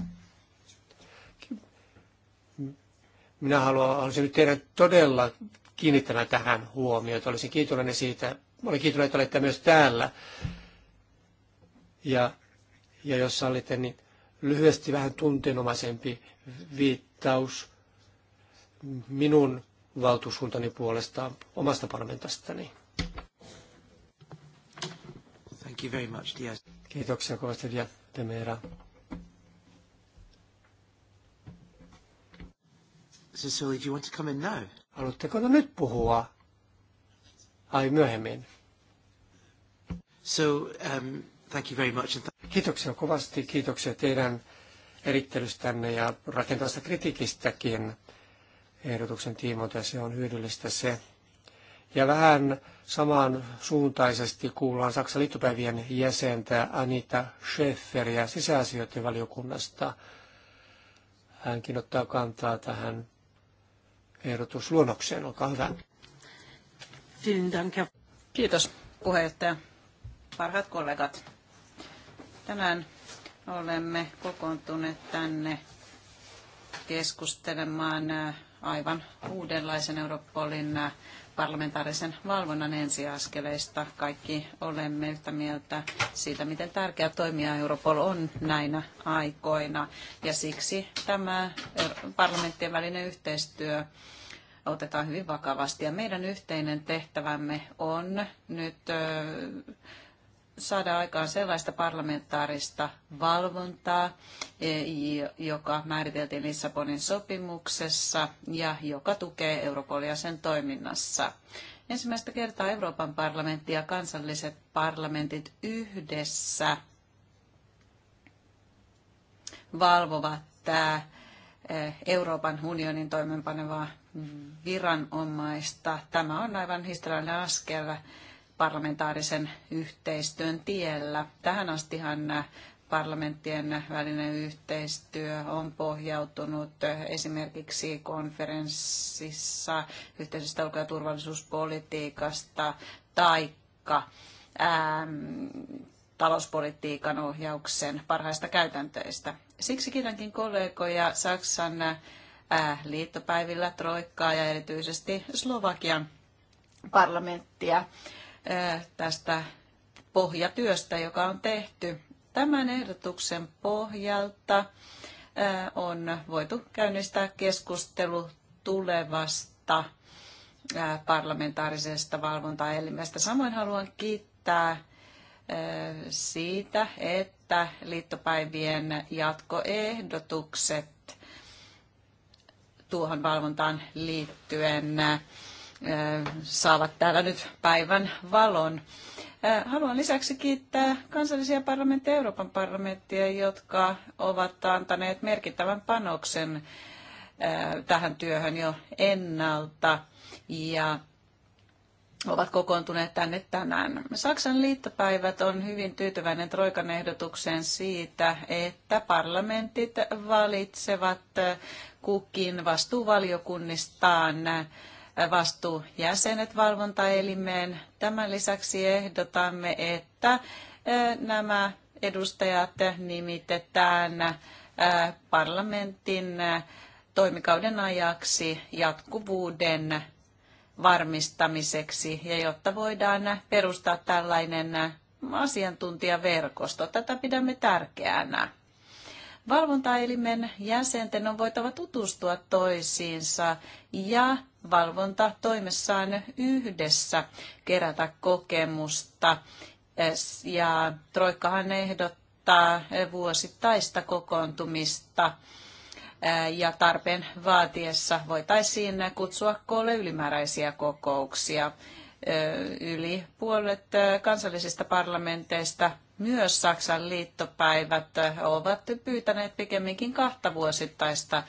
Minä haluaisin nyt tehdä todella kiinnittämään tähän huomiota. Olisin kiitollinen siitä, olen kiitollinen, että olette myös täällä. Ja, ja jos sallitte, niin lyhyesti vähän tunteenomaisempi viittaus minun valtuuskuntani puolesta omasta parlamentastani. Thank you very much, dear. Kiitoksia kovasti, Dia Temera. Cecilia, do you want to come in now? Haluatteko no nyt puhua? ai myöhemmin. So, um, thank you very much. Kiitoksia kovasti, kiitoksia teidän erittelystänne ja rakentavasta kritiikistäkin ehdotuksen tiimoilta. Se on hyödyllistä se. Ja vähän samaan suuntaisesti kuullaan Saksan liittopäivien jäsentä Anita Schäferiä sisäasioiden valiokunnasta. Hänkin ottaa kantaa tähän ehdotusluonnokseen. Olkaa hyvä. Kiitos puheenjohtaja. Parhaat kollegat, tänään olemme kokoontuneet tänne keskustelemaan äh, aivan uudenlaisen Europolin äh, parlamentaarisen valvonnan ensiaskeleista. Kaikki olemme yhtä mieltä siitä, miten tärkeä toimija Europol on näinä aikoina. Ja siksi tämä äh, parlamenttien välinen yhteistyö otetaan hyvin vakavasti. Ja meidän yhteinen tehtävämme on nyt saada aikaan sellaista parlamentaarista valvontaa, e, joka määriteltiin Lissabonin sopimuksessa ja joka tukee Europolia sen toiminnassa. Ensimmäistä kertaa Euroopan parlamentti ja kansalliset parlamentit yhdessä valvovat tämä Eh, Euroopan unionin toimenpanevaa viranomaista. Tämä on aivan historiallinen askel parlamentaarisen yhteistyön tiellä. Tähän astihan parlamenttien välinen yhteistyö on pohjautunut esimerkiksi konferenssissa yhteisestä ulko- ja turvallisuuspolitiikasta taikka ää, talouspolitiikan ohjauksen parhaista käytänteistä. Siksi kiitänkin kollegoja Saksan äh, liittopäivillä Troikkaa ja erityisesti Slovakian parlamenttia äh, tästä pohjatyöstä, joka on tehty. Tämän ehdotuksen pohjalta äh, on voitu käynnistää keskustelu tulevasta parlamentaarisesta valvontaelimestä. Samoin haluan kiittää siitä, että että liittopäivien jatkoehdotukset tuohon valvontaan liittyen saavat täällä nyt päivän valon. Haluan lisäksi kiittää kansallisia parlamentteja ja Euroopan parlamenttia, jotka ovat antaneet merkittävän panoksen tähän työhön jo ennalta. Ja ovat kokoontuneet tänne tänään. Saksan liittopäivät on hyvin tyytyväinen Troikan ehdotukseen siitä, että parlamentit valitsevat kukin vastuuvaliokunnistaan vastuujäsenet valvontaelimeen. Tämän lisäksi ehdotamme, että nämä edustajat nimitetään parlamentin toimikauden ajaksi jatkuvuuden varmistamiseksi ja jotta voidaan perustaa tällainen asiantuntijaverkosto. Tätä pidämme tärkeänä. Valvontaelimen jäsenten on voitava tutustua toisiinsa ja valvonta toimessaan yhdessä kerätä kokemusta. Ja Troikkahan ehdottaa vuosittaista kokoontumista ja tarpeen vaatiessa voitaisiin kutsua koolle ylimääräisiä kokouksia. Yli puolet kansallisista parlamenteista myös Saksan liittopäivät ovat pyytäneet pikemminkin kahta vuosittaista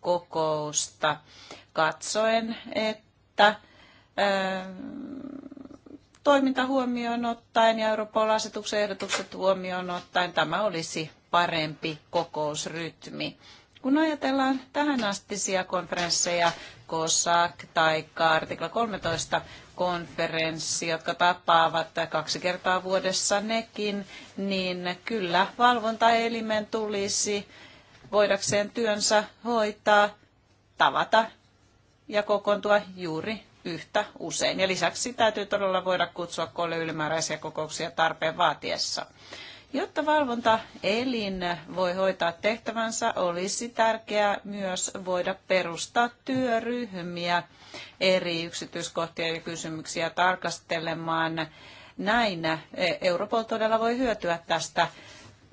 kokousta katsoen, että toiminta huomioon ottaen ja Euroopan asetuksen ehdotukset huomioon ottaen tämä olisi parempi kokousrytmi. Kun ajatellaan tähän astisia konferensseja, COSAC tai artikla 13 konferenssi, jotka tapaavat kaksi kertaa vuodessa nekin, niin kyllä valvontaelimen tulisi voidakseen työnsä hoitaa, tavata ja kokoontua juuri yhtä usein. Ja lisäksi täytyy todella voida kutsua koolle ylimääräisiä kokouksia tarpeen vaatiessa. Jotta valvontaelin voi hoitaa tehtävänsä, olisi tärkeää myös voida perustaa työryhmiä eri yksityiskohtia ja kysymyksiä tarkastelemaan. Näin Europol todella voi hyötyä tästä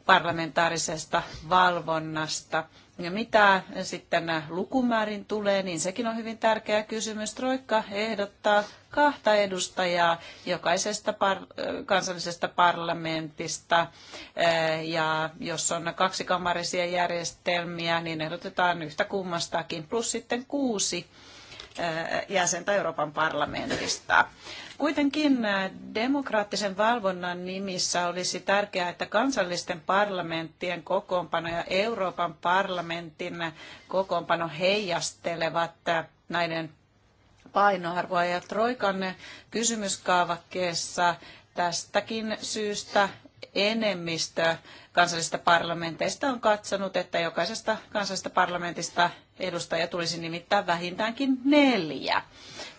parlamentaarisesta valvonnasta. Ja mitä sitten lukumäärin tulee, niin sekin on hyvin tärkeä kysymys. Troikka ehdottaa kahta edustajaa jokaisesta par- kansallisesta parlamentista. Eh, ja jos on kaksikamarisia järjestelmiä, niin ehdotetaan yhtä kummastakin, plus sitten kuusi eh, jäsentä Euroopan parlamentista. Kuitenkin demokraattisen valvonnan nimissä olisi tärkeää, että kansallisten parlamenttien kokoonpano ja Euroopan parlamentin kokoonpano heijastelevat näiden painoarvoa. Ja Troikan kysymyskaavakkeessa tästäkin syystä enemmistö kansallisista parlamenteista on katsonut, että jokaisesta kansallisesta parlamentista edustaja tulisi nimittää vähintäänkin neljä.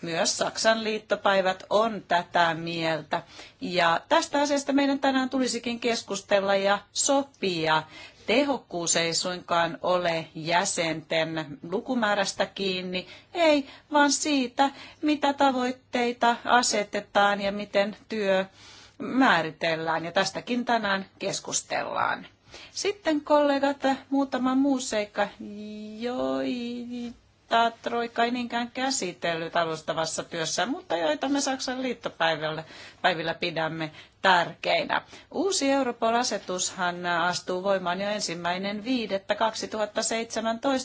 Myös Saksan liittopäivät on tätä mieltä. Ja tästä asiasta meidän tänään tulisikin keskustella ja sopia. Tehokkuus ei suinkaan ole jäsenten lukumäärästä kiinni, ei, vaan siitä, mitä tavoitteita asetetaan ja miten työ määritellään ja tästäkin tänään keskustellaan. Sitten kollegat, muutama muu seikka, joita joita Troika ei niinkään käsitellyt alustavassa työssä, mutta joita me Saksan liittopäivillä päivillä pidämme tärkeinä. Uusi Europol-asetushan astuu voimaan jo ensimmäinen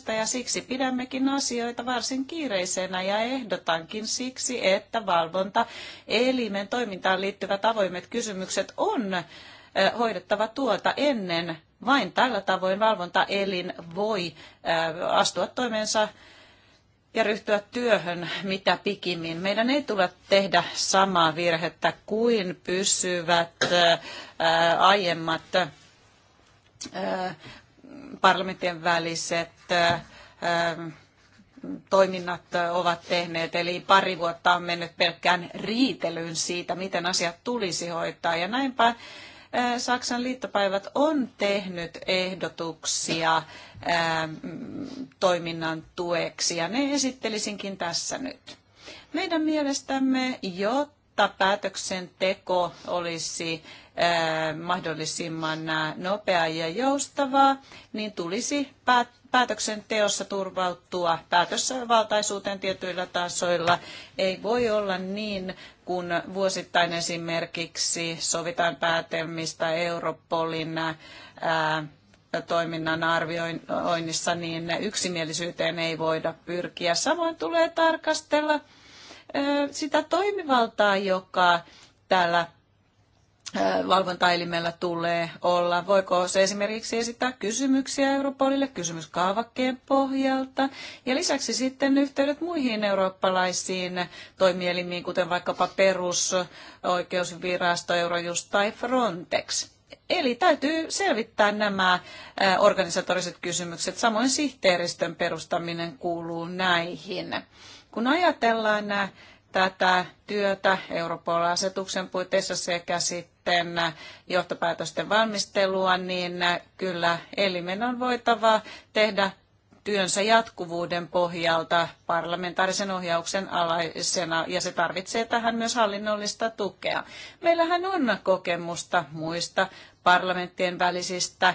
5.2017 ja siksi pidämmekin asioita varsin kiireisenä ja ehdotankin siksi, että valvonta elimen toimintaan liittyvät avoimet kysymykset on hoidettava tuota ennen. Vain tällä tavoin valvontaelin voi astua toimensa ja ryhtyä työhön mitä pikimmin. Meidän ei tule tehdä samaa virhettä kuin pysyvät ää, aiemmat ää, parlamenttien väliset ää, toiminnat ovat tehneet. Eli pari vuotta on mennyt pelkkään riitelyyn siitä, miten asiat tulisi hoitaa. Ja näinpä Saksan liittopäivät on tehnyt ehdotuksia toiminnan tueksi ja ne esittelisinkin tässä nyt. Meidän mielestämme, jotta päätöksenteko olisi mahdollisimman nopea ja joustavaa, niin tulisi päättää päätöksenteossa turvautua päätösvaltaisuuteen tietyillä tasoilla. Ei voi olla niin, kun vuosittain esimerkiksi sovitaan päätelmistä Europolin ää, toiminnan arvioinnissa, niin yksimielisyyteen ei voida pyrkiä. Samoin tulee tarkastella sitä toimivaltaa, joka täällä valvontaelimellä tulee olla. Voiko se esimerkiksi esittää kysymyksiä Europolille kysymyskaavakkeen pohjalta? Ja lisäksi sitten yhteydet muihin eurooppalaisiin toimielimiin, kuten vaikkapa perusoikeusvirasto, Eurojust tai Frontex. Eli täytyy selvittää nämä organisatoriset kysymykset. Samoin sihteeristön perustaminen kuuluu näihin. Kun ajatellaan tätä työtä Europol-asetuksen puitteissa sekä sitten johtopäätösten valmistelua, niin kyllä elimen on voitava tehdä työnsä jatkuvuuden pohjalta parlamentaarisen ohjauksen alaisena ja se tarvitsee tähän myös hallinnollista tukea. Meillähän on kokemusta muista parlamenttien välisistä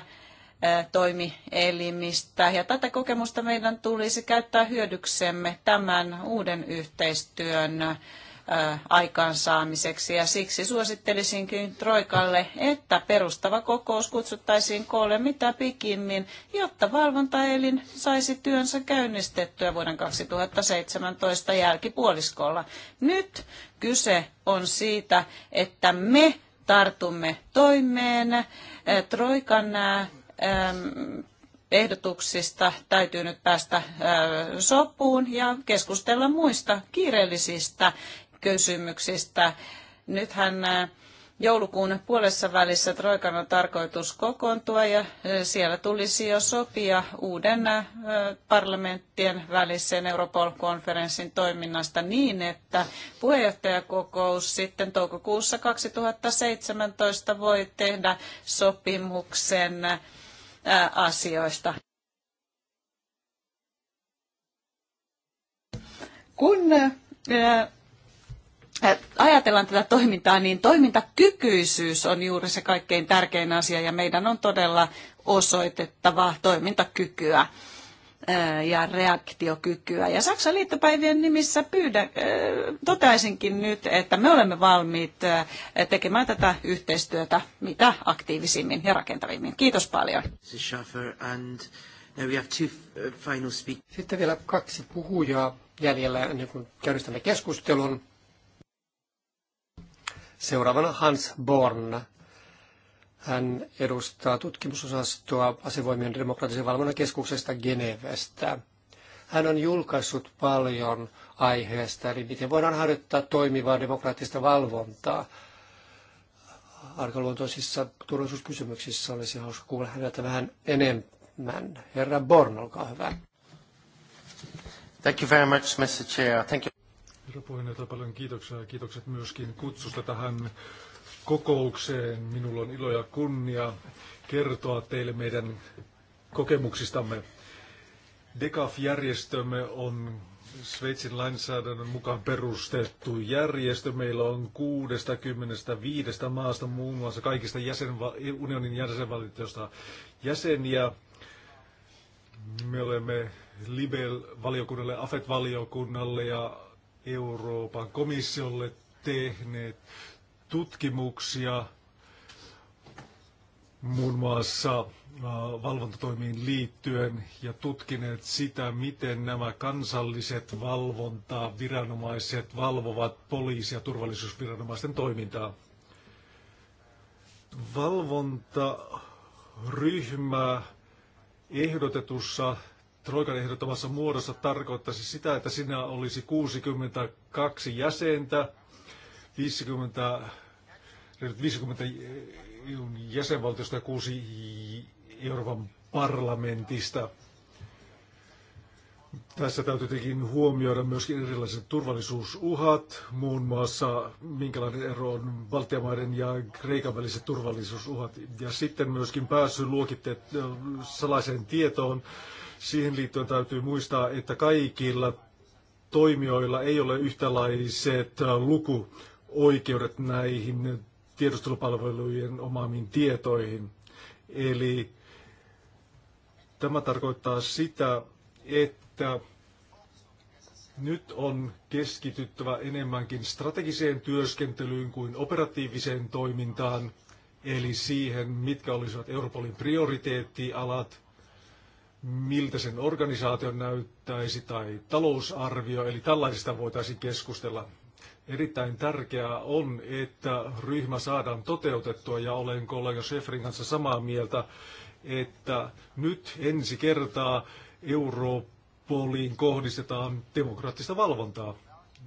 toimielimistä. Ja tätä kokemusta meidän tulisi käyttää hyödyksemme tämän uuden yhteistyön aikaansaamiseksi. Ja siksi suosittelisinkin Troikalle, että perustava kokous kutsuttaisiin koolle mitä pikimmin, jotta valvontaelin saisi työnsä käynnistettyä vuoden 2017 jälkipuoliskolla. Nyt kyse on siitä, että me tartumme toimeen Troikan ehdotuksista täytyy nyt päästä sopuun ja keskustella muista kiireellisistä kysymyksistä. Nythän joulukuun puolessa välissä Troikan on tarkoitus kokoontua ja siellä tulisi jo sopia uuden parlamenttien välisen Europol-konferenssin toiminnasta niin, että puheenjohtajakokous sitten toukokuussa 2017 voi tehdä sopimuksen asioista. Kun ajatellaan tätä toimintaa, niin toimintakykyisyys on juuri se kaikkein tärkein asia ja meidän on todella osoitettava toimintakykyä ja reaktiokykyä. Ja Saksan liittopäivien nimissä pyydän, toteaisinkin nyt, että me olemme valmiit tekemään tätä yhteistyötä mitä aktiivisimmin ja rakentavimmin. Kiitos paljon. Uh, Sitten vielä kaksi puhujaa jäljellä ennen kuin käynnistämme keskustelun. Seuraavana Hans Born hän edustaa tutkimusosastoa asevoimien demokraattisen valvonnan keskuksesta Genevestä. Hän on julkaissut paljon aiheesta, eli miten voidaan harjoittaa toimivaa demokraattista valvontaa. Arkaluontoisissa turvallisuuskysymyksissä olisi hauska kuulla häneltä vähän enemmän. Herra Born, olkaa hyvä. Thank you very much, Mr. Chair. Thank you. Herra puheenjohtaja, paljon kiitoksia ja kiitokset myöskin kutsusta tähän kokoukseen. Minulla on ilo ja kunnia kertoa teille meidän kokemuksistamme. DECAF-järjestömme on Sveitsin lainsäädännön mukaan perustettu järjestö. Meillä on 65 maasta, muun muassa kaikista jäsenva- unionin jäsenvaltioista jäseniä. Me olemme Libel-valiokunnalle, AFET-valiokunnalle ja Euroopan komissiolle tehneet tutkimuksia muun muassa äh, valvontatoimiin liittyen ja tutkineet sitä, miten nämä kansalliset valvontaviranomaiset valvovat poliisi- ja turvallisuusviranomaisten toimintaa. Valvontaryhmä ehdotetussa Troikan ehdottomassa muodossa tarkoittaisi sitä, että sinä olisi 62 jäsentä, 50, 50 jäsenvaltiosta ja 6 Euroopan parlamentista. Tässä täytyy tietenkin huomioida myöskin erilaiset turvallisuusuhat, muun muassa minkälainen ero on Baltiamaiden ja Kreikan väliset turvallisuusuhat. Ja sitten myöskin pääsy luokitteet salaiseen tietoon. Siihen liittyen täytyy muistaa, että kaikilla toimijoilla ei ole yhtälaiset luku oikeudet näihin tiedustelupalvelujen omaamiin tietoihin. Eli tämä tarkoittaa sitä, että nyt on keskityttävä enemmänkin strategiseen työskentelyyn kuin operatiiviseen toimintaan, eli siihen, mitkä olisivat Europolin prioriteettialat, miltä sen organisaatio näyttäisi tai talousarvio, eli tällaisista voitaisiin keskustella. Erittäin tärkeää on, että ryhmä saadaan toteutettua ja olen kollega Schäferin kanssa samaa mieltä, että nyt ensi kertaa Europoliin kohdistetaan demokraattista valvontaa.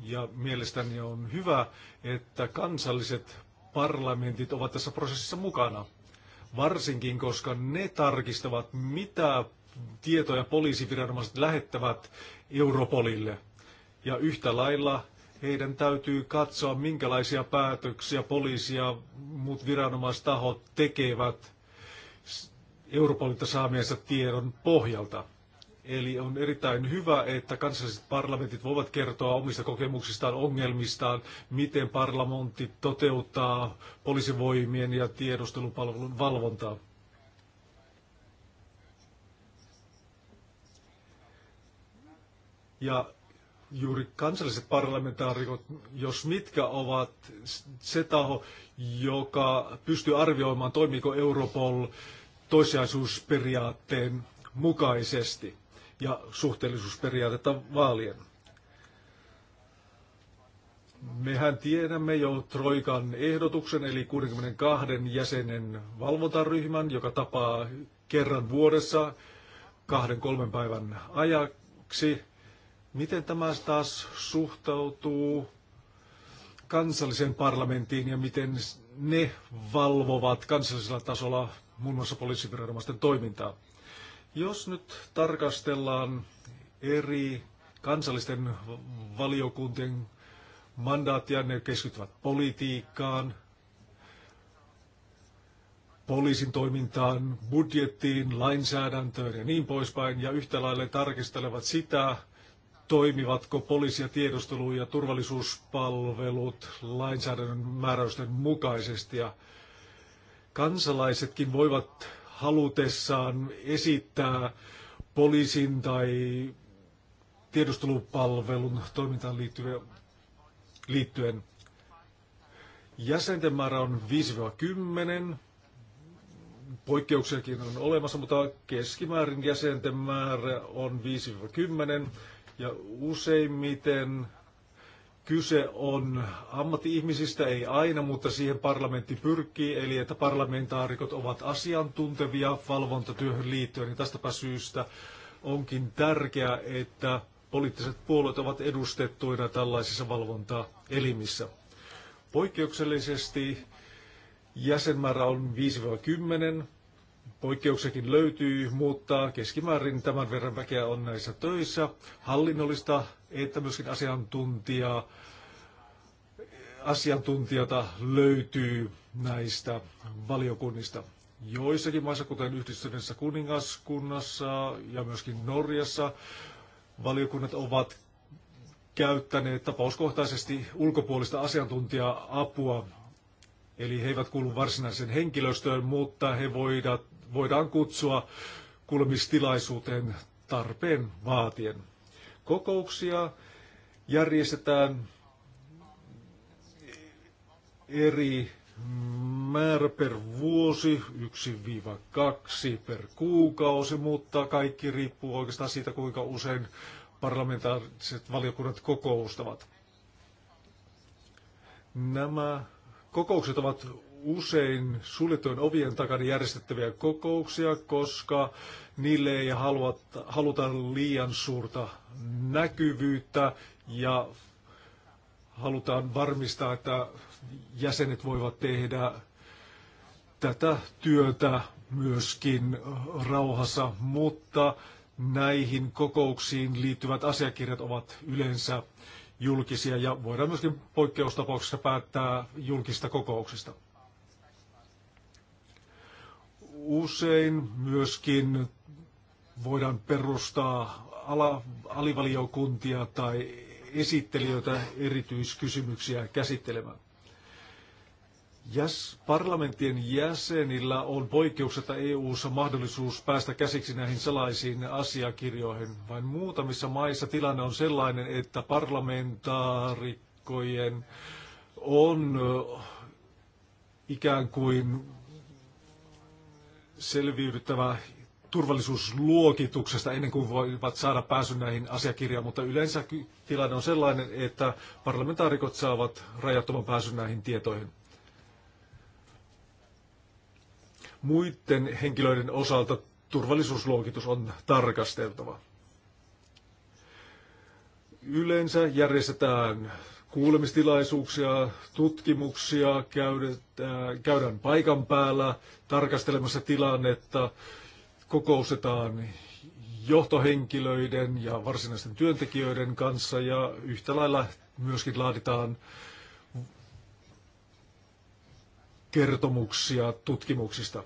Ja mielestäni on hyvä, että kansalliset parlamentit ovat tässä prosessissa mukana. Varsinkin, koska ne tarkistavat, mitä tietoja poliisiviranomaiset lähettävät Europolille. Ja yhtä lailla heidän täytyy katsoa, minkälaisia päätöksiä poliisi ja muut viranomaistahot tekevät Euroopalta saamiensa tiedon pohjalta. Eli on erittäin hyvä, että kansalliset parlamentit voivat kertoa omista kokemuksistaan, ongelmistaan, miten parlamentti toteuttaa poliisivoimien ja tiedustelupalvelun valvontaa. Ja juuri kansalliset parlamentaarikot, jos mitkä ovat se taho, joka pystyy arvioimaan, toimiiko Europol toisiaisuusperiaatteen mukaisesti ja suhteellisuusperiaatetta vaalien. Mehän tiedämme jo Troikan ehdotuksen, eli 62 jäsenen valvontaryhmän, joka tapaa kerran vuodessa kahden kolmen päivän ajaksi Miten tämä taas suhtautuu kansalliseen parlamenttiin ja miten ne valvovat kansallisella tasolla muun muassa poliisiviranomaisten toimintaa? Jos nyt tarkastellaan eri kansallisten valiokuntien mandaattia, ne keskittyvät politiikkaan, poliisin toimintaan, budjettiin, lainsäädäntöön ja niin poispäin, ja yhtä lailla tarkistelevat sitä, toimivatko poliisi ja tiedustelu ja turvallisuuspalvelut lainsäädännön määräysten mukaisesti. Ja kansalaisetkin voivat halutessaan esittää poliisin tai tiedustelupalvelun toimintaan liittyen. Jäsenten määrä on 5-10. Poikkeuksiakin on olemassa, mutta keskimäärin jäsenten määrä on 5-10. Ja useimmiten kyse on ammattiihmisistä, ei aina, mutta siihen parlamentti pyrkii, eli että parlamentaarikot ovat asiantuntevia valvontatyöhön liittyen, niin tästäpä syystä onkin tärkeää, että poliittiset puolueet ovat edustettuina tällaisissa valvontaelimissä. Poikkeuksellisesti jäsenmäärä on 5-10, Poikkeuksiakin löytyy, mutta keskimäärin tämän verran väkeä on näissä töissä, hallinnollista, että myöskin asiantuntijaa, asiantuntijata löytyy näistä valiokunnista. Joissakin maissa, kuten yhdistyneessä kuningaskunnassa ja myöskin Norjassa, valiokunnat ovat käyttäneet tapauskohtaisesti ulkopuolista asiantuntijaa apua Eli he eivät kuulu varsinaiseen henkilöstöön, mutta he voivat voidaan kutsua kuulemistilaisuuteen tarpeen vaatien. Kokouksia järjestetään eri määrä per vuosi, 1-2 per kuukausi, mutta kaikki riippuu oikeastaan siitä, kuinka usein parlamentaariset valiokunnat kokoustavat. Nämä kokoukset ovat usein suljettujen ovien takana järjestettäviä kokouksia, koska niille ei haluta, haluta liian suurta näkyvyyttä ja halutaan varmistaa, että jäsenet voivat tehdä tätä työtä myöskin rauhassa, mutta näihin kokouksiin liittyvät asiakirjat ovat yleensä julkisia ja voidaan myöskin poikkeustapauksessa päättää julkista kokouksista usein myöskin voidaan perustaa ala, alivaliokuntia tai esittelijöitä erityiskysymyksiä käsittelemään. Jäs, parlamenttien jäsenillä on poikkeuksetta EU-ssa e mahdollisuus päästä käsiksi näihin salaisiin asiakirjoihin. Vain muutamissa maissa tilanne on sellainen, että parlamentaarikkojen on ikään kuin selviydyttävä turvallisuusluokituksesta ennen kuin voivat saada pääsyn näihin asiakirjoihin, mutta yleensä tilanne on sellainen, että parlamentaarikot saavat rajattoman pääsyn näihin tietoihin. Muiden henkilöiden osalta turvallisuusluokitus on tarkasteltava. Yleensä järjestetään kuulemistilaisuuksia, tutkimuksia, käydään, äh, käydään paikan päällä tarkastelemassa tilannetta, kokousetaan johtohenkilöiden ja varsinaisten työntekijöiden kanssa ja yhtä lailla myöskin laaditaan kertomuksia tutkimuksista.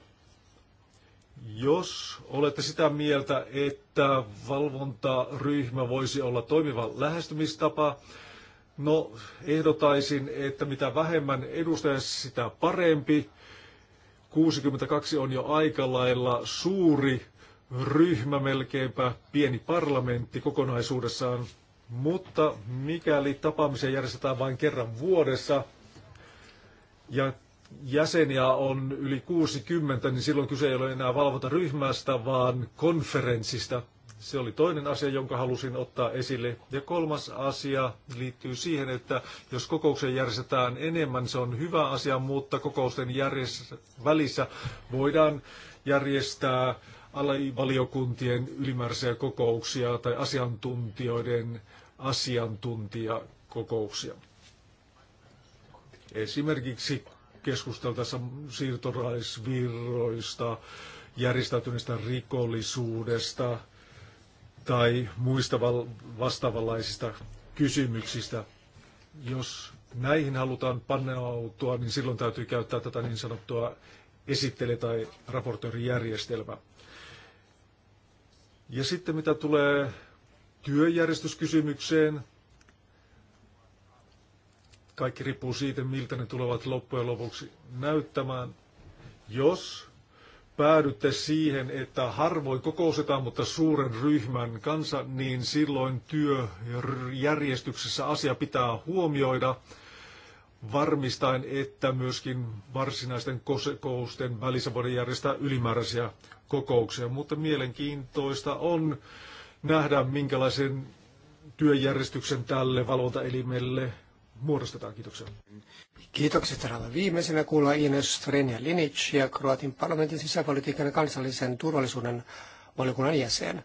Jos olette sitä mieltä, että valvontaryhmä voisi olla toimiva lähestymistapa, No, ehdotaisin, että mitä vähemmän edustajia, sitä parempi. 62 on jo aika lailla suuri ryhmä, melkeinpä pieni parlamentti kokonaisuudessaan. Mutta mikäli tapaamisia järjestetään vain kerran vuodessa ja jäseniä on yli 60, niin silloin kyse ei ole enää valvontaryhmästä, vaan konferenssista – se oli toinen asia, jonka halusin ottaa esille. Ja kolmas asia liittyy siihen, että jos kokouksen järjestetään enemmän, se on hyvä asia, mutta kokousten järjest- välissä voidaan järjestää valiokuntien ylimääräisiä kokouksia tai asiantuntijoiden asiantuntijakokouksia. Esimerkiksi keskusteltaessa siirtoraisvirroista, järjestäytyneestä rikollisuudesta, tai muista vastaavanlaisista kysymyksistä. Jos näihin halutaan paneutua, niin silloin täytyy käyttää tätä niin sanottua esittele- tai raportoirijärjestelmää. Ja sitten mitä tulee työjärjestyskysymykseen, kaikki riippuu siitä, miltä ne tulevat loppujen lopuksi näyttämään. Jos päädytte siihen, että harvoin kokousetaan, mutta suuren ryhmän kanssa, niin silloin työjärjestyksessä asia pitää huomioida varmistaen, että myöskin varsinaisten kokousten välissä voidaan järjestää ylimääräisiä kokouksia. Mutta mielenkiintoista on nähdä, minkälaisen työjärjestyksen tälle valvontaelimelle muodostetaan. Kiitoksia. Kiitokset herralla. Viimeisenä kuulla Ines Strenja Linic ja Kroatin parlamentin sisäpolitiikan ja kansallisen turvallisuuden valiokunnan jäsen.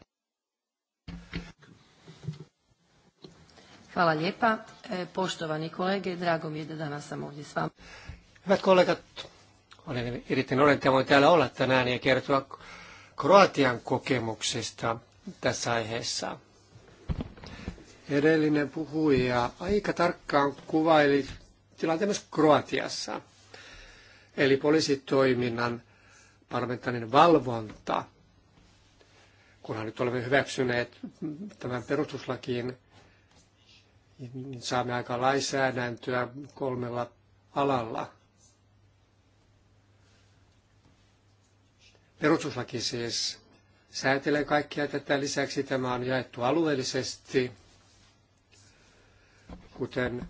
Hvala lijepa. E, poštovani kolege, drago mi je da danas sam ovdje s vama. Hyvät kollegat, olen erittäin ja voin täällä olla tänään ja kertoa Kroatian kokemuksesta tässä aiheessa. Edellinen puhuja aika tarkkaan kuvaili tilanteen myös Kroatiassa. Eli poliisitoiminnan parlamentaarinen valvonta, kunhan nyt olemme hyväksyneet tämän perustuslakiin, niin saamme aika lainsäädäntöä kolmella alalla. Perustuslaki siis säätelee kaikkia tätä. Lisäksi tämä on jaettu alueellisesti, kuten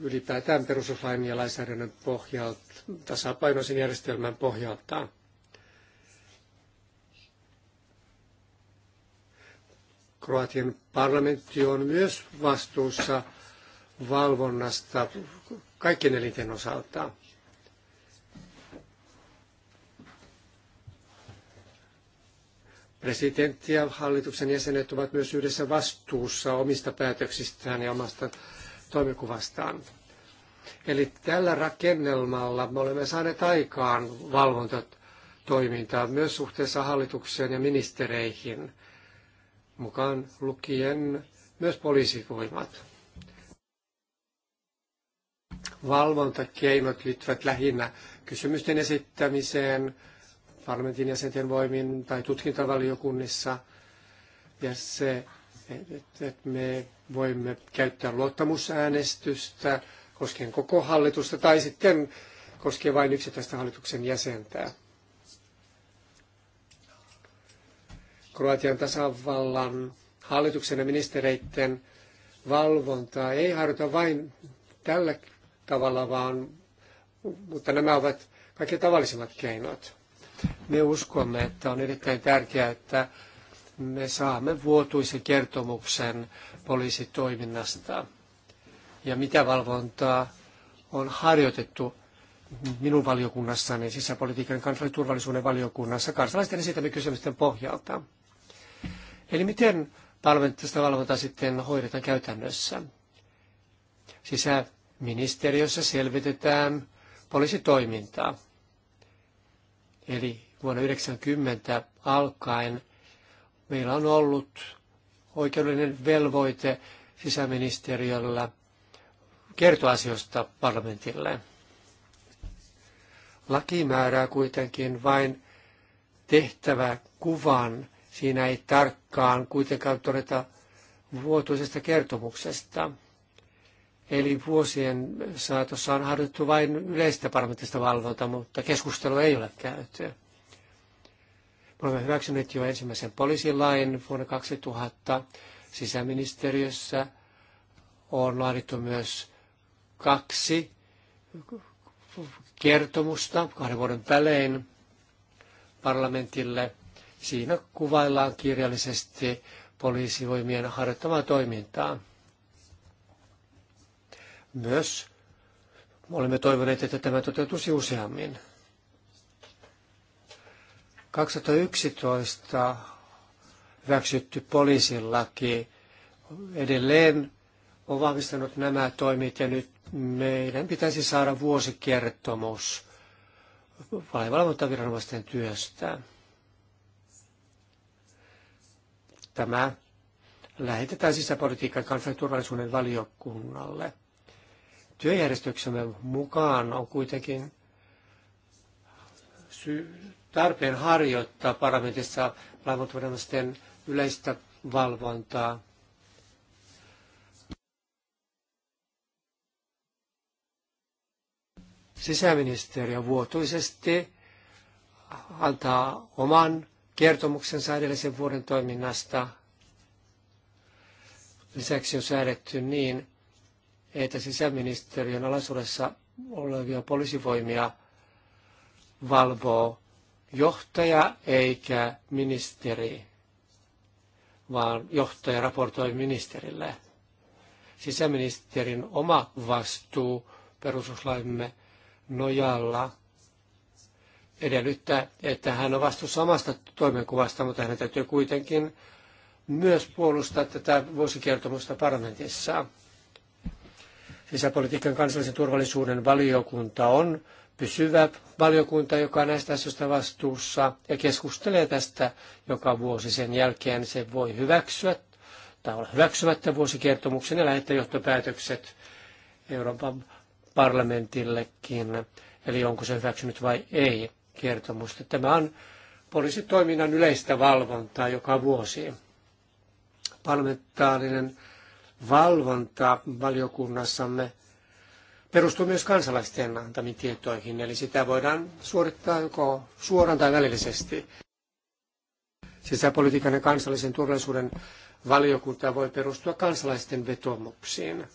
ylipäätään perustuslain ja lainsäädännön pohjalta, tasapainoisen järjestelmän pohjalta. Kroatian parlamentti on myös vastuussa valvonnasta kaikkien elinten osalta. Presidentti ja hallituksen jäsenet ovat myös yhdessä vastuussa omista päätöksistään ja omasta toimikuvastaan. Eli tällä rakennelmalla me olemme saaneet aikaan valvontatoimintaa myös suhteessa hallitukseen ja ministereihin, mukaan lukien myös poliisivoimat. Valvontakeinot liittyvät lähinnä kysymysten esittämiseen parlamentin jäsenten voimin tai tutkintavaliokunnissa. Ja se, että me Voimme käyttää luottamusäänestystä koskien koko hallitusta tai sitten koskien vain yksittäistä hallituksen jäsentää. Kroatian tasavallan hallituksen ja ministereiden valvontaa ei harjoita vain tällä tavalla, vaan, mutta nämä ovat kaikki tavallisimmat keinot. Me uskomme, että on erittäin tärkeää, että me saamme vuotuisen kertomuksen poliisitoiminnasta ja mitä valvontaa on harjoitettu minun valiokunnassani, sisäpolitiikan kansallisen turvallisuuden valiokunnassa, kansalaisten esittämien kysymysten pohjalta. Eli miten parlamentaarista valvontaa sitten hoidetaan käytännössä? Sisäministeriössä selvitetään poliisitoimintaa. Eli vuonna 1990 alkaen meillä on ollut oikeudellinen velvoite sisäministeriöllä kertoa asioista parlamentille. Laki määrää kuitenkin vain tehtävä kuvan. Siinä ei tarkkaan kuitenkaan todeta vuotuisesta kertomuksesta. Eli vuosien saatossa on harjoittu vain yleistä parlamentista valvontaa, mutta keskustelua ei ole käyty. Me olemme hyväksyneet jo ensimmäisen poliisilain vuonna 2000. Sisäministeriössä on laadittu myös kaksi kertomusta kahden vuoden välein parlamentille. Siinä kuvaillaan kirjallisesti poliisivoimien harjoittamaa toimintaa. Myös olemme toivoneet, että tämä toteutuisi useammin. 2011 hyväksytty poliisilaki edelleen on vahvistanut nämä toimit ja nyt meidän pitäisi saada vuosikertomus valvontaviranomaisten työstä. Tämä lähetetään sisäpolitiikan kansallisen turvallisuuden valiokunnalle. Työjärjestyksemme mukaan on kuitenkin tarpeen harjoittaa parlamentissa lainvaltuudellisten yleistä valvontaa. Sisäministeriö vuotuisesti antaa oman kertomuksensa edellisen vuoden toiminnasta. Lisäksi on säädetty niin, että sisäministeriön alaisuudessa olevia poliisivoimia valvoo johtaja eikä ministeri, vaan johtaja raportoi ministerille. Sisäministerin oma vastuu perustuslaimme nojalla edellyttää, että hän on vastuussa omasta toimenkuvasta, mutta hän täytyy kuitenkin myös puolustaa tätä vuosikertomusta parlamentissa. Sisäpolitiikan kansallisen turvallisuuden valiokunta on pysyvä valiokunta, joka on näistä asioista vastuussa ja keskustelee tästä joka vuosi sen jälkeen. Se voi hyväksyä tai olla hyväksymättä vuosikertomuksen ja lähettää johtopäätökset Euroopan parlamentillekin. Eli onko se hyväksynyt vai ei kertomusta. Tämä on poliisitoiminnan yleistä valvontaa joka vuosi. Parlamentaarinen valvonta valiokunnassamme perustuu myös kansalaisten antamiin tietoihin, eli sitä voidaan suorittaa joko suoraan tai välillisesti. Sisäpolitiikan ja kansallisen turvallisuuden valiokunta voi perustua kansalaisten vetomuksiin.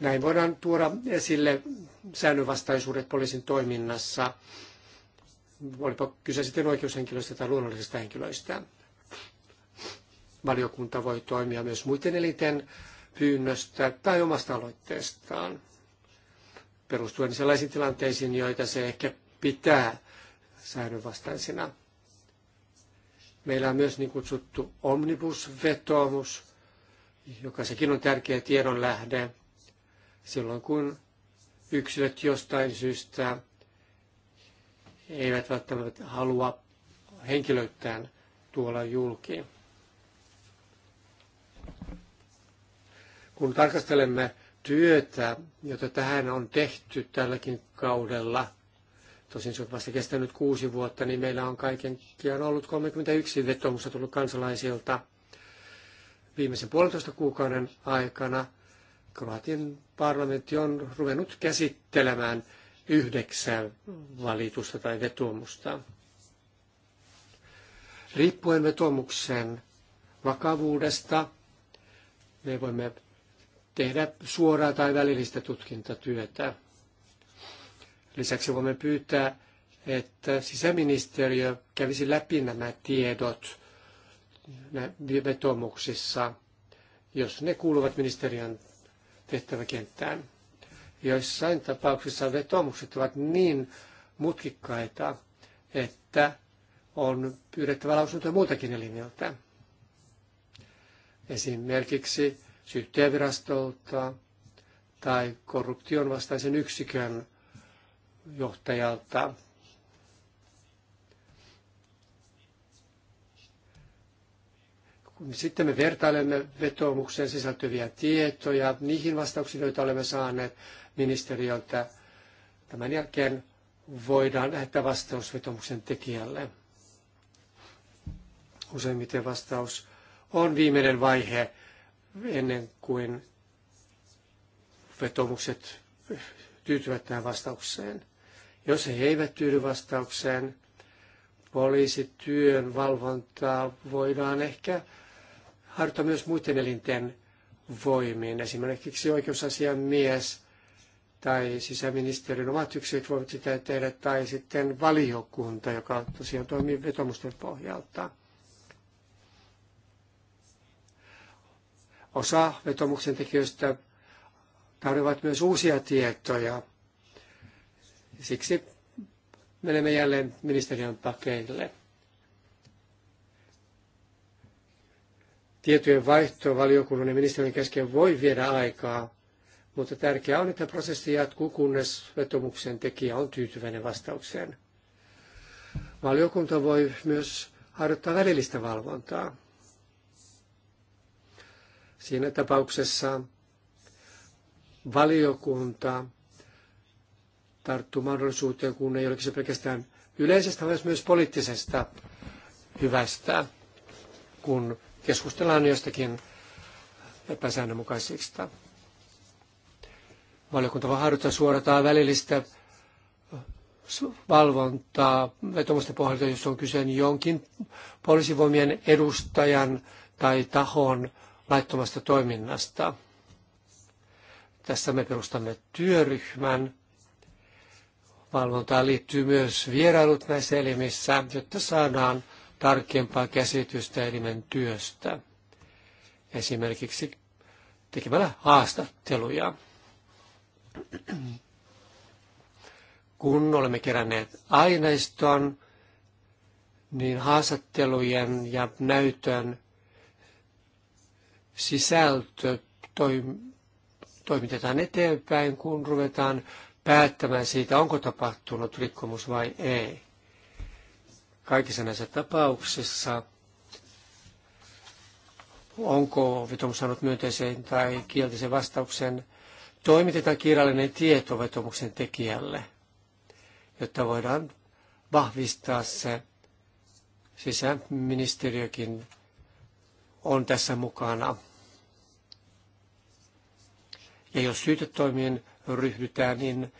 Näin voidaan tuoda esille säännönvastaisuudet poliisin toiminnassa, olipa kyse sitten oikeushenkilöistä tai luonnollisista henkilöistä. Valiokunta voi toimia myös muiden elinten pyynnöstä tai omasta aloitteestaan, perustuen sellaisiin tilanteisiin, joita se ehkä pitää säännönvastaisina. Meillä on myös niin kutsuttu omnibusvetoomus, joka sekin on tärkeä tiedonlähde silloin, kun yksilöt jostain syystä eivät välttämättä halua henkilöittään tuolla julkiin. kun tarkastelemme työtä, jota tähän on tehty tälläkin kaudella, tosin se on vasta kestänyt kuusi vuotta, niin meillä on kaikenkiaan ollut 31 vetomusta tullut kansalaisilta viimeisen puolentoista kuukauden aikana. Kroatian parlamentti on ruvennut käsittelemään yhdeksän valitusta tai vetomusta. Riippuen vetomuksen vakavuudesta, me voimme tehdä suoraa tai välillistä tutkintatyötä. Lisäksi voimme pyytää, että sisäministeriö kävisi läpi nämä tiedot vetomuksissa, jos ne kuuluvat ministeriön tehtäväkenttään. Joissain tapauksissa vetomukset ovat niin mutkikkaita, että on pyydettävä lausuntoja muutakin elimiltä. Esimerkiksi syyttäjävirastolta tai korruption vastaisen yksikön johtajalta. Sitten me vertailemme vetoomukseen sisältyviä tietoja, niihin vastauksiin, joita olemme saaneet ministeriöltä. Tämän jälkeen voidaan lähettää vastaus vetoomuksen tekijälle. Useimmiten vastaus on viimeinen vaihe ennen kuin vetomukset tyytyvät tähän vastaukseen. Jos he eivät tyydy vastaukseen, poliisityön valvontaa voidaan ehkä harjoittaa myös muiden elinten voimiin. Esimerkiksi oikeusasiamies tai sisäministeriön omat yksilöt voivat sitä tehdä, tai sitten valiokunta, joka tosiaan toimii vetomusten pohjalta. Osa vetomuksen tekijöistä tarvitsevat myös uusia tietoja. Siksi menemme jälleen ministeriön takeille. Tietojen vaihto valiokunnan ja ministeriön kesken voi viedä aikaa, mutta tärkeää on, että prosessi jatkuu, kunnes vetomuksen tekijä on tyytyväinen vastaukseen. Valiokunta voi myös harjoittaa välillistä valvontaa. Siinä tapauksessa valiokunta tarttuu mahdollisuuteen, kun ei ole kyse pelkästään yleisestä, vaan myös poliittisesta hyvästä, kun keskustellaan jostakin epäsäännönmukaisista. Valiokunta vaan harjoittaa suorataan välillistä valvontaa vetomusten pohjalta, jos on kyse jonkin poliisivoimien edustajan tai tahon laittomasta toiminnasta. Tässä me perustamme työryhmän. Valvontaan liittyy myös vierailut näissä elimissä, jotta saadaan tarkempaa käsitystä elimen työstä. Esimerkiksi tekemällä haastatteluja. Kun olemme keränneet aineiston, niin haastattelujen ja näytön sisältö toim- toimitetaan eteenpäin, kun ruvetaan päättämään siitä, onko tapahtunut rikkomus vai ei. Kaikissa näissä tapauksissa, onko vetomus saanut myönteisen tai kielteisen vastauksen, toimitetaan kirjallinen tieto vetomuksen tekijälle, jotta voidaan vahvistaa se. Sisäministeriökin on tässä mukana ja jos syytetoimien ryhdytään, niin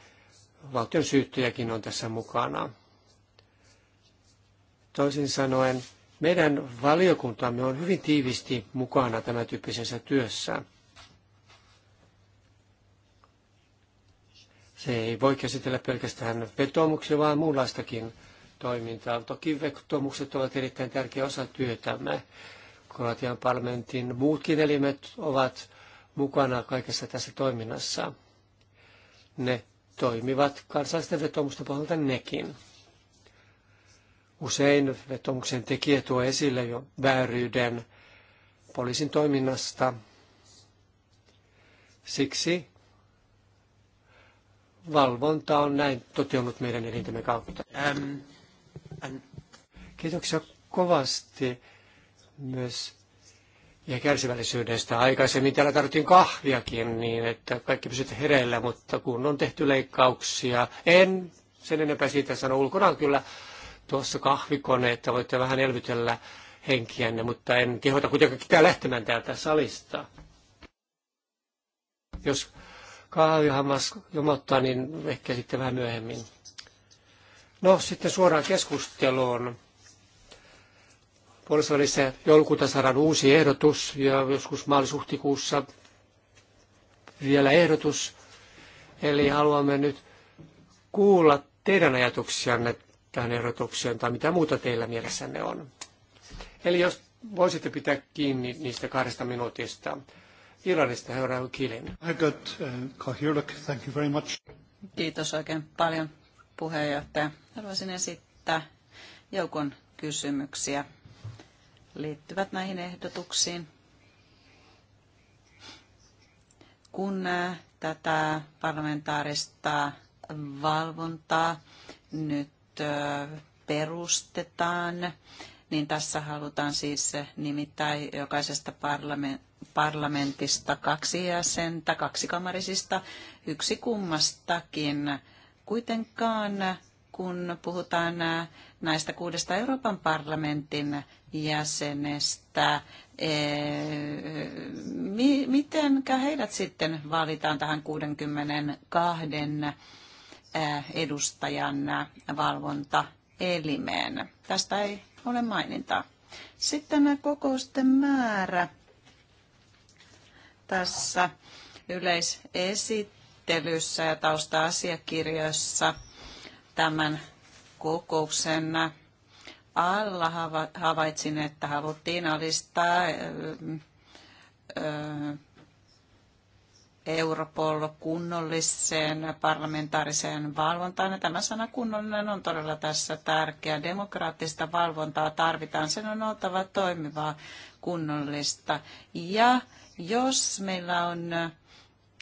valtion syyttäjäkin on tässä mukana. Toisin sanoen, meidän valiokuntamme on hyvin tiivisti mukana tämän tyyppisessä työssä. Se ei voi käsitellä pelkästään vetomuksia, vaan muunlaistakin toimintaa. Toki vetomukset ovat erittäin tärkeä osa työtämme. Kroatian parlamentin muutkin elimet ovat mukana kaikessa tässä toiminnassa. Ne toimivat kansallisten vetomusten pohjalta nekin. Usein vetomuksen tekijä tuo esille jo vääryyden poliisin toiminnasta. Siksi valvonta on näin toteutunut meidän elintämme kautta. Um, Kiitoksia kovasti myös ja kärsivällisyydestä. Aikaisemmin täällä tarvittiin kahviakin niin, että kaikki pysyt hereillä, mutta kun on tehty leikkauksia, en sen enempää siitä sano ulkona kyllä tuossa kahvikone, että voitte vähän elvytellä henkiänne, mutta en kehota kuitenkaan ketään lähtemään täältä salista. Jos kahvihammas jomottaa, niin ehkä sitten vähän myöhemmin. No sitten suoraan keskusteluun. Puolivälissä joulukuuta saadaan uusi ehdotus ja joskus maalis-huhtikuussa vielä ehdotus. Eli haluamme nyt kuulla teidän ajatuksianne tähän ehdotukseen tai mitä muuta teillä mielessänne on. Eli jos voisitte pitää kiinni niistä kahdesta minuutista. Irlannista herra Kilin. Uh, thank you very much. Kiitos oikein paljon puheenjohtaja. Haluaisin esittää joukon kysymyksiä liittyvät näihin ehdotuksiin. Kun äh, tätä parlamentaarista valvontaa nyt äh, perustetaan, niin tässä halutaan siis nimittää jokaisesta parlamentista kaksi jäsentä, kaksikamarisista, yksi kummastakin. Kuitenkaan kun puhutaan äh, näistä kuudesta Euroopan parlamentin jäsenestä. Eh, Miten heidät sitten valitaan tähän 62 eh, edustajan valvontaelimeen? Tästä ei ole mainintaa. Sitten kokousten määrä tässä yleisesittelyssä ja tausta-asiakirjoissa tämän kokouksen alla havaitsin, että haluttiin alistaa Europol kunnolliseen parlamentaariseen valvontaan. Ja tämä sana kunnollinen on todella tässä tärkeä. Demokraattista valvontaa tarvitaan. Sen on oltava toimivaa kunnollista. Ja jos meillä on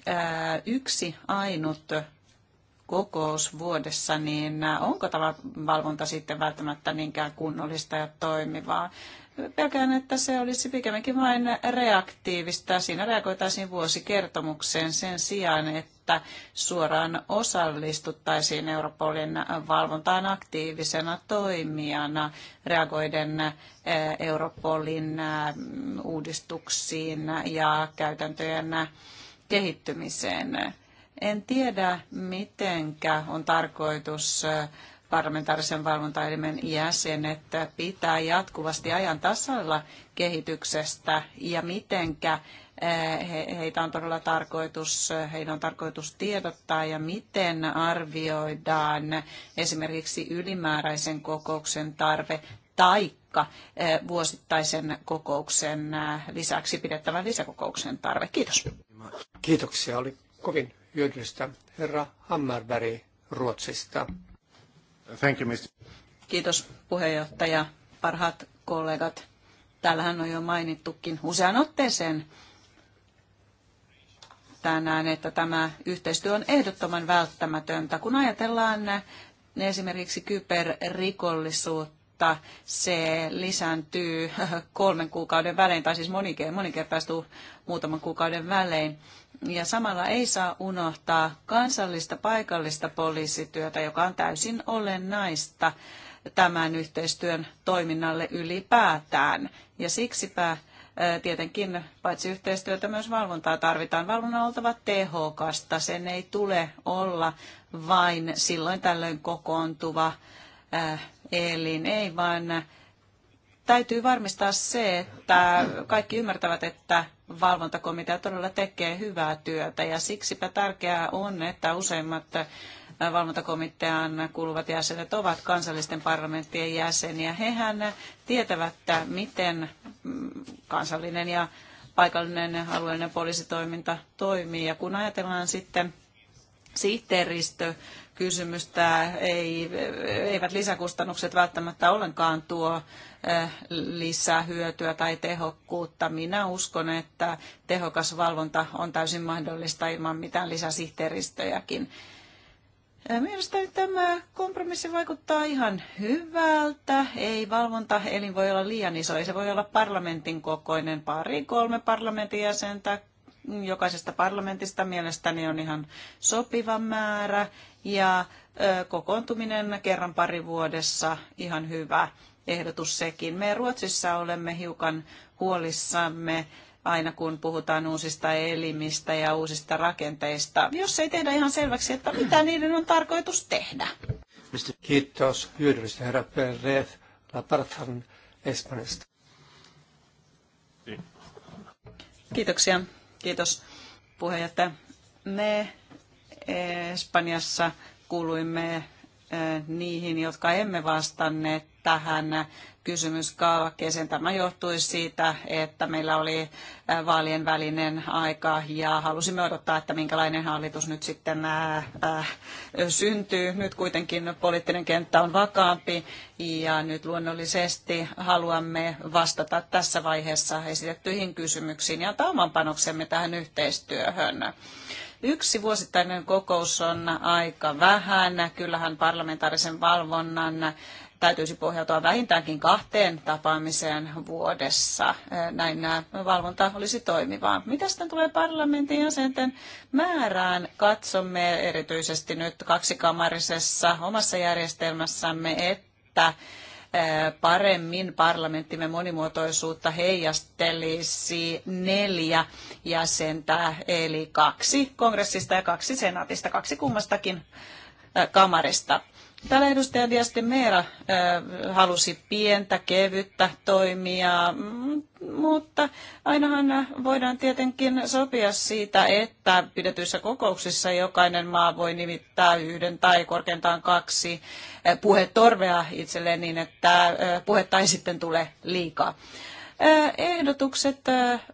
ää, yksi ainut kokous vuodessa, niin onko tämä valvonta sitten välttämättä niinkään kunnollista ja toimivaa? Pelkään, että se olisi pikemminkin vain reaktiivista. Siinä reagoitaisiin vuosikertomukseen sen sijaan, että suoraan osallistuttaisiin Europolin valvontaan aktiivisena toimijana reagoiden eh, Europolin eh, uudistuksiin ja käytäntöjen kehittymiseen. En tiedä, mitenkä on tarkoitus parlamentaarisen valvontaelimen jäsenet pitää jatkuvasti ajan tasalla kehityksestä ja mitenkä heitä on todella tarkoitus, heidän on tarkoitus tiedottaa ja miten arvioidaan esimerkiksi ylimääräisen kokouksen tarve taikka vuosittaisen kokouksen lisäksi pidettävän lisäkokouksen tarve. Kiitos. Kiitoksia. Oli kovin hyödyllistä. Herra Hammarberg Ruotsista. Thank you, Mr. Kiitos puheenjohtaja. Parhaat kollegat, täällähän on jo mainittukin usean otteeseen tänään, että tämä yhteistyö on ehdottoman välttämätöntä. Kun ajatellaan esimerkiksi kyberrikollisuutta, se lisääntyy kolmen kuukauden välein, tai siis monikertaistuu muutaman kuukauden välein. Ja samalla ei saa unohtaa kansallista paikallista poliisityötä, joka on täysin olennaista tämän yhteistyön toiminnalle ylipäätään. Ja siksipä tietenkin paitsi yhteistyötä myös valvontaa tarvitaan. Valvonnan oltava tehokasta, sen ei tule olla vain silloin tällöin kokoontuva elin, ei vaan täytyy varmistaa se, että kaikki ymmärtävät, että valvontakomitea todella tekee hyvää työtä ja siksipä tärkeää on, että useimmat äh, valvontakomitean kuuluvat jäsenet ovat kansallisten parlamenttien jäseniä. Hehän tietävät, että miten mm, kansallinen ja paikallinen alueellinen poliisitoiminta toimii. Ja kun ajatellaan sitten sihteeristö kysymystä. Ei, eivät lisäkustannukset välttämättä ollenkaan tuo eh, lisää hyötyä tai tehokkuutta. Minä uskon, että tehokas valvonta on täysin mahdollista ilman mitään lisäsihteeristöjäkin. Eh, mielestäni tämä kompromissi vaikuttaa ihan hyvältä. Ei valvonta elin voi olla liian iso. Ei se voi olla parlamentin kokoinen. Pari, kolme parlamentin jäsentä, jokaisesta parlamentista mielestäni on ihan sopiva määrä ja kokoontuminen kerran pari vuodessa ihan hyvä ehdotus sekin. Me Ruotsissa olemme hiukan huolissamme aina kun puhutaan uusista elimistä ja uusista rakenteista, jos ei tehdä ihan selväksi, että mitä niiden on tarkoitus tehdä. Kiitos hyödyllistä herra Perez Lapartan Espanjasta. Niin. Kiitoksia. Kiitos puheenjohtaja. Me eh, Espanjassa kuuluimme eh, niihin, jotka emme vastanneet tähän kysymys kaavakkeeseen. Tämä johtui siitä, että meillä oli vaalien välinen aika ja halusimme odottaa, että minkälainen hallitus nyt sitten syntyy. Nyt kuitenkin poliittinen kenttä on vakaampi ja nyt luonnollisesti haluamme vastata tässä vaiheessa esitettyihin kysymyksiin ja antaa oman panoksemme tähän yhteistyöhön. Yksi vuosittainen kokous on aika vähän. Kyllähän parlamentaarisen valvonnan täytyisi pohjautua vähintäänkin kahteen tapaamiseen vuodessa. Näin nämä valvonta olisi toimivaa. Mitä sitten tulee parlamentin jäsenten määrään? Katsomme erityisesti nyt kaksikamarisessa omassa järjestelmässämme, että paremmin parlamenttimme monimuotoisuutta heijastelisi neljä jäsentä, eli kaksi kongressista ja kaksi senaatista, kaksi kummastakin kamarista. Täällä edustaja Diaste Meera halusi pientä, kevyttä toimia, mutta ainahan voidaan tietenkin sopia siitä, että pidetyissä kokouksissa jokainen maa voi nimittää yhden tai korkeintaan kaksi puhetorvea itselleen niin, että puhetta ei sitten tule liikaa ehdotukset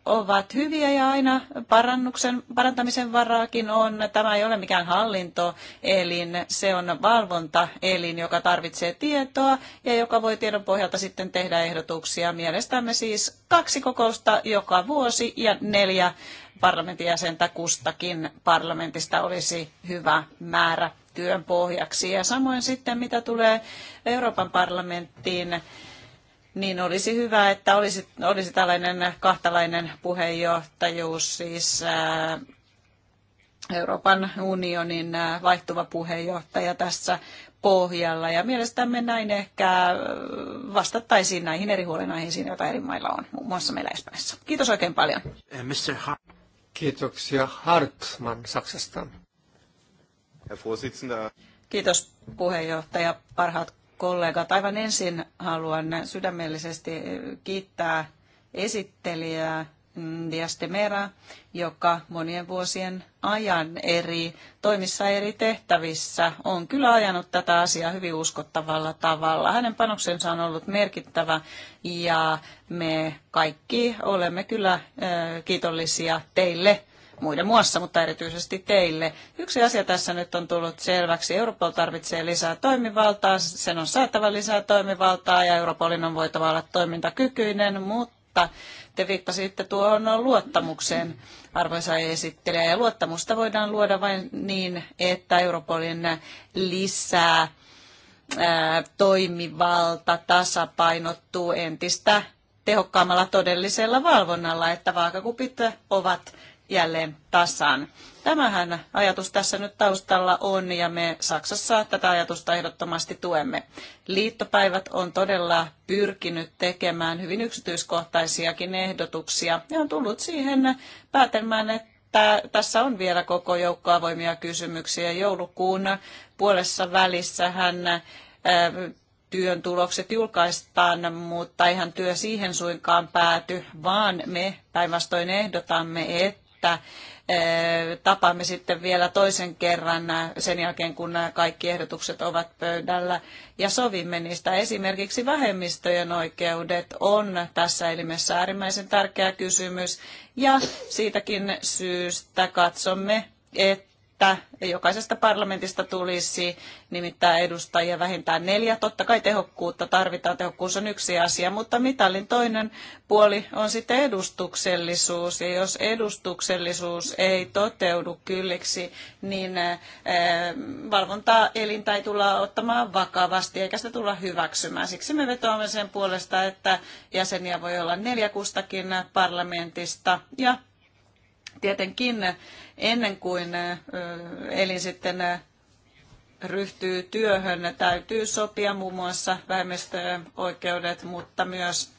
ovat hyviä ja aina parannuksen, parantamisen varaakin on. Tämä ei ole mikään hallintoelin, se on valvontaelin, joka tarvitsee tietoa ja joka voi tiedon pohjalta sitten tehdä ehdotuksia. Mielestämme siis kaksi kokousta joka vuosi ja neljä parlamentin jäsentä kustakin parlamentista olisi hyvä määrä työn pohjaksi. Ja samoin sitten mitä tulee Euroopan parlamenttiin, niin olisi hyvä, että olisi, olisi tällainen kahtalainen puheenjohtajuus, siis äh, Euroopan unionin äh, vaihtuva puheenjohtaja tässä pohjalla. Ja mielestämme näin ehkä äh, vastattaisiin näihin eri huolenaiheisiin, joita eri mailla on, muun muassa meillä Espanjassa. Kiitos oikein paljon. Eh, Mr. Ha- Kiitoksia Hartman Saksasta. Herr Kiitos puheenjohtaja, parhaat kollegat. Aivan ensin haluan sydämellisesti kiittää esittelijää Diastemera, joka monien vuosien ajan eri toimissa eri tehtävissä on kyllä ajanut tätä asiaa hyvin uskottavalla tavalla. Hänen panoksensa on ollut merkittävä ja me kaikki olemme kyllä kiitollisia teille muiden muassa, mutta erityisesti teille. Yksi asia tässä nyt on tullut selväksi. Europol tarvitsee lisää toimivaltaa, sen on saatava lisää toimivaltaa ja Europolin on voitava olla toimintakykyinen, mutta te viittasitte tuohon luottamukseen, arvoisa esittelijä, ja luottamusta voidaan luoda vain niin, että Europolin lisää toimivalta tasapainottuu entistä tehokkaammalla todellisella valvonnalla, että vaakakupit ovat jälleen tasan. Tämähän ajatus tässä nyt taustalla on ja me Saksassa tätä ajatusta ehdottomasti tuemme. Liittopäivät on todella pyrkinyt tekemään hyvin yksityiskohtaisiakin ehdotuksia ja on tullut siihen päätelmään, että tässä on vielä koko joukko avoimia kysymyksiä. Joulukuun puolessa välissä hän äh, työn tulokset julkaistaan, mutta eihän työ siihen suinkaan pääty, vaan me päinvastoin ehdotamme, että että eh, tapaamme sitten vielä toisen kerran eh, sen jälkeen, kun nämä eh, kaikki ehdotukset ovat pöydällä ja sovimme niistä. Esimerkiksi vähemmistöjen oikeudet on tässä elimessä äärimmäisen tärkeä kysymys ja siitäkin syystä katsomme, että että jokaisesta parlamentista tulisi nimittää edustajia vähintään neljä. Totta kai tehokkuutta tarvitaan, tehokkuus on yksi asia, mutta mitallin toinen puoli on sitten edustuksellisuus. Ja jos edustuksellisuus ei toteudu kylliksi, niin valvontaa elintä ei tulla ottamaan vakavasti eikä sitä tulla hyväksymään. Siksi me vetoamme sen puolesta, että jäseniä voi olla neljä kustakin parlamentista ja Tietenkin eh, ennen kuin eh, elin sitten eh, ryhtyy työhön, täytyy sopia muun muassa vähemmistöjen oikeudet, mutta myös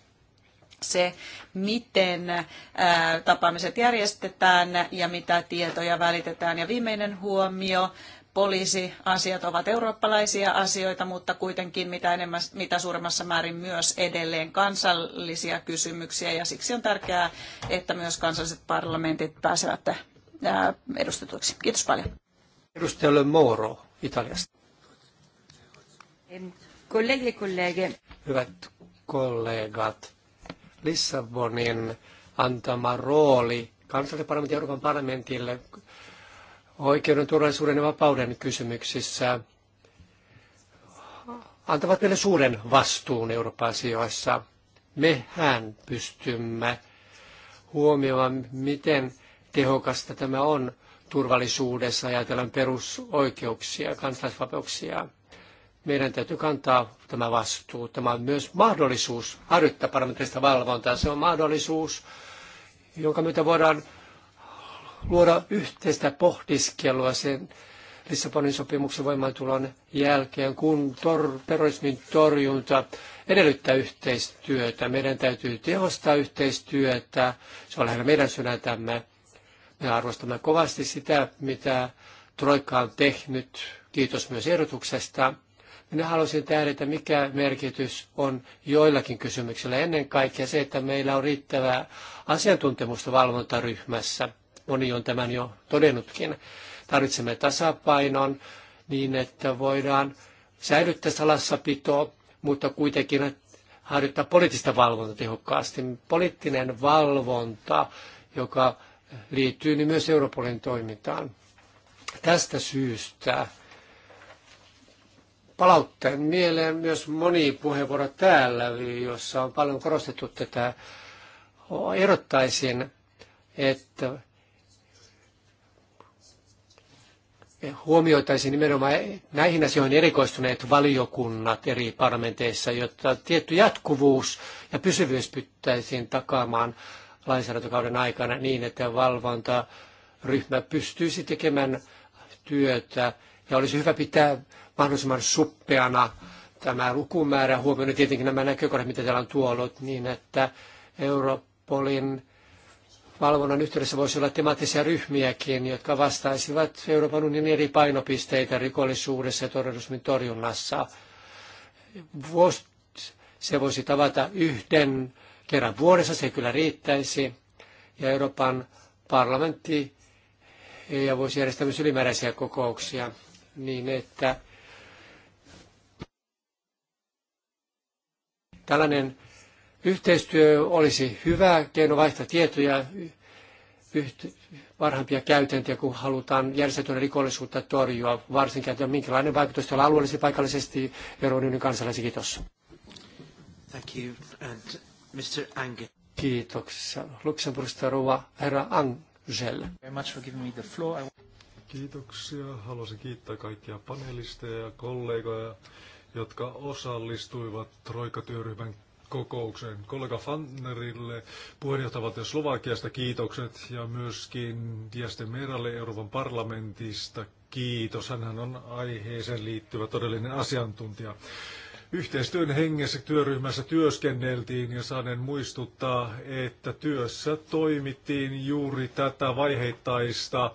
se, miten tapaamiset järjestetään ja mitä tietoja välitetään. Ja viimeinen huomio, poliisiasiat ovat eurooppalaisia asioita, mutta kuitenkin mitä, enemmän, mitä suuremmassa määrin myös edelleen kansallisia kysymyksiä. Ja siksi on tärkeää, että myös kansalliset parlamentit pääsevät edustetuiksi. Kiitos paljon. Edustaja Moro Italiasta. Kollegi, kollegi. Hyvät kollegat, Lissabonin antama rooli kansallisen parlamentin ja Euroopan parlamentille oikeuden, turvallisuuden ja vapauden kysymyksissä antavat meille suuren vastuun Euroopan asioissa. Mehän pystymme huomioimaan, miten tehokasta tämä on turvallisuudessa ajatellen perusoikeuksia, kansalaisvapauksia. Meidän täytyy kantaa tämä vastuu. Tämä on myös mahdollisuus harjoittaa parlamentaarista valvontaa. Se on mahdollisuus, jonka myötä voidaan luoda yhteistä pohdiskelua sen Lissabonin sopimuksen voimaantulon jälkeen, kun tor- terrorismin torjunta edellyttää yhteistyötä. Meidän täytyy tehostaa yhteistyötä, se on lähellä meidän sydäntämme. Me arvostamme kovasti sitä, mitä Troika on tehnyt. Kiitos myös ehdotuksesta. Minä haluaisin tähdätä, mikä merkitys on joillakin kysymyksillä. Ennen kaikkea se, että meillä on riittävää asiantuntemusta valvontaryhmässä – moni on tämän jo todennutkin. Tarvitsemme tasapainon niin, että voidaan säilyttää salassapitoa, mutta kuitenkin harjoittaa poliittista valvontaa tehokkaasti. Poliittinen valvonta, joka liittyy niin myös Europolin toimintaan. Tästä syystä palautteen mieleen myös moni puheenvuoro täällä, jossa on paljon korostettu tätä. Erottaisin, että huomioitaisiin nimenomaan näihin asioihin erikoistuneet valiokunnat eri parlamenteissa, jotta tietty jatkuvuus ja pysyvyys pyttäisiin takaamaan lainsäädäntökauden aikana niin, että valvontaryhmä pystyisi tekemään työtä ja olisi hyvä pitää mahdollisimman suppeana tämä lukumäärä huomioon tietenkin nämä näkökohdat, mitä täällä on tuollut, niin että Europolin valvonnan yhteydessä voisi olla temaattisia ryhmiäkin, jotka vastaisivat Euroopan unionin eri painopisteitä rikollisuudessa ja terrorismin torjunnassa. Se voisi tavata yhden kerran vuodessa, se kyllä riittäisi. Ja Euroopan parlamentti ja voisi järjestää myös ylimääräisiä kokouksia niin, että tällainen Yhteistyö olisi hyvä keino vaihtaa tietoja, parhaimpia käytäntöjä, kun halutaan järjestäytyneen rikollisuutta torjua, varsinkin, että minkälainen vaikutus tällä alueellisesti paikallisesti Euroopan unionin kansalaisiin. Kiitos. Thank you. And Mr. Angel. Kiitoksia. Luxemburgista rouva herra Angel. Very much for giving me the floor. Kiitoksia. Haluaisin kiittää kaikkia panelisteja ja kollegoja, jotka osallistuivat Troika-työryhmän kokoukseen. Kollega Fannerille puheenjohtavaltio Slovakiasta kiitokset ja myöskin Diaste Meralle Euroopan parlamentista kiitos. hän on aiheeseen liittyvä todellinen asiantuntija. Yhteistyön hengessä työryhmässä työskenneltiin ja saanen muistuttaa, että työssä toimittiin juuri tätä vaiheittaista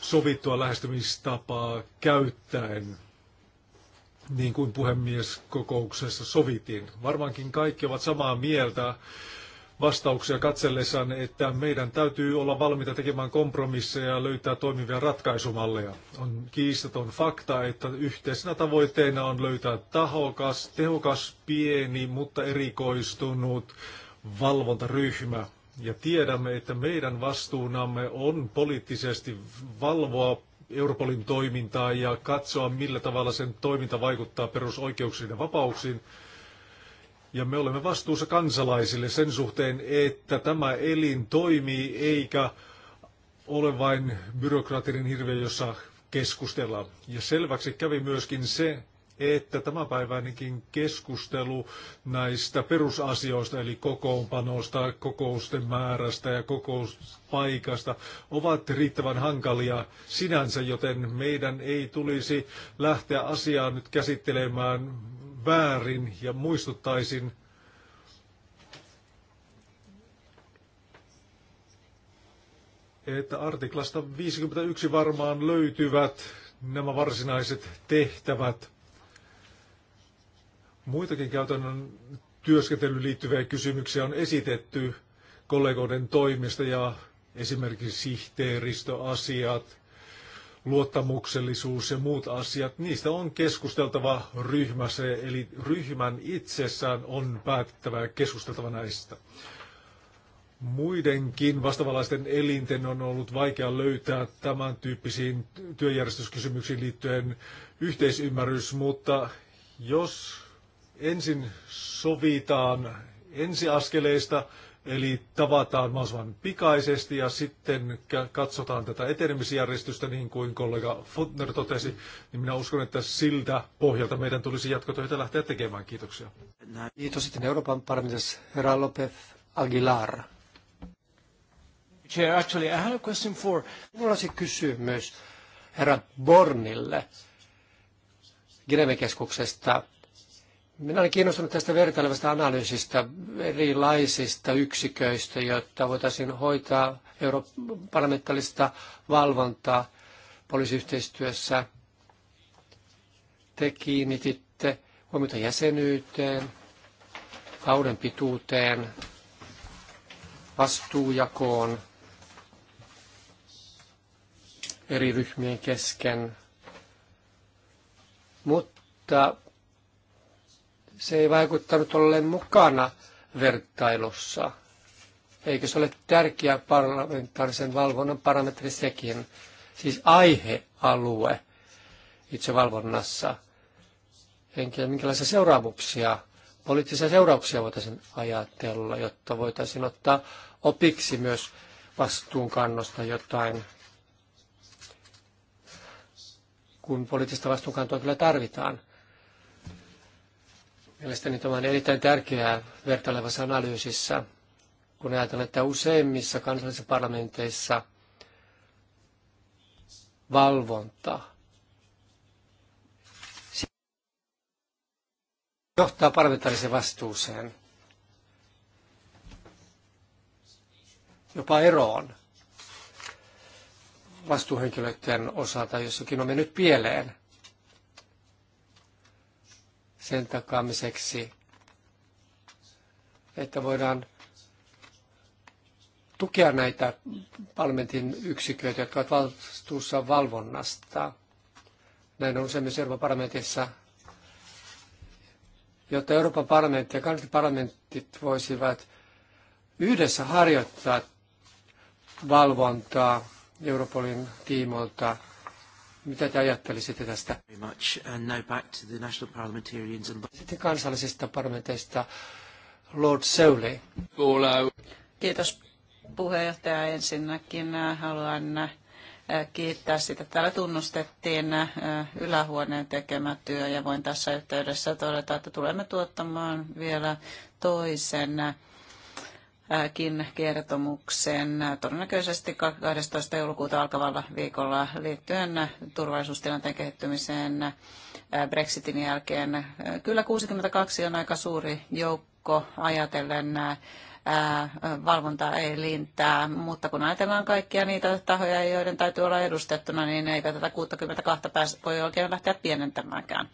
sovittua lähestymistapaa käyttäen niin kuin puhemieskokouksessa sovittiin. Varmaankin kaikki ovat samaa mieltä vastauksia katsellessaan, että meidän täytyy olla valmiita tekemään kompromisseja ja löytää toimivia ratkaisumalleja. On kiistaton fakta, että yhteisenä tavoitteena on löytää tahokas, tehokas, pieni, mutta erikoistunut valvontaryhmä. Ja tiedämme, että meidän vastuunamme on poliittisesti valvoa Europolin toimintaa ja katsoa, millä tavalla sen toiminta vaikuttaa perusoikeuksiin ja vapauksiin. Ja me olemme vastuussa kansalaisille sen suhteen, että tämä elin toimii eikä ole vain byrokraattinen hirviö, jossa keskustellaan. Ja selväksi kävi myöskin se, että tämänpäiväinenkin keskustelu näistä perusasioista, eli kokoonpanosta, kokousten määrästä ja kokouspaikasta, ovat riittävän hankalia sinänsä, joten meidän ei tulisi lähteä asiaa nyt käsittelemään väärin ja muistuttaisin että artiklasta 51 varmaan löytyvät nämä varsinaiset tehtävät. Muitakin käytännön työskentelyyn liittyviä kysymyksiä on esitetty kollegoiden toimista ja esimerkiksi sihteeristöasiat, luottamuksellisuus ja muut asiat, niistä on keskusteltava ryhmässä, eli ryhmän itsessään on päätettävä ja keskusteltava näistä. Muidenkin vastavalaisten elinten on ollut vaikea löytää tämän tyyppisiin työjärjestyskysymyksiin liittyen yhteisymmärrys, mutta jos Ensin sovitaan ensiaskeleista, eli tavataan mahdollisimman pikaisesti ja sitten katsotaan tätä etenemisjärjestystä, niin kuin kollega Funtner totesi, niin minä uskon, että siltä pohjalta meidän tulisi jatkotöitä lähteä tekemään. Kiitoksia. Kiitos sitten Euroopan parlamentissa herra Lopez Aguilar. Chair, actually, I had a question for... Minulla olisi kysymys herra Bornille keskuksesta minä olen kiinnostunut tästä vertailevasta analyysistä erilaisista yksiköistä, jotta voitaisiin hoitaa europarlamentaalista valvontaa poliisiyhteistyössä. Te kiinnititte huomiota jäsenyyteen, kauden pituuteen, vastuujakoon eri ryhmien kesken. Mutta se ei vaikuttanut olleen mukana vertailussa. Eikö se ole tärkeä parlamentaarisen valvonnan parametri sekin, siis aihealue itse valvonnassa? Enkä minkälaisia seuraamuksia, poliittisia seurauksia voitaisiin ajatella, jotta voitaisiin ottaa opiksi myös vastuunkannosta jotain, kun poliittista vastuunkantoa kyllä tarvitaan. Mielestäni tämä on erittäin tärkeää vertailevassa analyysissä, kun ajatellaan, että useimmissa kansallisissa parlamenteissa valvonta johtaa parlamentaariseen vastuuseen, jopa eroon vastuuhenkilöiden osalta jossakin on mennyt pieleen sen takaamiseksi, että voidaan tukea näitä parlamentin yksiköitä, jotka ovat vastuussa valvonnasta. Näin on useimmissa Euroopan parlamentissa, jotta Euroopan parlamentti ja kansalliset parlamentit voisivat yhdessä harjoittaa valvontaa Europolin tiimoilta – mitä te ajattelisitte tästä? Sitten kansallisista parlamenteista Lord Sowley. Kiitos puheenjohtaja. Ensinnäkin äh, haluan äh, kiittää sitä. Täällä tunnustettiin äh, ylähuoneen tekemä työ ja voin tässä yhteydessä todeta, että tulemme tuottamaan vielä toisen kin kertomuksen todennäköisesti 12. joulukuuta alkavalla viikolla liittyen turvallisuustilanteen kehittymiseen Brexitin jälkeen. Kyllä 62 on aika suuri joukko ajatellen valvontaa ei lintää, mutta kun ajatellaan kaikkia niitä tahoja, joiden täytyy olla edustettuna, niin eipä tätä 62 pääs, voi oikein lähteä pienentämäänkään.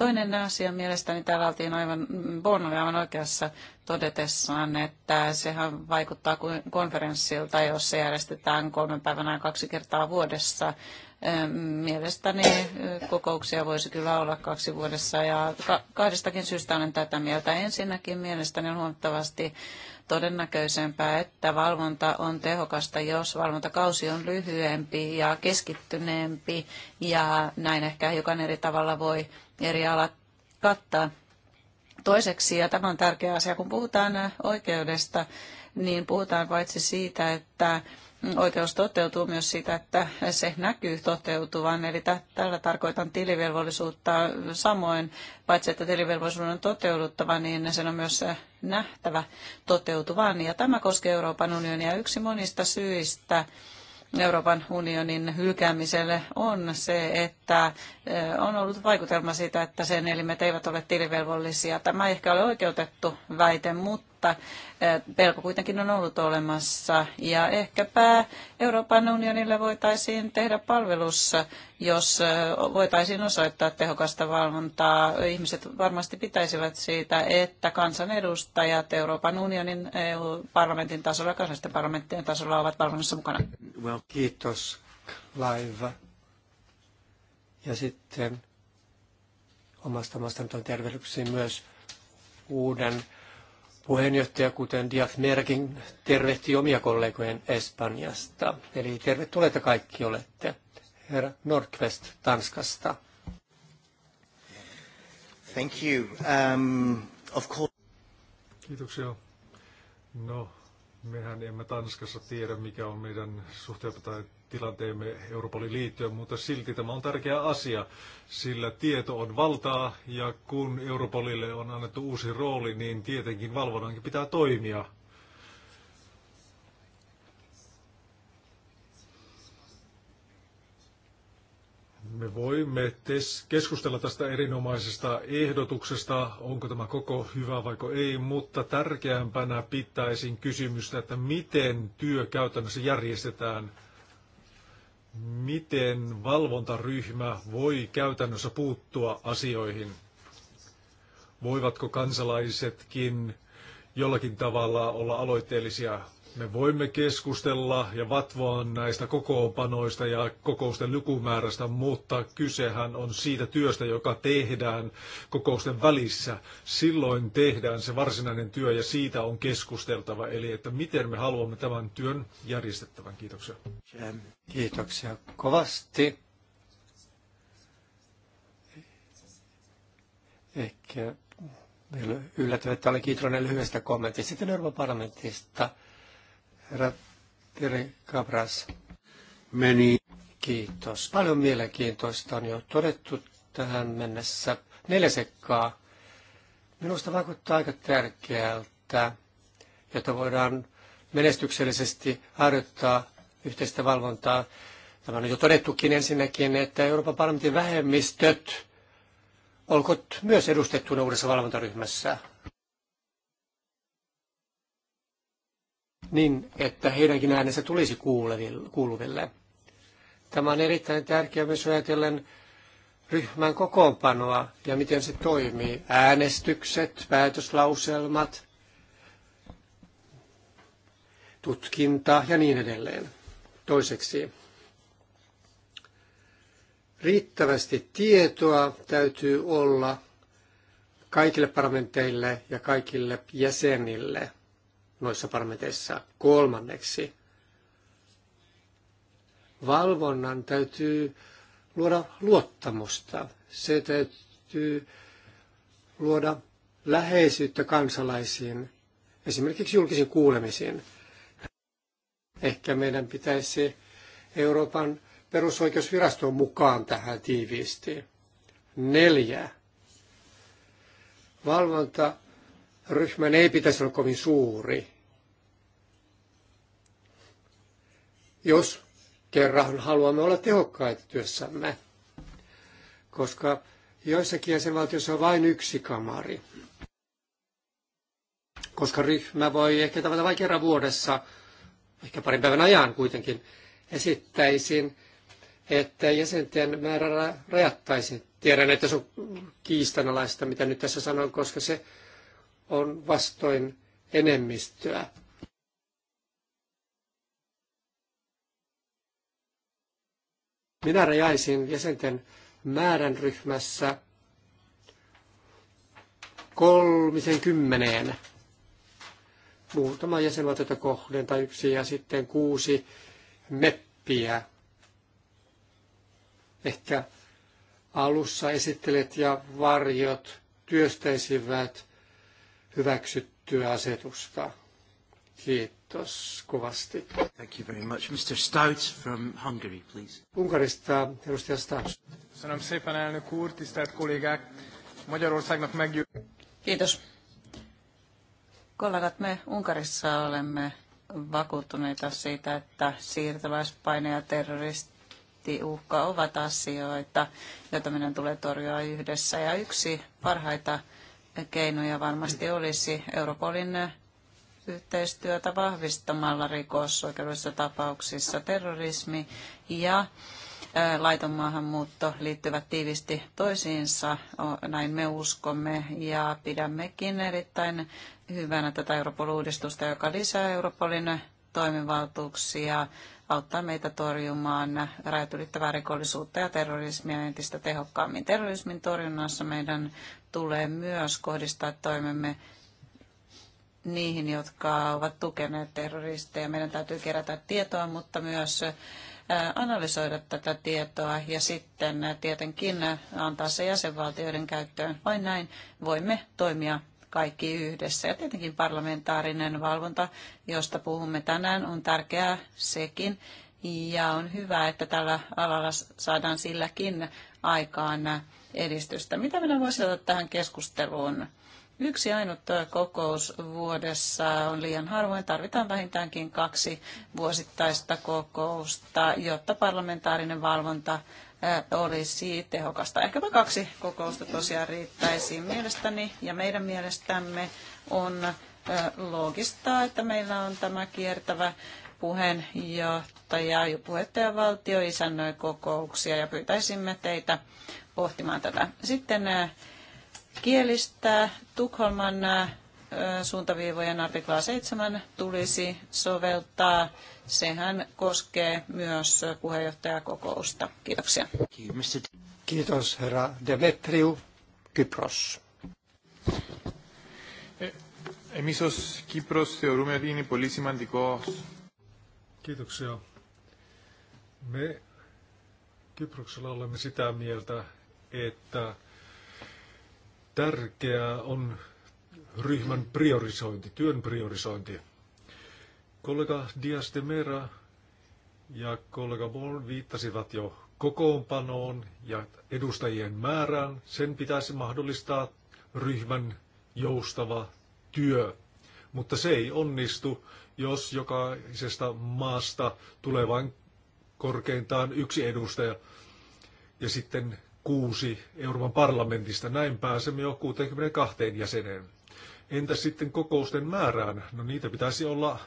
Toinen asia mielestäni täällä oltiin aivan, Born oli aivan oikeassa todetessaan, että sehän vaikuttaa kuin konferenssilta, jos se järjestetään kolmen päivänä kaksi kertaa vuodessa. Mielestäni kokouksia voisi kyllä olla kaksi vuodessa ja kahdestakin syystä olen tätä mieltä. Ensinnäkin mielestäni on huomattavasti todennäköisempää, että valvonta on tehokasta, jos valvontakausi on lyhyempi ja keskittyneempi ja näin ehkä jokainen eri tavalla voi eri alat kattaa. Toiseksi, ja tämä on tärkeä asia, kun puhutaan oikeudesta, niin puhutaan paitsi siitä, että oikeus toteutuu myös siitä, että se näkyy toteutuvan. Eli tällä tarkoitan tilivelvollisuutta samoin, paitsi että tilivelvollisuuden on toteuduttava, niin sen on myös nähtävä toteutuvan. Ja tämä koskee Euroopan unionia yksi monista syistä, Euroopan unionin hylkäämiselle on se, että on ollut vaikutelma siitä, että sen elimet eivät ole tilivelvollisia. Tämä ei ehkä ole oikeutettu väite, mutta mutta pelko kuitenkin on ollut olemassa. Ja ehkäpä Euroopan unionille voitaisiin tehdä palvelussa, jos voitaisiin osoittaa tehokasta valvontaa. Ihmiset varmasti pitäisivät siitä, että kansanedustajat Euroopan unionin EU-parlamentin tasolla ja kansallisten parlamenttien tasolla ovat valvonnassa mukana. Well, kiitos, Laiva. Ja sitten omasta maasta on tervehdyksiin myös uuden puheenjohtaja, kuten Diaz Merkin, tervehti omia kollegojen Espanjasta. Eli tervetuloa, kaikki olette. Herra Nordqvist Tanskasta. Thank you. Um, of course. Kiitoksia. No, Mehän emme Tanskassa tiedä, mikä on meidän suhteemme tai tilanteemme Euroopan liittyen, mutta silti tämä on tärkeä asia, sillä tieto on valtaa ja kun Europolille on annettu uusi rooli, niin tietenkin valvonnankin pitää toimia Me voimme keskustella tästä erinomaisesta ehdotuksesta, onko tämä koko hyvä vai ei, mutta tärkeämpänä pitäisin kysymystä, että miten työ käytännössä järjestetään, miten valvontaryhmä voi käytännössä puuttua asioihin. Voivatko kansalaisetkin jollakin tavalla olla aloitteellisia me voimme keskustella ja vatvoa näistä kokoopanoista ja kokousten lukumäärästä, mutta kysehän on siitä työstä, joka tehdään kokousten välissä. Silloin tehdään se varsinainen työ ja siitä on keskusteltava, eli että miten me haluamme tämän työn järjestettävän. Kiitoksia. Kiitoksia kovasti. Ehkä meillä yllättävän, että olen kiitollinen lyhyestä kommentista. Sitten Euroopan parlamentista herra Tere Cabras. Meni. Kiitos. Paljon mielenkiintoista on jo todettu tähän mennessä. Neljä sekkaa. Minusta vaikuttaa aika tärkeältä, jotta voidaan menestyksellisesti harjoittaa yhteistä valvontaa. Tämä on jo todettukin ensinnäkin, että Euroopan parlamentin vähemmistöt olkot myös edustettuna uudessa valvontaryhmässä. niin, että heidänkin äänensä tulisi kuuluville. Tämä on erittäin tärkeää myös ajatellen ryhmän kokoonpanoa ja miten se toimii. Äänestykset, päätöslauselmat, tutkinta ja niin edelleen. Toiseksi, riittävästi tietoa täytyy olla kaikille parlamenteille ja kaikille jäsenille – noissa parlamenteissa. Kolmanneksi, valvonnan täytyy luoda luottamusta. Se täytyy luoda läheisyyttä kansalaisiin, esimerkiksi julkisiin kuulemisiin. Ehkä meidän pitäisi Euroopan perusoikeusviraston mukaan tähän tiiviisti. Neljä. Valvonta ryhmän ei pitäisi olla kovin suuri. Jos kerran haluamme olla tehokkaita työssämme, koska joissakin jäsenvaltioissa on vain yksi kamari. Koska ryhmä voi ehkä tavata vain kerran vuodessa, ehkä parin päivän ajan kuitenkin, esittäisin, että jäsenten määrä rajattaisiin. Tiedän, että se on kiistanalaista, mitä nyt tässä sanon, koska se on vastoin enemmistöä. Minä rajaisin jäsenten määrän ryhmässä kolmisen kymmeneen. Muutama jäsen tätä kohden tai yksi ja sitten kuusi meppiä. Ehkä alussa esittelet ja varjot työstäisivät hyväksyttyä asetusta. Kiitos kovasti. Thank you very much. Mr. Stout from Hungary, please. Unkarista edustaja Stout. Sanom szépen, elnök úr, tisztelt kollégák. Magyarországnak meggyő... Kiitos. Kollegat, me Unkarissa olemme vakuuttuneita siitä, että siirtolaispaine ja terroristiuhka ovat asioita, joita meidän tulee torjua yhdessä. Ja yksi parhaita keinoja varmasti olisi Europolin yhteistyötä vahvistamalla rikosoikeudellisissa tapauksissa terrorismi ja laiton maahanmuutto liittyvät tiivisti toisiinsa, näin me uskomme ja pidämmekin erittäin hyvänä tätä Europol-uudistusta, joka lisää Europolin toimivaltuuksia, auttaa meitä torjumaan rajat ylittävää rikollisuutta ja terrorismia entistä tehokkaammin. Terrorismin torjunnassa meidän tulee myös kohdistaa toimemme niihin, jotka ovat tukeneet terroristeja. Meidän täytyy kerätä tietoa, mutta myös analysoida tätä tietoa ja sitten tietenkin antaa se jäsenvaltioiden käyttöön. Vain näin voimme toimia kaikki yhdessä. Ja tietenkin parlamentaarinen valvonta, josta puhumme tänään, on tärkeää sekin. Ja on hyvä, että tällä alalla saadaan silläkin aikaan edistystä. Mitä minä voisin ottaa tähän keskusteluun? Yksi ainut kokous vuodessa on liian harvoin. Tarvitaan vähintäänkin kaksi vuosittaista kokousta, jotta parlamentaarinen valvonta olisi tehokasta. Ehkäpä kaksi kokousta tosiaan riittäisi mielestäni ja meidän mielestämme on loogista, että meillä on tämä kiertävä puheenjohtaja ja puheenjohtajavaltio isännöi kokouksia ja pyytäisimme teitä pohtimaan tätä. Sitten äh, kielistä Tukholman äh, suuntaviivojen artiklaa 7 tulisi soveltaa. Sehän koskee myös puheenjohtajakokousta. Kiitoksia. Kiitos herra Demetriu Kypros. Εμείς Kypros Κύπρος θεωρούμε ότι είναι πολύ σημαντικό. Κοίταξε. Me Kyproksella olemme sitä mieltä, että tärkeää on ryhmän priorisointi, työn priorisointi. Kollega Dias de Mera ja kollega Born viittasivat jo kokoonpanoon ja edustajien määrään. Sen pitäisi mahdollistaa ryhmän joustava työ. Mutta se ei onnistu, jos jokaisesta maasta tulee vain korkeintaan yksi edustaja. Ja sitten kuusi Euroopan parlamentista. Näin pääsemme jo 62 jäseneen. Entä sitten kokousten määrään? No niitä pitäisi olla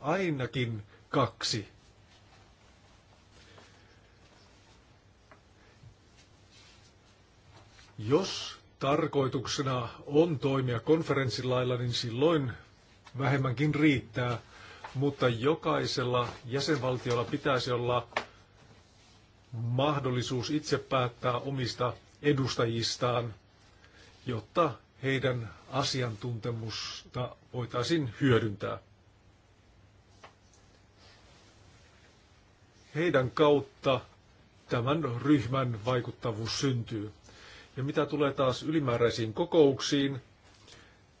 ainakin kaksi. Jos tarkoituksena on toimia konferenssin lailla, niin silloin vähemmänkin riittää, mutta jokaisella jäsenvaltiolla pitäisi olla mahdollisuus itse päättää omista edustajistaan, jotta heidän asiantuntemusta voitaisiin hyödyntää. Heidän kautta tämän ryhmän vaikuttavuus syntyy. Ja mitä tulee taas ylimääräisiin kokouksiin,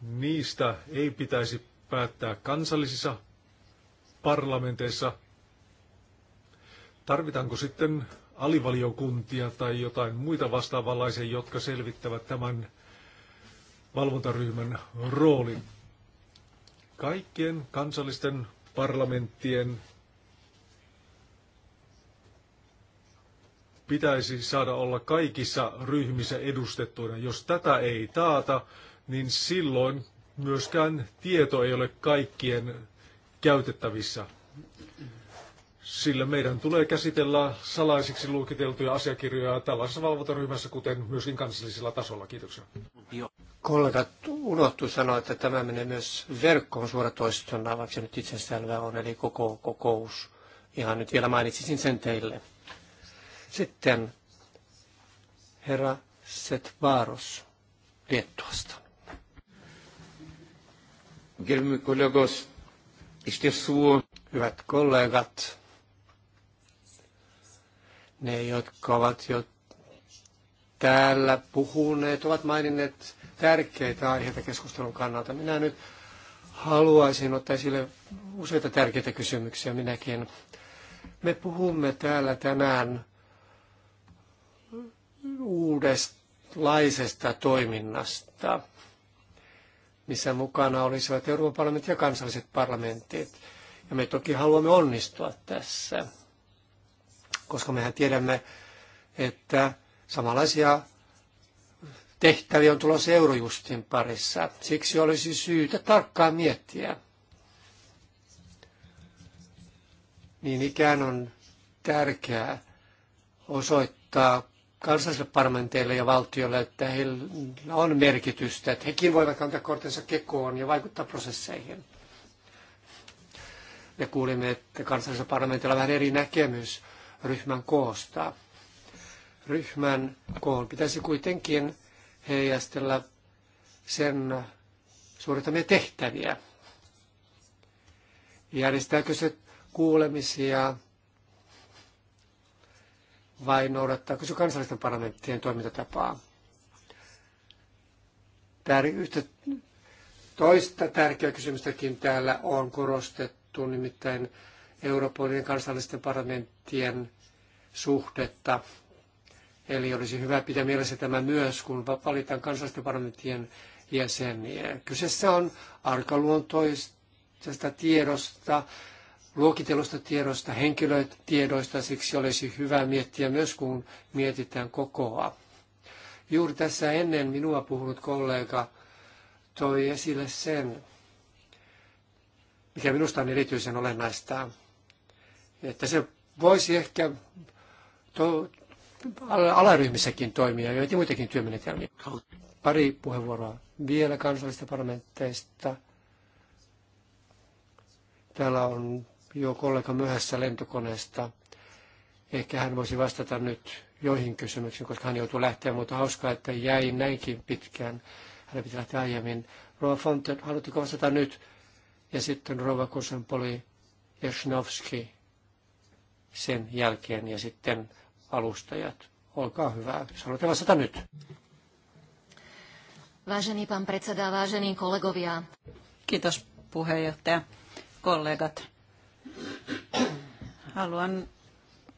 niistä ei pitäisi päättää kansallisissa parlamenteissa. Tarvitaanko sitten alivaliokuntia tai jotain muita vastaavanlaisia, jotka selvittävät tämän valvontaryhmän roolin. Kaikkien kansallisten parlamenttien pitäisi saada olla kaikissa ryhmissä edustettuina. Jos tätä ei taata, niin silloin myöskään tieto ei ole kaikkien käytettävissä sillä meidän tulee käsitellä salaisiksi luokiteltuja asiakirjoja tällaisessa valvontaryhmässä, kuten myöskin kansallisella tasolla. Kiitoksia. Kollegat unohtu sanoa, että tämä menee myös verkkoon suoratoistona, vaikka se nyt itsestäänselvä on, eli koko kokous. Ihan nyt vielä mainitsisin sen teille. Sitten herra Setvaros Liettuasta. Hyvät kollegat, ne, jotka ovat jo täällä puhuneet, ovat maininneet tärkeitä aiheita keskustelun kannalta. Minä nyt haluaisin ottaa esille useita tärkeitä kysymyksiä minäkin. Me puhumme täällä tänään uudestlaisesta toiminnasta, missä mukana olisivat Euroopan parlamentti ja kansalliset parlamentit. Ja me toki haluamme onnistua tässä koska mehän tiedämme, että samanlaisia tehtäviä on tulossa eurojustin parissa. Siksi olisi syytä tarkkaan miettiä. Niin ikään on tärkeää osoittaa kansallisille parlamenteille ja valtiolle, että heillä on merkitystä, että hekin voivat kantaa kortensa kekoon ja vaikuttaa prosesseihin. Me kuulimme, että kansallisella parlamentilla on vähän eri näkemys ryhmän koosta. Ryhmän koon pitäisi kuitenkin heijastella sen suorittamia tehtäviä. Järjestääkö se kuulemisia vai noudattaako se kansallisten parlamenttien toimintatapaa? Tär, yhtä toista tärkeää kysymystäkin täällä on korostettu, nimittäin Europolin kansallisten parlamenttien suhdetta. Eli olisi hyvä pitää mielessä tämä myös, kun valitaan kansallisten parlamenttien jäseniä. Kyseessä on arkaluontoisesta tiedosta, luokitellusta tiedosta, henkilötiedoista, siksi olisi hyvä miettiä myös, kun mietitään kokoa. Juuri tässä ennen minua puhunut kollega toi esille sen, mikä minusta on erityisen olennaista, että se voisi ehkä to, alaryhmissäkin toimia, joita muitakin työmenetelmiä. Pari puheenvuoroa vielä kansallisista parlamentteista. Täällä on jo kollega myöhässä lentokoneesta. Ehkä hän voisi vastata nyt joihin kysymyksiin, koska hän joutuu lähteä, mutta hauskaa, että jäi näinkin pitkään. Hän piti lähteä aiemmin. Rova Fonten, haluatteko vastata nyt? Ja sitten Rova Kusenpoli Jesnovski sen jälkeen ja sitten alustajat. Olkaa hyvä, sanotellaan sitä nyt. Vážený pan predseda, vážení kolegovia. Kiitos puheenjohtaja, kollegat. Haluan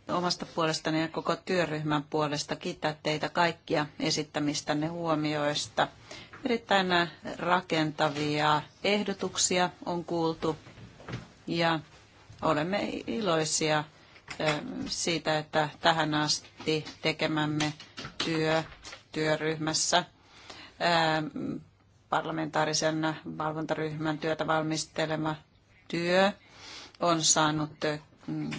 omasta puolestani ja koko työryhmän puolesta kiittää teitä kaikkia esittämistänne huomioista. Erittäin rakentavia ehdotuksia on kuultu ja olemme iloisia siitä, että tähän asti tekemämme työ työryhmässä parlamentaarisen valvontaryhmän työtä valmistelema työ on saanut mm,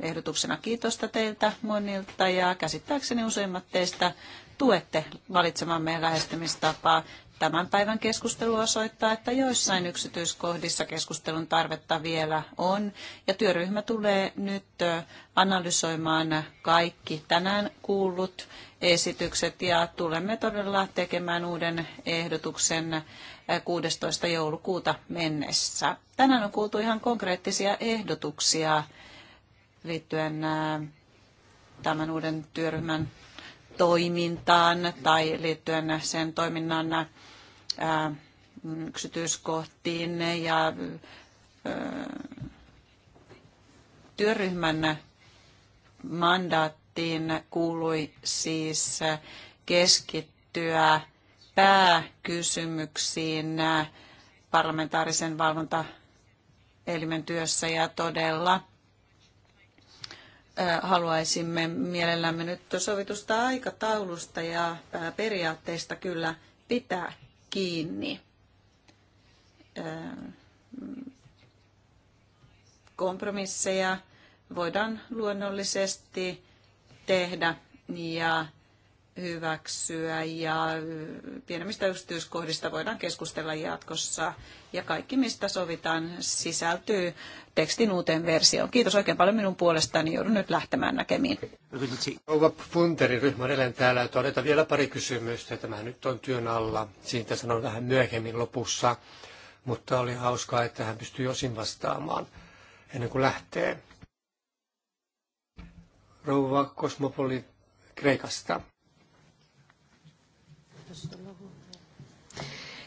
ehdotuksena kiitosta teiltä monilta ja käsittääkseni useimmat teistä tuette valitsemamme lähestymistapaa. Tämän päivän keskustelu osoittaa, että joissain yksityiskohdissa keskustelun tarvetta vielä on, ja työryhmä tulee nyt analysoimaan kaikki tänään kuullut esitykset, ja tulemme todella tekemään uuden ehdotuksen 16. joulukuuta mennessä. Tänään on kuultu ihan konkreettisia ehdotuksia liittyen tämän uuden työryhmän toimintaan tai liittyen sen toiminnan mm, yksityiskohtiin ja työryhmän mandaattiin kuului siis keskittyä pääkysymyksiin parlamentaarisen valvontaelimen työssä ja todella haluaisimme mielellämme nyt sovitusta aikataulusta ja periaatteista kyllä pitää kiinni. Kompromisseja voidaan luonnollisesti tehdä ja hyväksyä ja pienemmistä yksityiskohdista voidaan keskustella jatkossa. Ja kaikki, mistä sovitaan, sisältyy tekstin uuteen versioon. Kiitos oikein paljon minun puolestani. Joudun nyt lähtemään näkemiin. Rouva Punteri, ryhmä edelleen täällä. Todeta vielä pari kysymystä. Tämä nyt on työn alla. Siitä sanon vähän myöhemmin lopussa. Mutta oli hauskaa, että hän pystyi osin vastaamaan ennen kuin lähtee. Rouva Kosmopoli Kreikasta.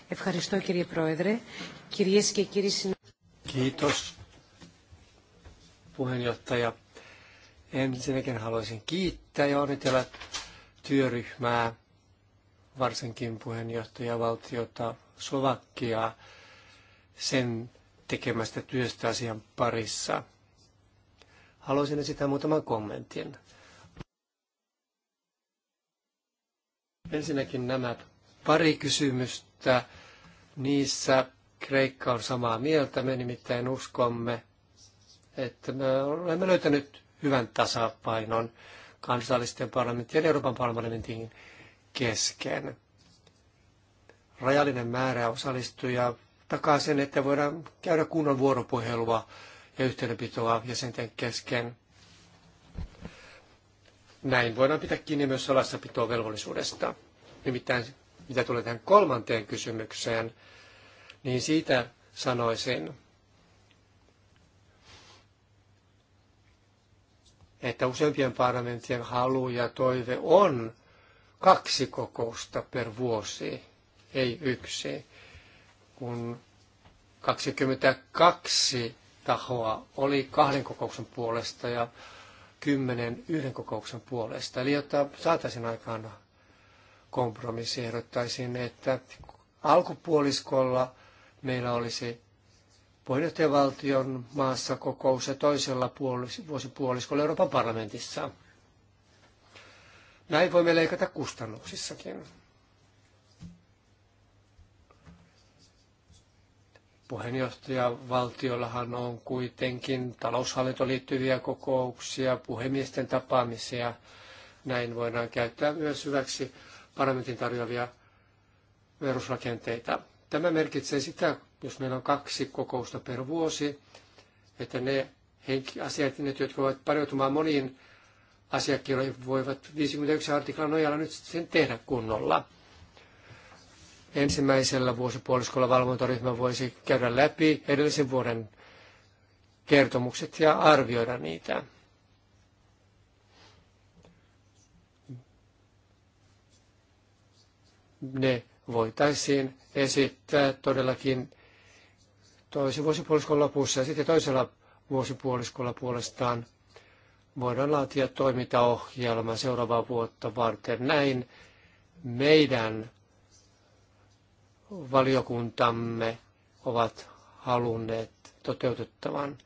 Ευχαριστώ κύριε Πρόεδρε. Κυρίες και κύριοι Kiitos puheenjohtaja. Ensinnäkin haluaisin kiittää ja onnitella työryhmää, varsinkin valtiota Slovakia sen tekemästä työstä asian parissa. Haluaisin esittää muutaman kommentin. Ensinnäkin nämä pari kysymystä. Niissä Kreikka on samaa mieltä. Me nimittäin uskomme, että me olemme löytäneet hyvän tasapainon kansallisten parlamenttien ja Euroopan parlamentin kesken. Rajallinen määrä osallistuja takaa sen, että voidaan käydä kunnon vuoropuhelua ja yhteydenpitoa jäsenten kesken. Näin voidaan pitää kiinni myös salassapitovelvollisuudesta. Nimittäin mitä tulee tähän kolmanteen kysymykseen, niin siitä sanoisin, että useimpien parlamenttien halu ja toive on kaksi kokousta per vuosi, ei yksi, kun 22 tahoa oli kahden kokouksen puolesta ja kymmenen yhden kokouksen puolesta. Eli jotta saataisiin aikaan kompromissi, ehdottaisin, että alkupuoliskolla meillä olisi puheenjohtajavaltion maassa kokous ja toisella puolis- vuosipuoliskolla Euroopan parlamentissa. Näin voimme leikata kustannuksissakin. Puheenjohtajavaltiollahan on kuitenkin taloushallintoon liittyviä kokouksia, puhemiesten tapaamisia. Näin voidaan käyttää myös hyväksi parlamentin tarjoavia perusrakenteita. Tämä merkitsee sitä, jos meillä on kaksi kokousta per vuosi, että ne asiat, ne, jotka voivat pariutumaan moniin asiakirjoihin, voivat 51 artiklan nojalla nyt sen tehdä kunnolla ensimmäisellä vuosipuoliskolla valvontaryhmä voisi käydä läpi edellisen vuoden kertomukset ja arvioida niitä. Ne voitaisiin esittää todellakin toisen vuosipuoliskon lopussa ja sitten toisella vuosipuoliskolla puolestaan voidaan laatia toimintaohjelma seuraavaa vuotta varten. Näin meidän valiokuntamme ovat halunneet toteutettavan.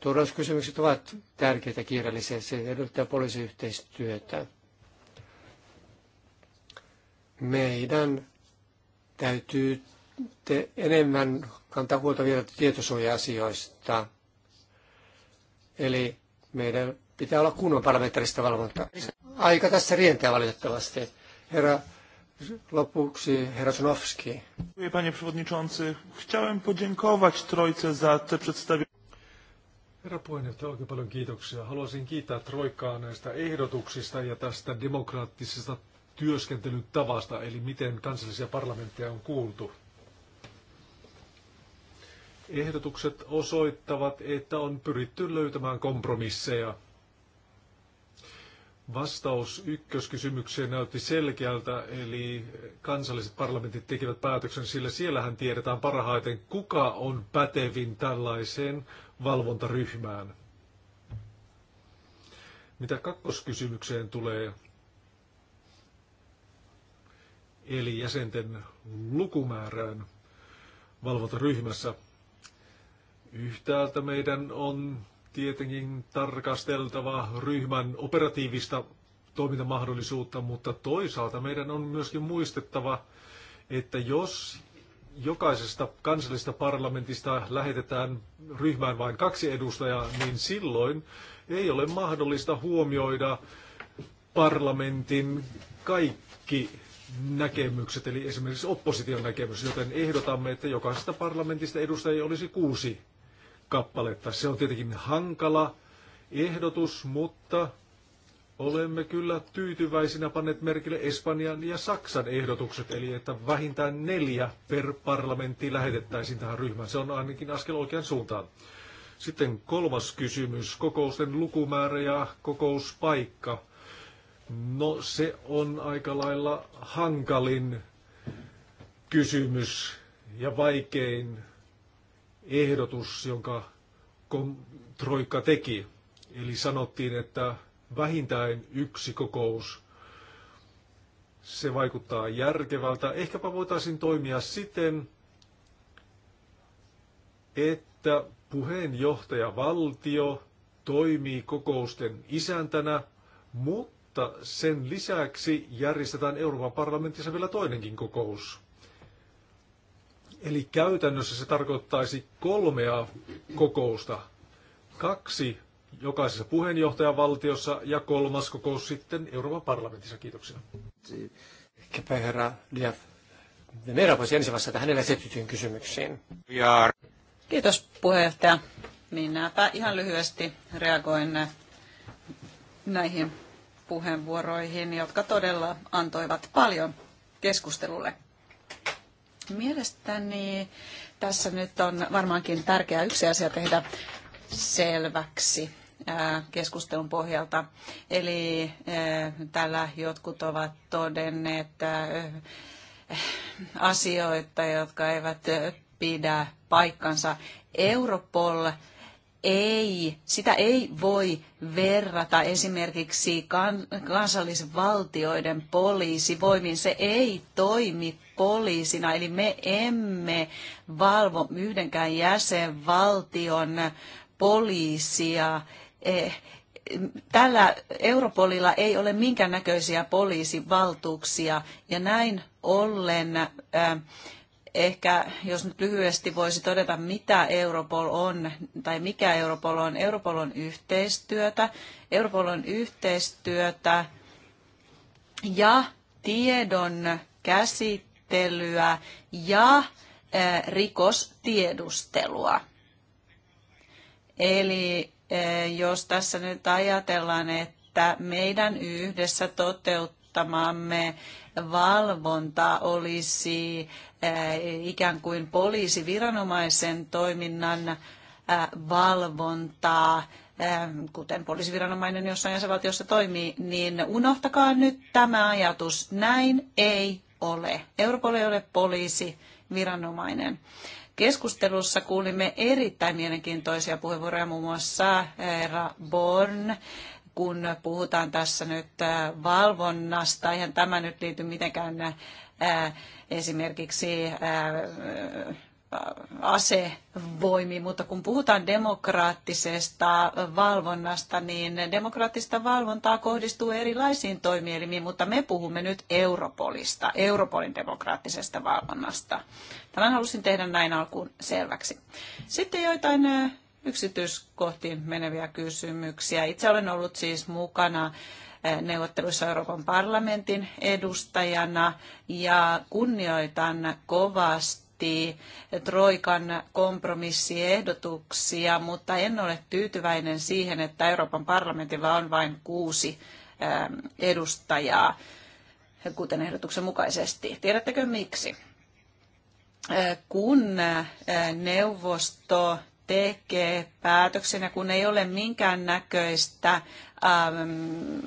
Turvallisuuskysymykset ovat tärkeitä kiireellisiä, se edellyttää poliisiyhteistyötä. Meidän täytyy te enemmän kantaa huolta vielä tietosuoja-asioista. Eli meidän pitää olla kunnon parlamentaarista valvontaa. Aika tässä rientää valitettavasti. Herra Lopuksi herra Znowski. Panie przewodniczący, chciałem podziękować Trojce za te przedstawienie. Herra oikein paljon kiitoksia. Haluaisin kiittää Troikkaa näistä ehdotuksista ja tästä demokraattisesta työskentelytavasta, eli miten kansallisia parlamentteja on kuultu. Ehdotukset osoittavat, että on pyritty löytämään kompromisseja – Vastaus ykköskysymykseen näytti selkeältä, eli kansalliset parlamentit tekevät päätöksen, sillä siellähän tiedetään parhaiten, kuka on pätevin tällaiseen valvontaryhmään. Mitä kakkoskysymykseen tulee, eli jäsenten lukumäärään valvontaryhmässä, yhtäältä meidän on tietenkin tarkasteltava ryhmän operatiivista toimintamahdollisuutta, mutta toisaalta meidän on myöskin muistettava, että jos jokaisesta kansallisesta parlamentista lähetetään ryhmään vain kaksi edustajaa, niin silloin ei ole mahdollista huomioida parlamentin kaikki näkemykset, eli esimerkiksi opposition näkemys, joten ehdotamme, että jokaisesta parlamentista edustajia olisi kuusi kappaletta. Se on tietenkin hankala ehdotus, mutta olemme kyllä tyytyväisinä panneet merkille Espanjan ja Saksan ehdotukset, eli että vähintään neljä per parlamentti lähetettäisiin tähän ryhmään. Se on ainakin askel oikean suuntaan. Sitten kolmas kysymys, kokousten lukumäärä ja kokouspaikka. No se on aika lailla hankalin kysymys ja vaikein ehdotus, jonka Troikka teki. Eli sanottiin, että vähintään yksi kokous, se vaikuttaa järkevältä. Ehkäpä voitaisiin toimia siten, että puheenjohtajavaltio toimii kokousten isäntänä, mutta sen lisäksi järjestetään Euroopan parlamentissa vielä toinenkin kokous. Eli käytännössä se tarkoittaisi kolmea kokousta. Kaksi jokaisessa puheenjohtajavaltiossa ja kolmas kokous sitten Euroopan parlamentissa. Kiitoksia. Ehkäpä herra Diaf Venera voisi ensin vastata hänelle esitettyyn kysymyksiin. Kiitos puheenjohtaja. Minäpä ihan lyhyesti reagoin näihin puheenvuoroihin, jotka todella antoivat paljon keskustelulle. Mielestäni tässä nyt on varmaankin tärkeä yksi asia tehdä selväksi keskustelun pohjalta. Eli täällä jotkut ovat todenneet asioita, jotka eivät pidä paikkansa. Europol ei, sitä ei voi verrata esimerkiksi kan, kansallisvaltioiden poliisivoimiin. Se ei toimi poliisina, eli me emme valvo yhdenkään jäsenvaltion poliisia. Eh, tällä Europolilla ei ole minkäännäköisiä poliisivaltuuksia, ja näin ollen äh, Ehkä jos nyt lyhyesti voisi todeta, mitä Europol on tai mikä Europol on. Europol on yhteistyötä. Europol on yhteistyötä ja tiedon käsittelyä ja rikostiedustelua. Eli jos tässä nyt ajatellaan, että meidän yhdessä toteuttamamme valvonta olisi eh, ikään kuin poliisiviranomaisen toiminnan eh, valvontaa, eh, kuten poliisiviranomainen jossain jäsenvaltiossa toimii, niin unohtakaa nyt tämä ajatus. Näin ei ole. Europol ei ole poliisiviranomainen. Keskustelussa kuulimme erittäin mielenkiintoisia puheenvuoroja muun muassa Era Born kun puhutaan tässä nyt äh, valvonnasta, eihän tämä nyt liity mitenkään äh, esimerkiksi äh, asevoimi, mutta kun puhutaan demokraattisesta valvonnasta, niin demokraattista valvontaa kohdistuu erilaisiin toimielimiin, mutta me puhumme nyt Europolista, Europolin demokraattisesta valvonnasta. Tämän halusin tehdä näin alkuun selväksi. Sitten joitain yksityiskohtiin meneviä kysymyksiä. Itse olen ollut siis mukana eh, neuvotteluissa Euroopan parlamentin edustajana ja kunnioitan kovasti Troikan kompromissiehdotuksia, mutta en ole tyytyväinen siihen, että Euroopan parlamentilla on vain kuusi eh, edustajaa, kuten ehdotuksen mukaisesti. Tiedättekö miksi? Eh, kun neuvosto tekee päätöksen ja kun ei ole minkäännäköistä ähm,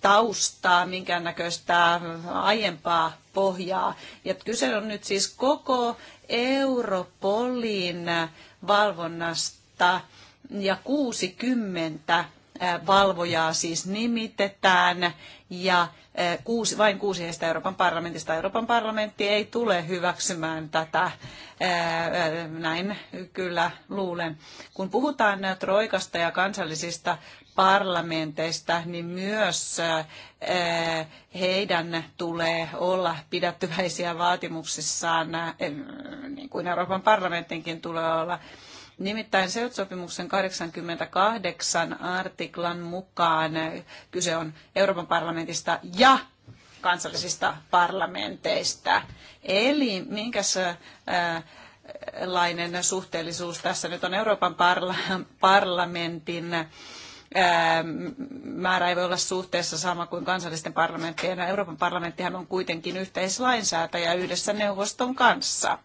taustaa, minkäännäköistä aiempaa pohjaa. Ja kyse on nyt siis koko Europolin valvonnasta ja 60 valvojaa siis nimitetään ja kuusi, vain kuusi heistä Euroopan parlamentista. Euroopan parlamentti ei tule hyväksymään tätä, näin kyllä luulen. Kun puhutaan troikasta ja kansallisista parlamenteista, niin myös heidän tulee olla pidättyväisiä vaatimuksissaan, niin kuin Euroopan parlamentinkin tulee olla Nimittäin SEUT-sopimuksen 88 artiklan mukaan kyse on Euroopan parlamentista ja kansallisista parlamenteista. Eli minkäs lainen suhteellisuus tässä nyt on Euroopan parla- parlamentin määrä ei voi olla suhteessa sama kuin kansallisten parlamenttien. Euroopan parlamenttihan on kuitenkin yhteislainsäätäjä yhdessä neuvoston kanssa.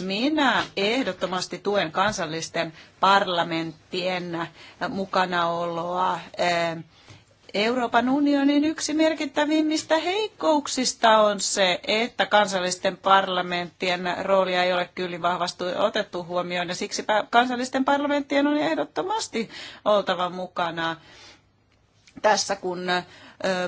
Minä ehdottomasti tuen kansallisten parlamenttien mukanaoloa. Eh, Euroopan unionin yksi merkittävimmistä heikkouksista on se, että kansallisten parlamenttien roolia ei ole kyllä niin vahvasti otettu huomioon ja siksi kansallisten parlamenttien on ehdottomasti oltava mukana tässä, kun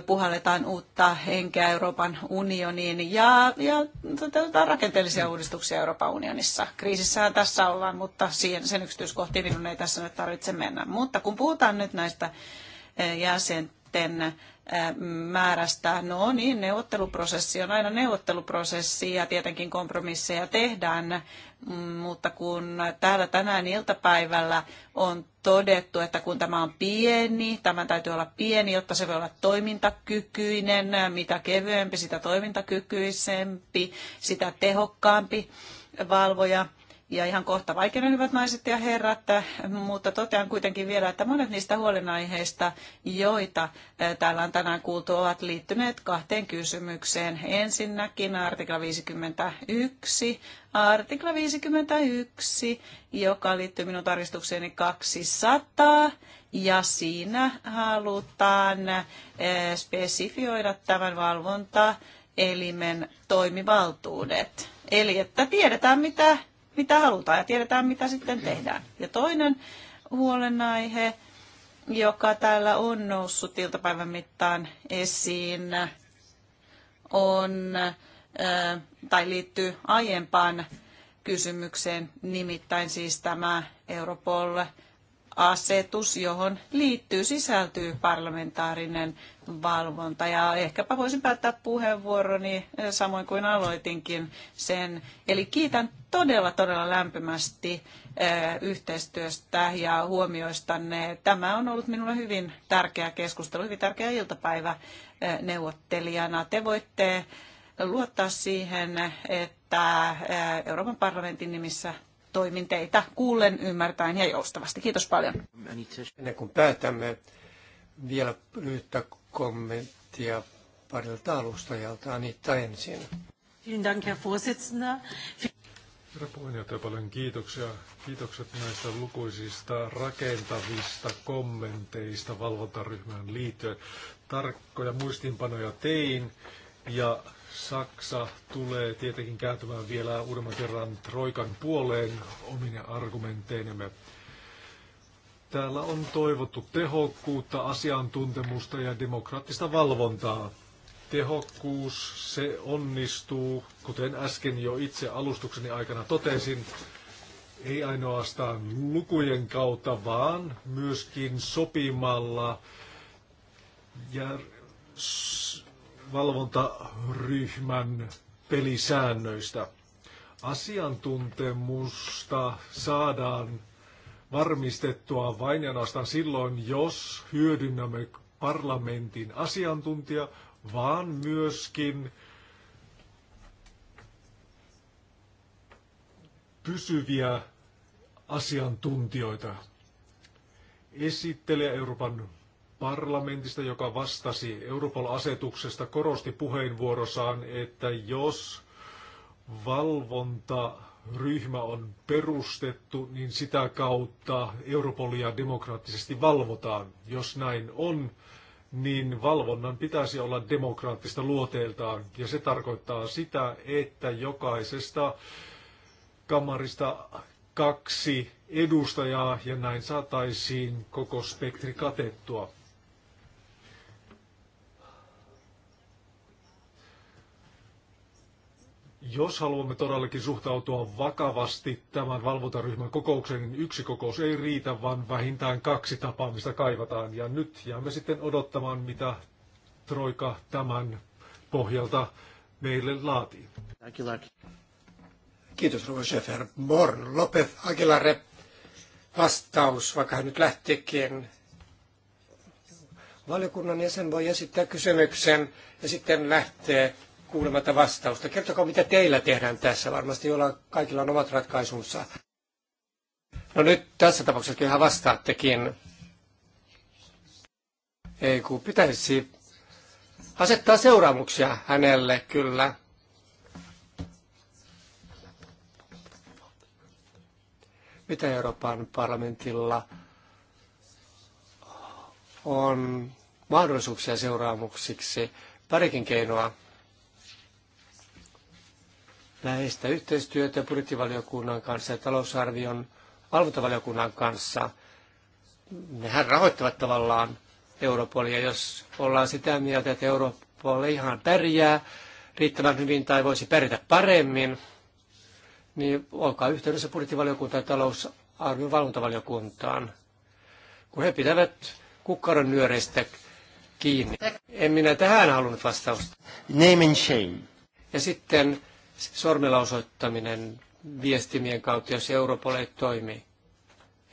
puhalletaan uutta henkeä Euroopan unioniin ja, ja toteutetaan rakenteellisia uudistuksia Euroopan unionissa. kriisissä tässä ollaan, mutta siihen, sen yksityiskohtiin minun ei tässä nyt tarvitse mennä. Mutta kun puhutaan nyt näistä jäsenten määrästä. No niin, neuvotteluprosessi on aina neuvotteluprosessi ja tietenkin kompromisseja tehdään, mutta kun täällä tänään iltapäivällä on todettu, että kun tämä on pieni, tämä täytyy olla pieni, jotta se voi olla toimintakykyinen, mitä kevyempi, sitä toimintakykyisempi, sitä tehokkaampi valvoja – ja ihan kohta vaikeina hyvät naiset ja herrat, mutta totean kuitenkin vielä, että monet niistä huolenaiheista, joita täällä on tänään kuultu, ovat liittyneet kahteen kysymykseen. Ensinnäkin artikla 51, artikla 51, joka liittyy minun tarkistukseeni 200, ja siinä halutaan spesifioida tämän valvontaelimen toimivaltuudet. Eli että tiedetään, mitä mitä halutaan ja tiedetään, mitä sitten tehdään. Ja toinen huolenaihe, joka täällä on noussut iltapäivän mittaan esiin, on äh, tai liittyy aiempaan kysymykseen, nimittäin siis tämä Europol asetus, johon liittyy, sisältyy parlamentaarinen valvonta. Ja ehkäpä voisin päättää puheenvuoroni eh, samoin kuin aloitinkin sen. Eli kiitän todella, todella lämpimästi eh, yhteistyöstä ja huomioistanne. Tämä on ollut minulle hyvin tärkeä keskustelu, hyvin tärkeä iltapäivä eh, neuvottelijana. Te voitte luottaa siihen, että Euroopan parlamentin nimissä toimin teitä kuullen, ymmärtäen ja joustavasti. Kiitos paljon. Ennen kuin päätämme, vielä lyhyttä kommenttia parilta alustajalta. Anita ensin. Herra puheenjohtaja, paljon kiitoksia. Kiitokset näistä lukuisista rakentavista kommenteista valvontaryhmään liittyen. Tarkkoja muistinpanoja tein ja Saksa tulee tietenkin kääntymään vielä uudemman kerran Troikan puoleen omine argumenteinemme. Täällä on toivottu tehokkuutta, asiantuntemusta ja demokraattista valvontaa. Tehokkuus, se onnistuu, kuten äsken jo itse alustukseni aikana totesin, ei ainoastaan lukujen kautta, vaan myöskin sopimalla ja valvontaryhmän pelisäännöistä. Asiantuntemusta saadaan varmistettua vain ja ainoastaan silloin, jos hyödynnämme parlamentin asiantuntija, vaan myöskin pysyviä asiantuntijoita. esittelee Euroopan parlamentista, joka vastasi Europol-asetuksesta, korosti puheenvuorossaan, että jos valvontaryhmä on perustettu, niin sitä kautta Europolia demokraattisesti valvotaan. Jos näin on, niin valvonnan pitäisi olla demokraattista luoteeltaan. Ja se tarkoittaa sitä, että jokaisesta kamarista kaksi edustajaa ja näin saataisiin koko spektri katettua. Jos haluamme todellakin suhtautua vakavasti tämän valvontaryhmän kokoukseen, niin yksi kokous ei riitä, vaan vähintään kaksi tapaamista kaivataan. Ja nyt jäämme sitten odottamaan, mitä Troika tämän pohjalta meille laatii. Kiitos, rouva Schäfer. Born, Lopez, Aguilare. Vastaus, vaikka hän nyt lähtikin. Valiokunnan jäsen voi esittää kysymyksen ja sitten lähtee kuulematta vastausta. Kertokaa, mitä teillä tehdään tässä. Varmasti jolla kaikilla on omat ratkaisunsa. No nyt tässä tapauksessa ihan vastaattekin. Ei kun pitäisi asettaa seuraamuksia hänelle kyllä. Mitä Euroopan parlamentilla on mahdollisuuksia seuraamuksiksi? Parikin keinoa läheistä yhteistyötä budjettivaliokunnan kanssa ja talousarvion valvontavaliokunnan kanssa. Nehän rahoittavat tavallaan Europolia, jos ollaan sitä mieltä, että Europol ihan pärjää riittävän hyvin tai voisi pärjätä paremmin, niin olkaa yhteydessä budjettivaliokuntaan ja talousarvion valvontavaliokuntaan, kun he pitävät kukkaron nyöreistä kiinni. En minä tähän halunnut vastausta. Name and shame. Ja sitten sormella osoittaminen viestimien kautta, jos Europol ei toimi.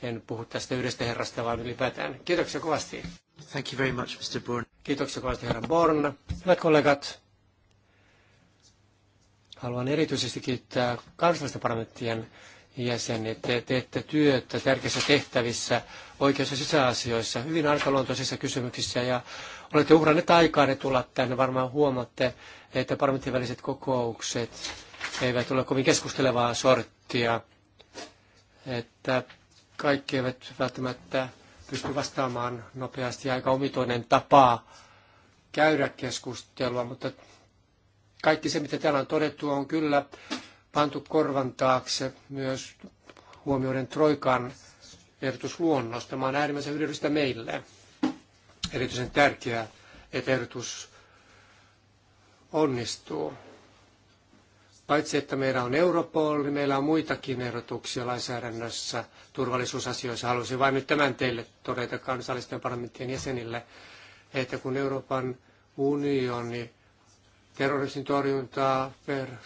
En puhu tästä yhdestä herrasta, vaan ylipäätään. Kiitoksia kovasti. Thank you very much, Mr. Born. Kiitoksia kovasti, herra Born. Hyvät kollegat, haluan erityisesti kiittää kansallisten parlamenttien jäseniä. Te teette työtä tärkeissä tehtävissä, oikeus- ja sisäasioissa, hyvin arkaluontoisissa kysymyksissä ja olette uhranneet aikaa ne tulla tänne. Varmaan huomaatte, että parlamentin väliset kokoukset eivät ole kovin keskustelevaa sorttia. Että kaikki eivät välttämättä pysty vastaamaan nopeasti. Aika omitoinen tapa käydä keskustelua, mutta kaikki se, mitä täällä on todettu, on kyllä pantu korvan taakse myös huomioiden Troikan ehdotusluonnosta. Tämä on äärimmäisen hyödyllistä meille erityisen tärkeää, että ehdotus onnistuu. Paitsi että meillä on Europol, niin meillä on muitakin ehdotuksia lainsäädännössä turvallisuusasioissa. Haluaisin vain nyt tämän teille todeta kansallisten parlamenttien jäsenille, että kun Euroopan unioni terrorismin torjuntaa,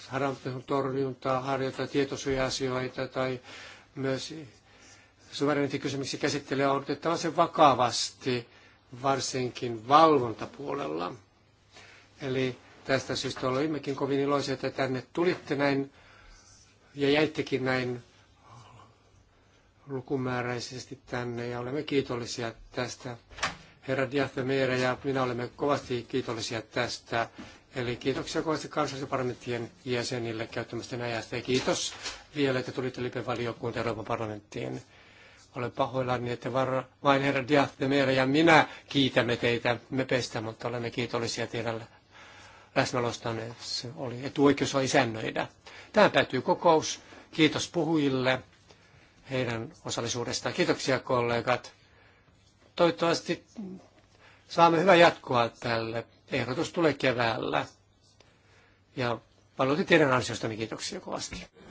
harjoittaa torjuntaa, harjoittaa tietosuoja-asioita tai myös suvereniteettikysymyksiä käsittelee, on otettava se vakavasti varsinkin valvontapuolella. Eli tästä syystä olimmekin kovin iloisia, että tänne tulitte näin ja jäittekin näin lukumääräisesti tänne ja olemme kiitollisia tästä. Herra Diathemere ja minä olemme kovasti kiitollisia tästä. Eli kiitoksia kovasti kansallisen parlamenttien jäsenille käyttämästä ajasta ja kiitos vielä, että tulitte Lipen Euroopan parlamenttiin. Olen pahoillani, että varra vain herra Diathemere ja minä kiitämme teitä pestä, mutta olemme kiitollisia teidän läsnäolostanne. Se oli etuoikeus on isännöidä. Tähän päätyy kokous. Kiitos puhujille heidän osallisuudestaan. Kiitoksia kollegat. Toivottavasti saamme hyvää jatkoa tälle. Ehdotus tulee keväällä. Ja paljon teidän ansiostanne kiitoksia kovasti.